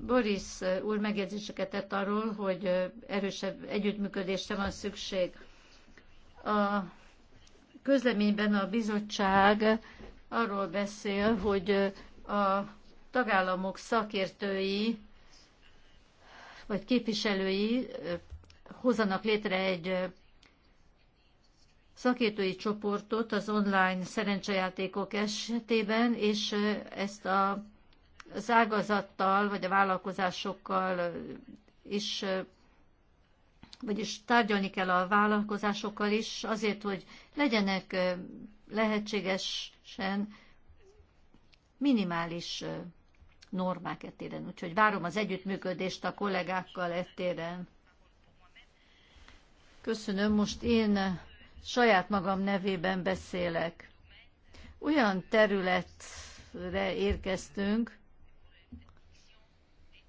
Boris úr megjegyzéseket tett arról, hogy erősebb együttműködésre van szükség. A közleményben a bizottság arról beszél, hogy a tagállamok szakértői vagy képviselői hozanak létre egy szakértői csoportot az online szerencsejátékok esetében, és ezt a az ágazattal, vagy a vállalkozásokkal is, vagyis tárgyalni kell a vállalkozásokkal is, azért, hogy legyenek lehetségesen minimális normák ettéren. Úgyhogy várom az együttműködést a kollégákkal ettéren. Köszönöm, most én saját magam nevében beszélek. Olyan területre érkeztünk,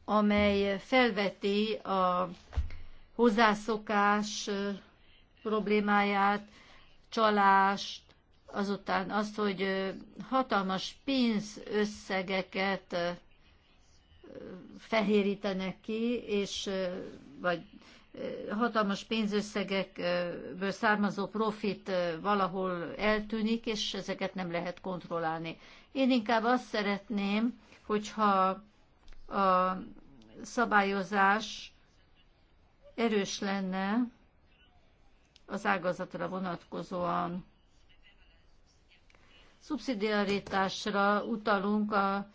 amely felveti a hozzászokás problémáját, csalást, azután azt, hogy hatalmas pénzösszegeket fehérítenek ki, és vagy hatalmas pénzösszegekből származó profit valahol eltűnik, és ezeket nem lehet kontrollálni. Én inkább azt szeretném, hogyha a szabályozás erős lenne az ágazatra vonatkozóan. Szubszidiaritásra utalunk a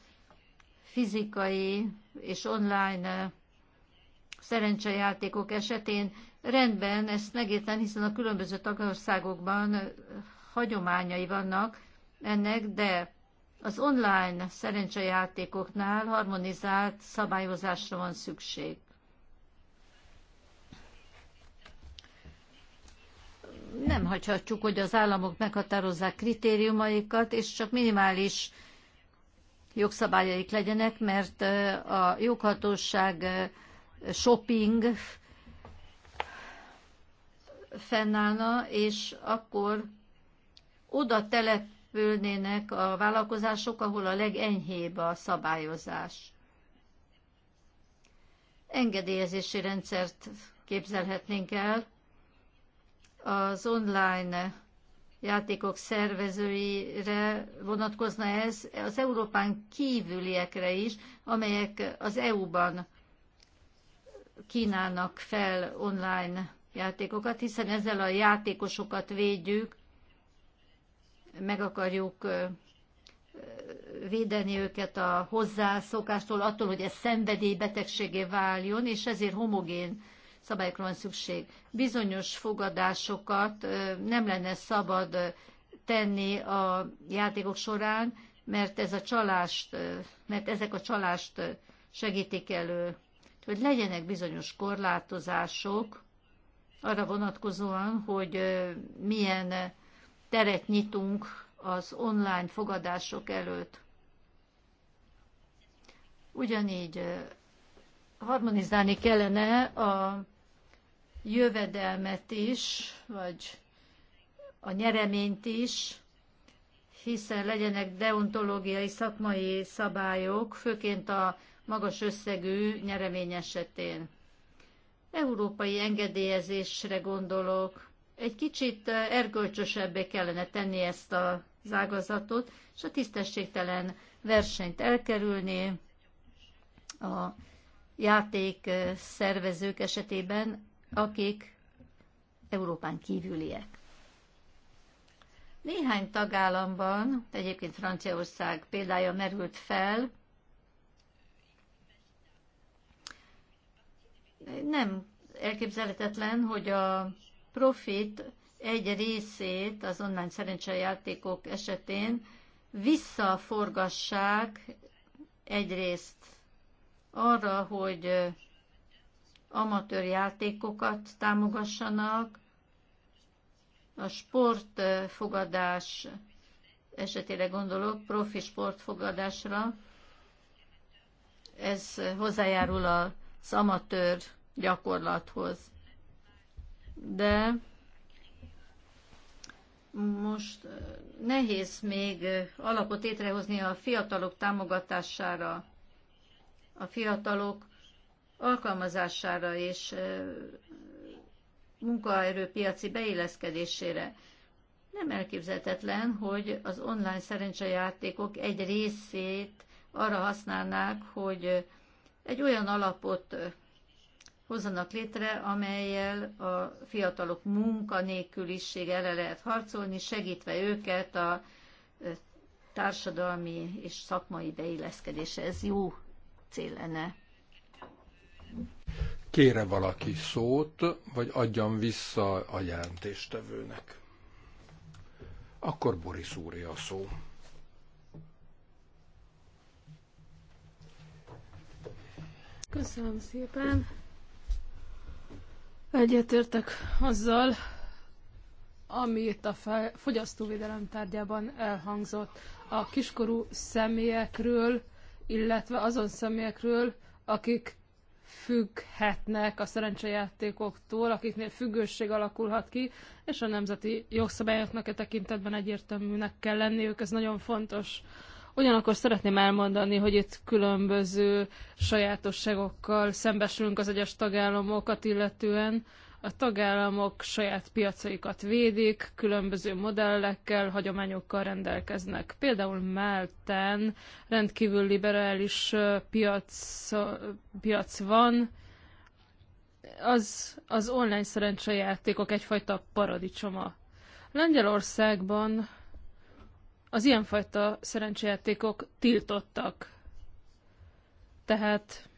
fizikai és online szerencsejátékok esetén. Rendben, ezt megértem, hiszen a különböző tagországokban hagyományai vannak ennek, de az online szerencsejátékoknál harmonizált szabályozásra van szükség. Nem hagyhatjuk, hogy az államok meghatározzák kritériumaikat, és csak minimális jogszabályaik legyenek, mert a joghatóság shopping fennállna, és akkor oda telep épülnének a vállalkozások, ahol a legenyhébb a szabályozás. Engedélyezési rendszert képzelhetnénk el. Az online játékok szervezőire vonatkozna ez, az Európán kívüliekre is, amelyek az EU-ban kínálnak fel online játékokat, hiszen ezzel a játékosokat védjük meg akarjuk védeni őket a hozzászokástól, attól, hogy ez szenvedélybetegségé váljon, és ezért homogén szabályokra van szükség. Bizonyos fogadásokat nem lenne szabad tenni a játékok során, mert ez a csalást, mert ezek a csalást segítik elő. Hogy legyenek bizonyos korlátozások arra vonatkozóan, hogy milyen teret nyitunk az online fogadások előtt. Ugyanígy harmonizálni kellene a jövedelmet is, vagy a nyereményt is, hiszen legyenek deontológiai szakmai szabályok, főként a magas összegű nyeremény esetén. Európai engedélyezésre gondolok, egy kicsit erkölcsösebbé kellene tenni ezt az ágazatot, és a tisztességtelen versenyt elkerülni a játék szervezők esetében, akik Európán kívüliek. Néhány tagállamban, egyébként Franciaország példája merült fel, nem elképzelhetetlen, hogy a profit egy részét az online szerencsejátékok esetén visszaforgassák egyrészt arra, hogy amatőr játékokat támogassanak, a sportfogadás esetére gondolok, profi sportfogadásra, ez hozzájárul az amatőr gyakorlathoz de most nehéz még alapot étrehozni a fiatalok támogatására, a fiatalok alkalmazására és munkaerőpiaci beilleszkedésére. Nem elképzelhetetlen, hogy az online szerencsejátékok egy részét arra használnák, hogy egy olyan alapot hozzanak létre, amelyel a fiatalok munkanélküliség ellen lehet harcolni, segítve őket a eh, társadalmi és szakmai beilleszkedése. Ez jó cél lenne. Kére valaki szót, vagy adjam vissza a jelentéstevőnek. Akkor Boris úré a szó. Köszönöm szépen. Egyetértek azzal, ami itt a fogyasztóvédelem tárgyában elhangzott. A kiskorú személyekről, illetve azon személyekről, akik függhetnek a szerencsejátékoktól, akiknél függőség alakulhat ki, és a nemzeti jogszabályoknak e tekintetben egyértelműnek kell lenniük, ez nagyon fontos. Ugyanakkor szeretném elmondani, hogy itt különböző sajátosságokkal szembesülünk az egyes tagállamokat illetően. A tagállamok saját piacaikat védik, különböző modellekkel, hagyományokkal rendelkeznek. Például Máltán rendkívül liberális piac, piac van, az, az online szerencsejátékok egyfajta paradicsoma. Lengyelországban az ilyenfajta szerencsejátékok tiltottak. Tehát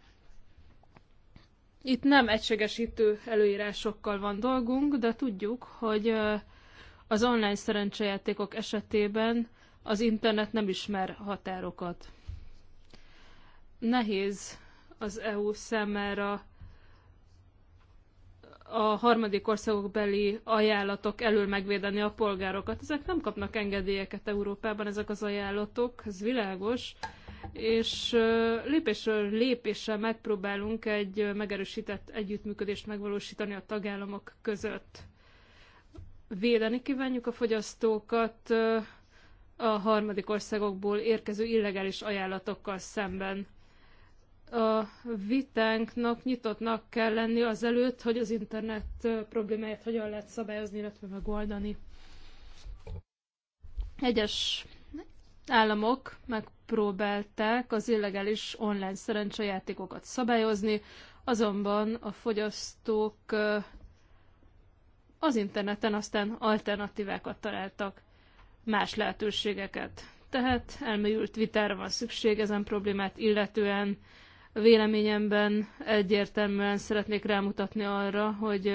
itt nem egységesítő előírásokkal van dolgunk, de tudjuk, hogy az online szerencsejátékok esetében az internet nem ismer határokat. Nehéz az EU számára a harmadik országokbeli ajánlatok elől megvédeni a polgárokat. Ezek nem kapnak engedélyeket Európában, ezek az ajánlatok, ez világos, és lépésről lépésre megpróbálunk egy megerősített együttműködést megvalósítani a tagállamok között. Védeni kívánjuk a fogyasztókat a harmadik országokból érkező illegális ajánlatokkal szemben a vitánknak nyitottnak kell lenni azelőtt, hogy az internet problémáját hogyan lehet szabályozni, illetve megoldani. Egyes államok megpróbálták az illegális online szerencsejátékokat szabályozni, azonban a fogyasztók az interneten aztán alternatívákat találtak, más lehetőségeket. Tehát elmélyült vitára van szükség ezen problémát illetően, Véleményemben egyértelműen szeretnék rámutatni arra, hogy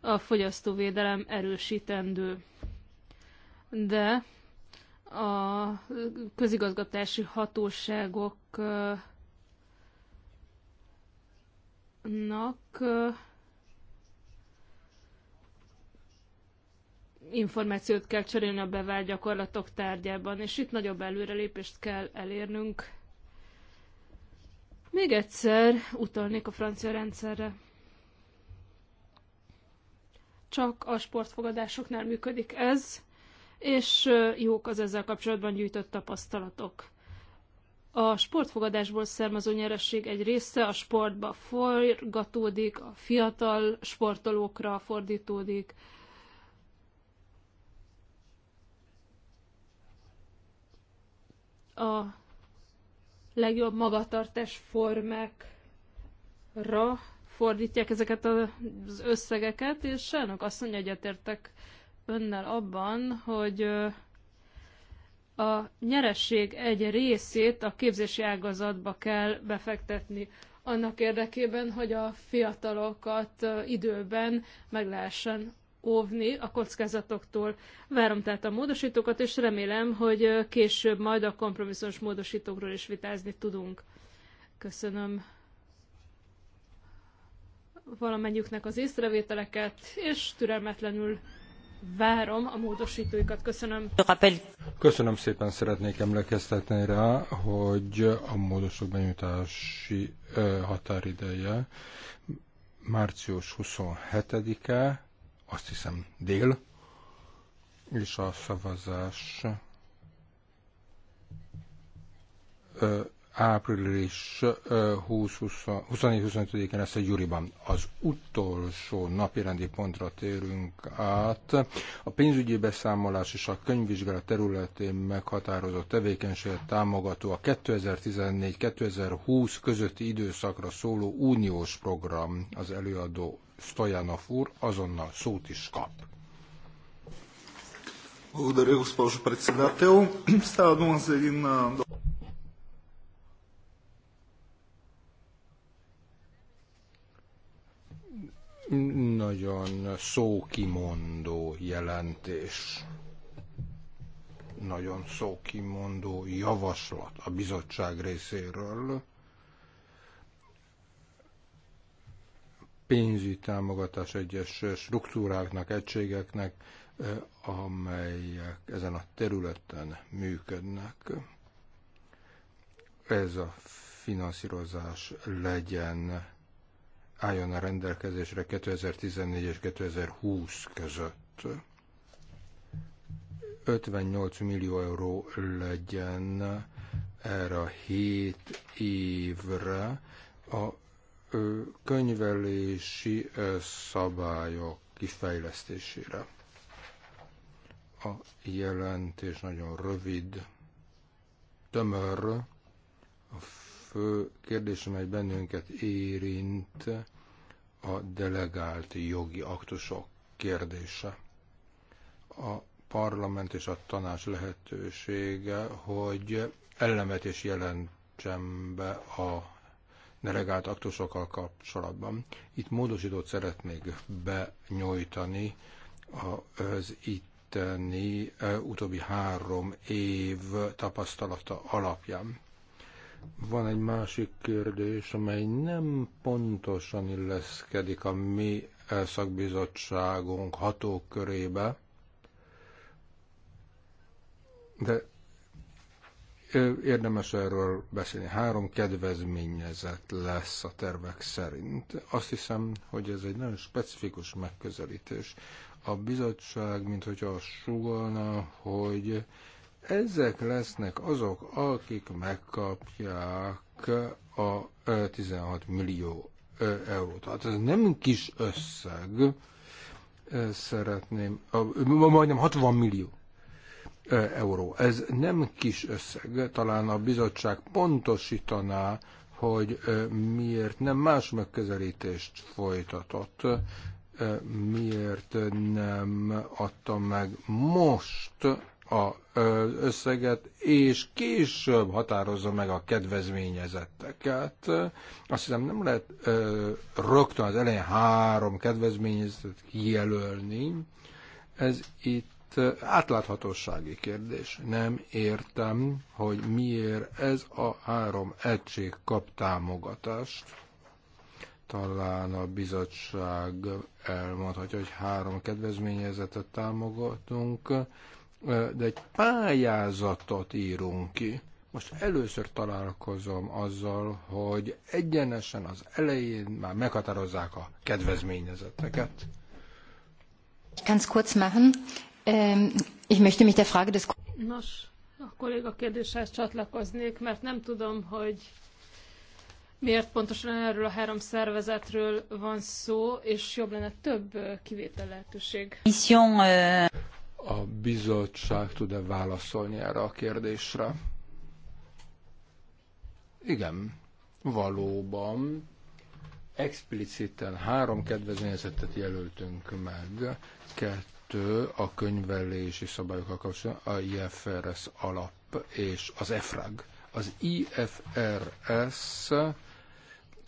a fogyasztóvédelem erősítendő. De a közigazgatási hatóságoknak információt kell cserélni a bevált gyakorlatok tárgyában, és itt nagyobb előrelépést kell elérnünk még egyszer utalnék a francia rendszerre. Csak a sportfogadásoknál működik ez, és jók az ezzel kapcsolatban gyűjtött tapasztalatok. A sportfogadásból származó nyeresség egy része a sportba forgatódik, a fiatal sportolókra fordítódik. A legjobb magatartás formákra fordítják ezeket az összegeket, és sajnok azt mondja, egyetértek önnel abban, hogy a nyeresség egy részét a képzési ágazatba kell befektetni annak érdekében, hogy a fiatalokat időben meg lehessen óvni a kockázatoktól. Várom tehát a módosítókat, és remélem, hogy később majd a kompromisszós módosítókról is vitázni tudunk. Köszönöm valamennyüknek az észrevételeket, és türelmetlenül várom a módosítóikat. Köszönöm. Köszönöm szépen, szeretnék emlékeztetni rá, hogy a módosok benyújtási határideje március 27-e, azt hiszem dél, és a szavazás ö, április 24-25-én lesz a Gyuriban. Az utolsó napi rendi pontra térünk át. A pénzügyi beszámolás és a könyvvizsgálat területén meghatározott tevékenységet támogató a 2014-2020 közötti időszakra szóló uniós program az előadó Stojanov úr azonnal szót is kap. Nagyon szókimondó jelentés. Nagyon szókimondó javaslat a bizottság részéről pénzügyi támogatás egyes struktúráknak, egységeknek, eh, amelyek ezen a területen működnek. Ez a finanszírozás legyen, álljon a rendelkezésre 2014 és 2020 között. 58 millió euró legyen erre a 7 évre a könyvelési szabályok kifejlesztésére. A jelentés nagyon rövid, tömör, a fő kérdés, amely bennünket érint, a delegált jogi aktusok kérdése. A parlament és a tanács lehetősége, hogy ellenvetés jelentsen be a delegált aktusokkal kapcsolatban. Itt módosítót szeretnék benyújtani az itteni utóbbi három év tapasztalata alapján. Van egy másik kérdés, amely nem pontosan illeszkedik a mi szakbizottságunk hatókörébe, de érdemes erről beszélni. Három kedvezményezett lesz a tervek szerint. Azt hiszem, hogy ez egy nagyon specifikus megközelítés. A bizottság, mint hogy azt sugalna, hogy ezek lesznek azok, akik megkapják a 16 millió eurót. Hát ez nem kis összeg, szeretném, majdnem 60 millió euró. Ez nem kis összeg, talán a bizottság pontosítaná, hogy miért nem más megközelítést folytatott, miért nem adta meg most a összeget, és később határozza meg a kedvezményezetteket. Azt hiszem nem lehet rögtön az elején három kedvezményezetet kijelölni. Ez itt Hát, átláthatósági kérdés. Nem értem, hogy miért ez a három egység kap támogatást. Talán a bizottság elmondhatja, hogy három kedvezményezetet támogatunk, de egy pályázatot írunk ki. Most először találkozom azzal, hogy egyenesen az elején már meghatározzák a kedvezményezeteket. Ich kann es kurz machen. Ich möchte mich der Frage des... Nos, a kolléga kérdéshez csatlakoznék, mert nem tudom, hogy miért pontosan erről a három szervezetről van szó, és jobb lenne több kivétel lehetőség. A bizottság tud-e válaszolni erre a kérdésre? Igen, valóban expliciten három kedvezményezettet jelöltünk meg, kettő kettő a könyvelési szabályokkal kapcsolatban, a IFRS alap és az EFRAG. Az IFRS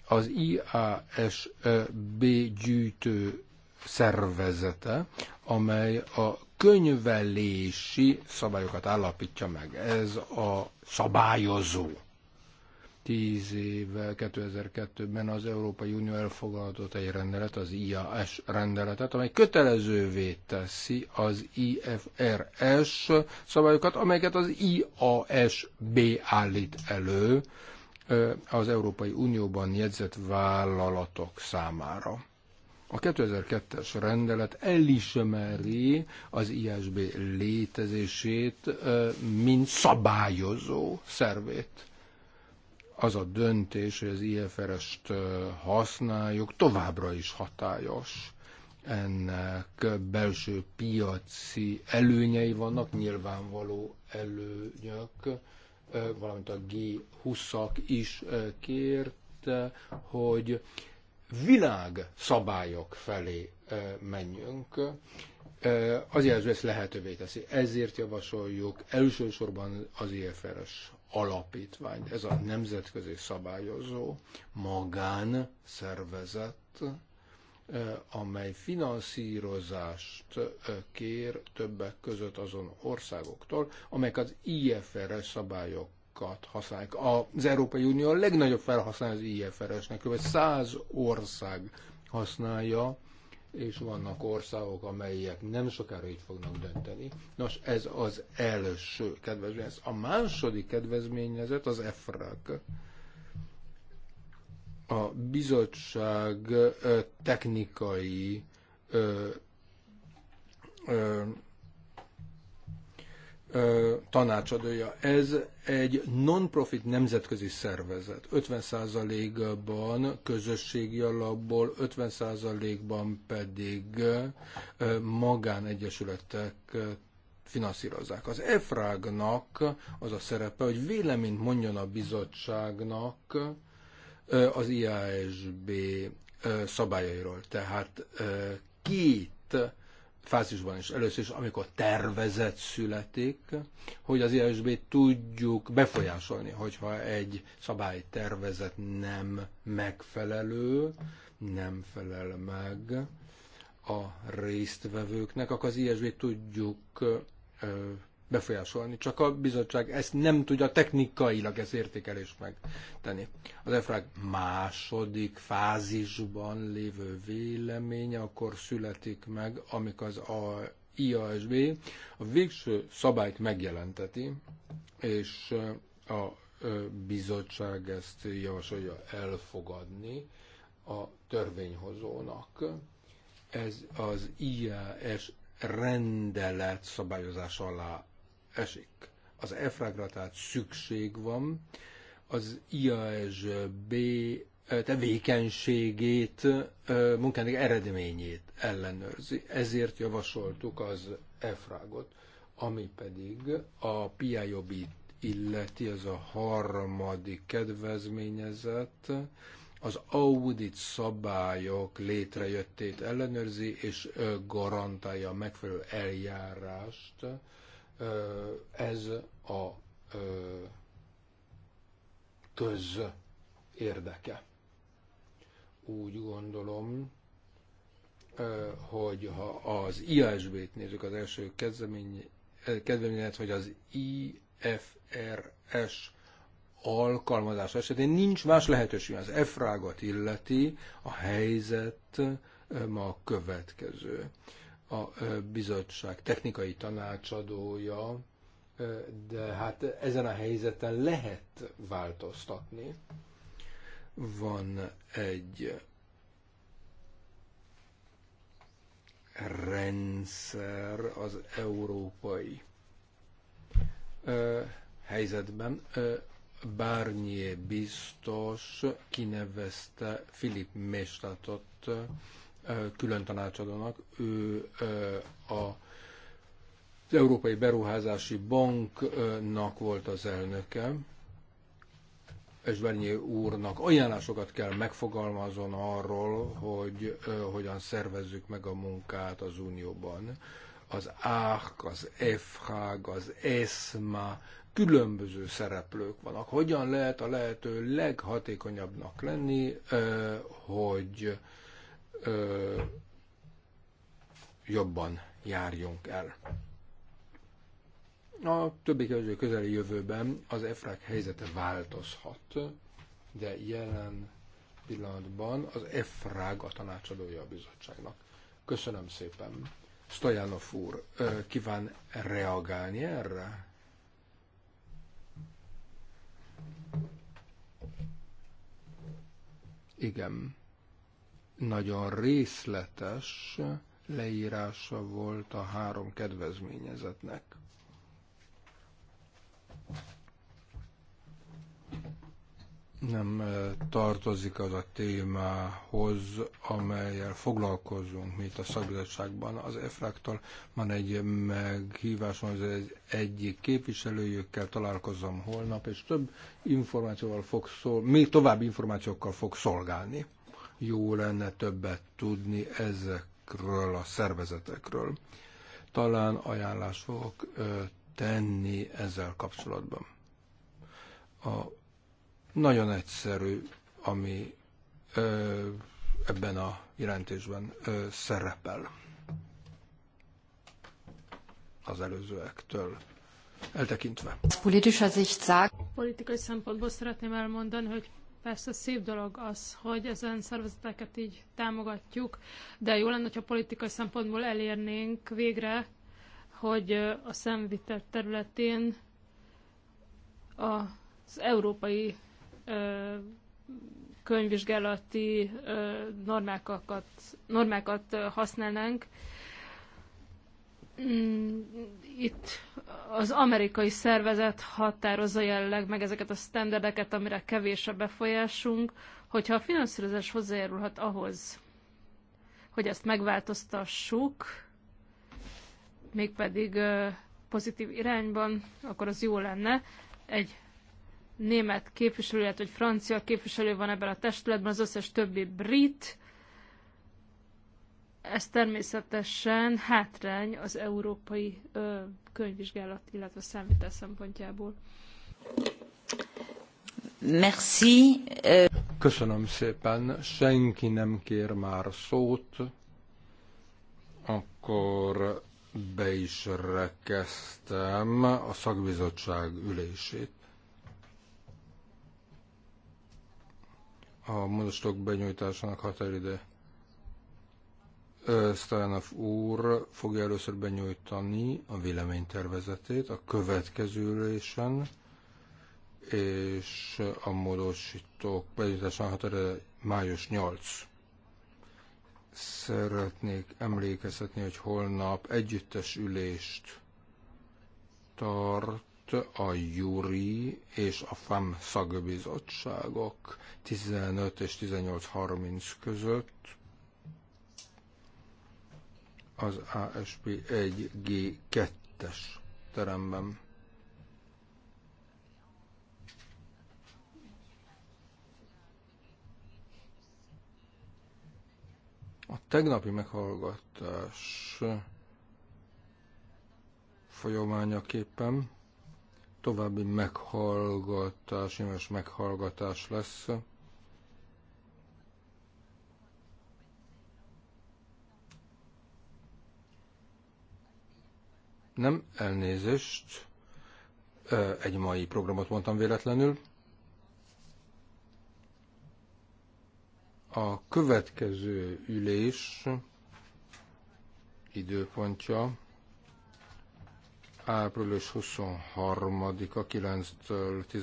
az IASB gyűjtő szervezete, amely a könyvelési szabályokat állapítja meg. Ez a szabályozó tíz évvel, 2002-ben az Európai Unió elfogadott egy rendelet, az IAS rendeletet, amely kötelezővé teszi az IFRS szabályokat, amelyeket az IASB állít elő az Európai Unióban jegyzett vállalatok számára. A 2002-es rendelet elismeri az ISB létezését, mint szabályozó szervét az a döntés, hogy az IFRS-t használjuk, továbbra is hatályos. Ennek belső piaci előnyei vannak, nyilvánvaló előnyök, valamint a G20-ak is kérte, hogy világ szabályok felé menjünk, az jelző ezt lehetővé teszi. Ezért javasoljuk elsősorban az IFRS alapítványt. Ez a nemzetközi szabályozó magán szervezet, eh, amely finanszírozást eh, kér többek között azon országoktól, amelyek az IFRS szabályokat használják. Az Európai Unió a legnagyobb felhasználó az IFRS-nek, kb. 100 ország használja és vannak országok, amelyek nem sokára így fognak dönteni. Nos, ez az első kedvezmény, Ez A második kedvezményezet az EFRAG. A bizottság technikai tanácsadója. Ez egy non-profit nemzetközi szervezet. 50%-ban közösségi alapból, 50%-ban pedig magánegyesületek finanszírozzák. Az EFRAG-nak az a szerepe, hogy véleményt mondjon a bizottságnak az IASB szabályairól. Tehát két fázisban is. Először is, amikor tervezet születik, hogy az ISB tudjuk befolyásolni, hogyha egy szabálytervezet nem megfelelő, nem felel meg a résztvevőknek, akkor az ISB tudjuk befolyásolni, csak a bizottság ezt nem tudja technikailag ezt értékelést megtenni. Az EFRAG második fázisban lévő véleménye akkor születik meg, amikor az a IASB a végső szabályt megjelenteti, és a bizottság ezt javasolja elfogadni a törvényhozónak. Ez az IAS rendelet szabályozás alá esik. Az EFRAG-ra tehát szükség van, az IASB tevékenységét, munkának eredményét ellenőrzi. Ezért javasoltuk az EFRAG-ot, ami pedig a PIOB illeti, az a harmadik kedvezményezett, az audit szabályok létrejöttét ellenőrzi és garantálja a megfelelő eljárást ez a köz érdeke. Úgy gondolom, hogy ha az IASB-t nézzük, az első kezdemény, kezdeményezet, hogy az IFRS alkalmazás esetén nincs más lehetőség. Az EFRÁGot illeti, a helyzet ma a következő a bizottság technikai tanácsadója, de hát ezen a helyzeten lehet változtatni. Van egy rendszer az európai helyzetben. Bárnyé biztos kinevezte Filip Mestatot külön tanácsadónak. Ő a, az Európai Beruházási Banknak volt az elnöke, és Bernyé úrnak ajánlásokat kell megfogalmazon arról, hogy hogyan szervezzük meg a munkát az Unióban. Az AHK, az Fh, az ESMA, különböző szereplők vannak. Hogyan lehet a lehető leghatékonyabbnak lenni, hogy ö, jobban járjunk el. A többi közül közeli jövőben az EFRAK helyzete változhat, de jelen pillanatban az EFRAG a tanácsadója a bizottságnak. Köszönöm szépen. Stojanov úr, kíván reagálni erre? Igen. Nagyon részletes leírása volt a három kedvezményezetnek. nem eh, tartozik az a témához, amelyel foglalkozunk mi a szakbizottságban. Az EFRAK-tól van egy meghívásom, az egy, egyik képviselőjükkel találkozom holnap, és több információval fog szól, még további információkkal fog szolgálni jó lenne többet tudni ezekről a szervezetekről. Talán ajánlást fogok tenni ezzel kapcsolatban. A nagyon egyszerű, ami ö, ebben a jelentésben ö, szerepel az előzőektől eltekintve. Politikai szempontból szeretném elmondani, hogy Persze szép dolog az, hogy ezen szervezeteket így támogatjuk, de jó lenne, ha politikai szempontból elérnénk végre, hogy a szemvitel területén az európai ö, könyvvizsgálati ö, normákat, normákat használnánk, Mm, itt az amerikai szervezet határozza jelenleg meg ezeket a standardeket, amire kevés a befolyásunk, hogyha a finanszírozás hozzájárulhat ahhoz, hogy ezt megváltoztassuk, mégpedig pozitív irányban, akkor az jó lenne. Egy német képviselő, illetve egy francia képviselő van ebben a testületben, az összes többi brit, ez természetesen hátrány az európai ö, könyvvizsgálat, illetve számítás szempontjából. Merci. Köszönöm szépen. Senki nem kér már szót. Akkor be is rekeztem a szakbizottság ülését. A módosítók benyújtásának határideje Stojanov úr fogja először benyújtani a véleménytervezetét a következő ülésen, és a módosítók benyújtása a május 8. Szeretnék emlékezhetni hogy holnap együttes ülést tart a Júri és a FAM szagbizottságok 15 és 18.30 között az ASP 1G2-es teremben. A tegnapi meghallgatás folyamányaképpen további meghallgatás, éves meghallgatás lesz Nem, elnézést. Egy mai programot mondtam véletlenül. A következő ülés időpontja április 23-a 9-től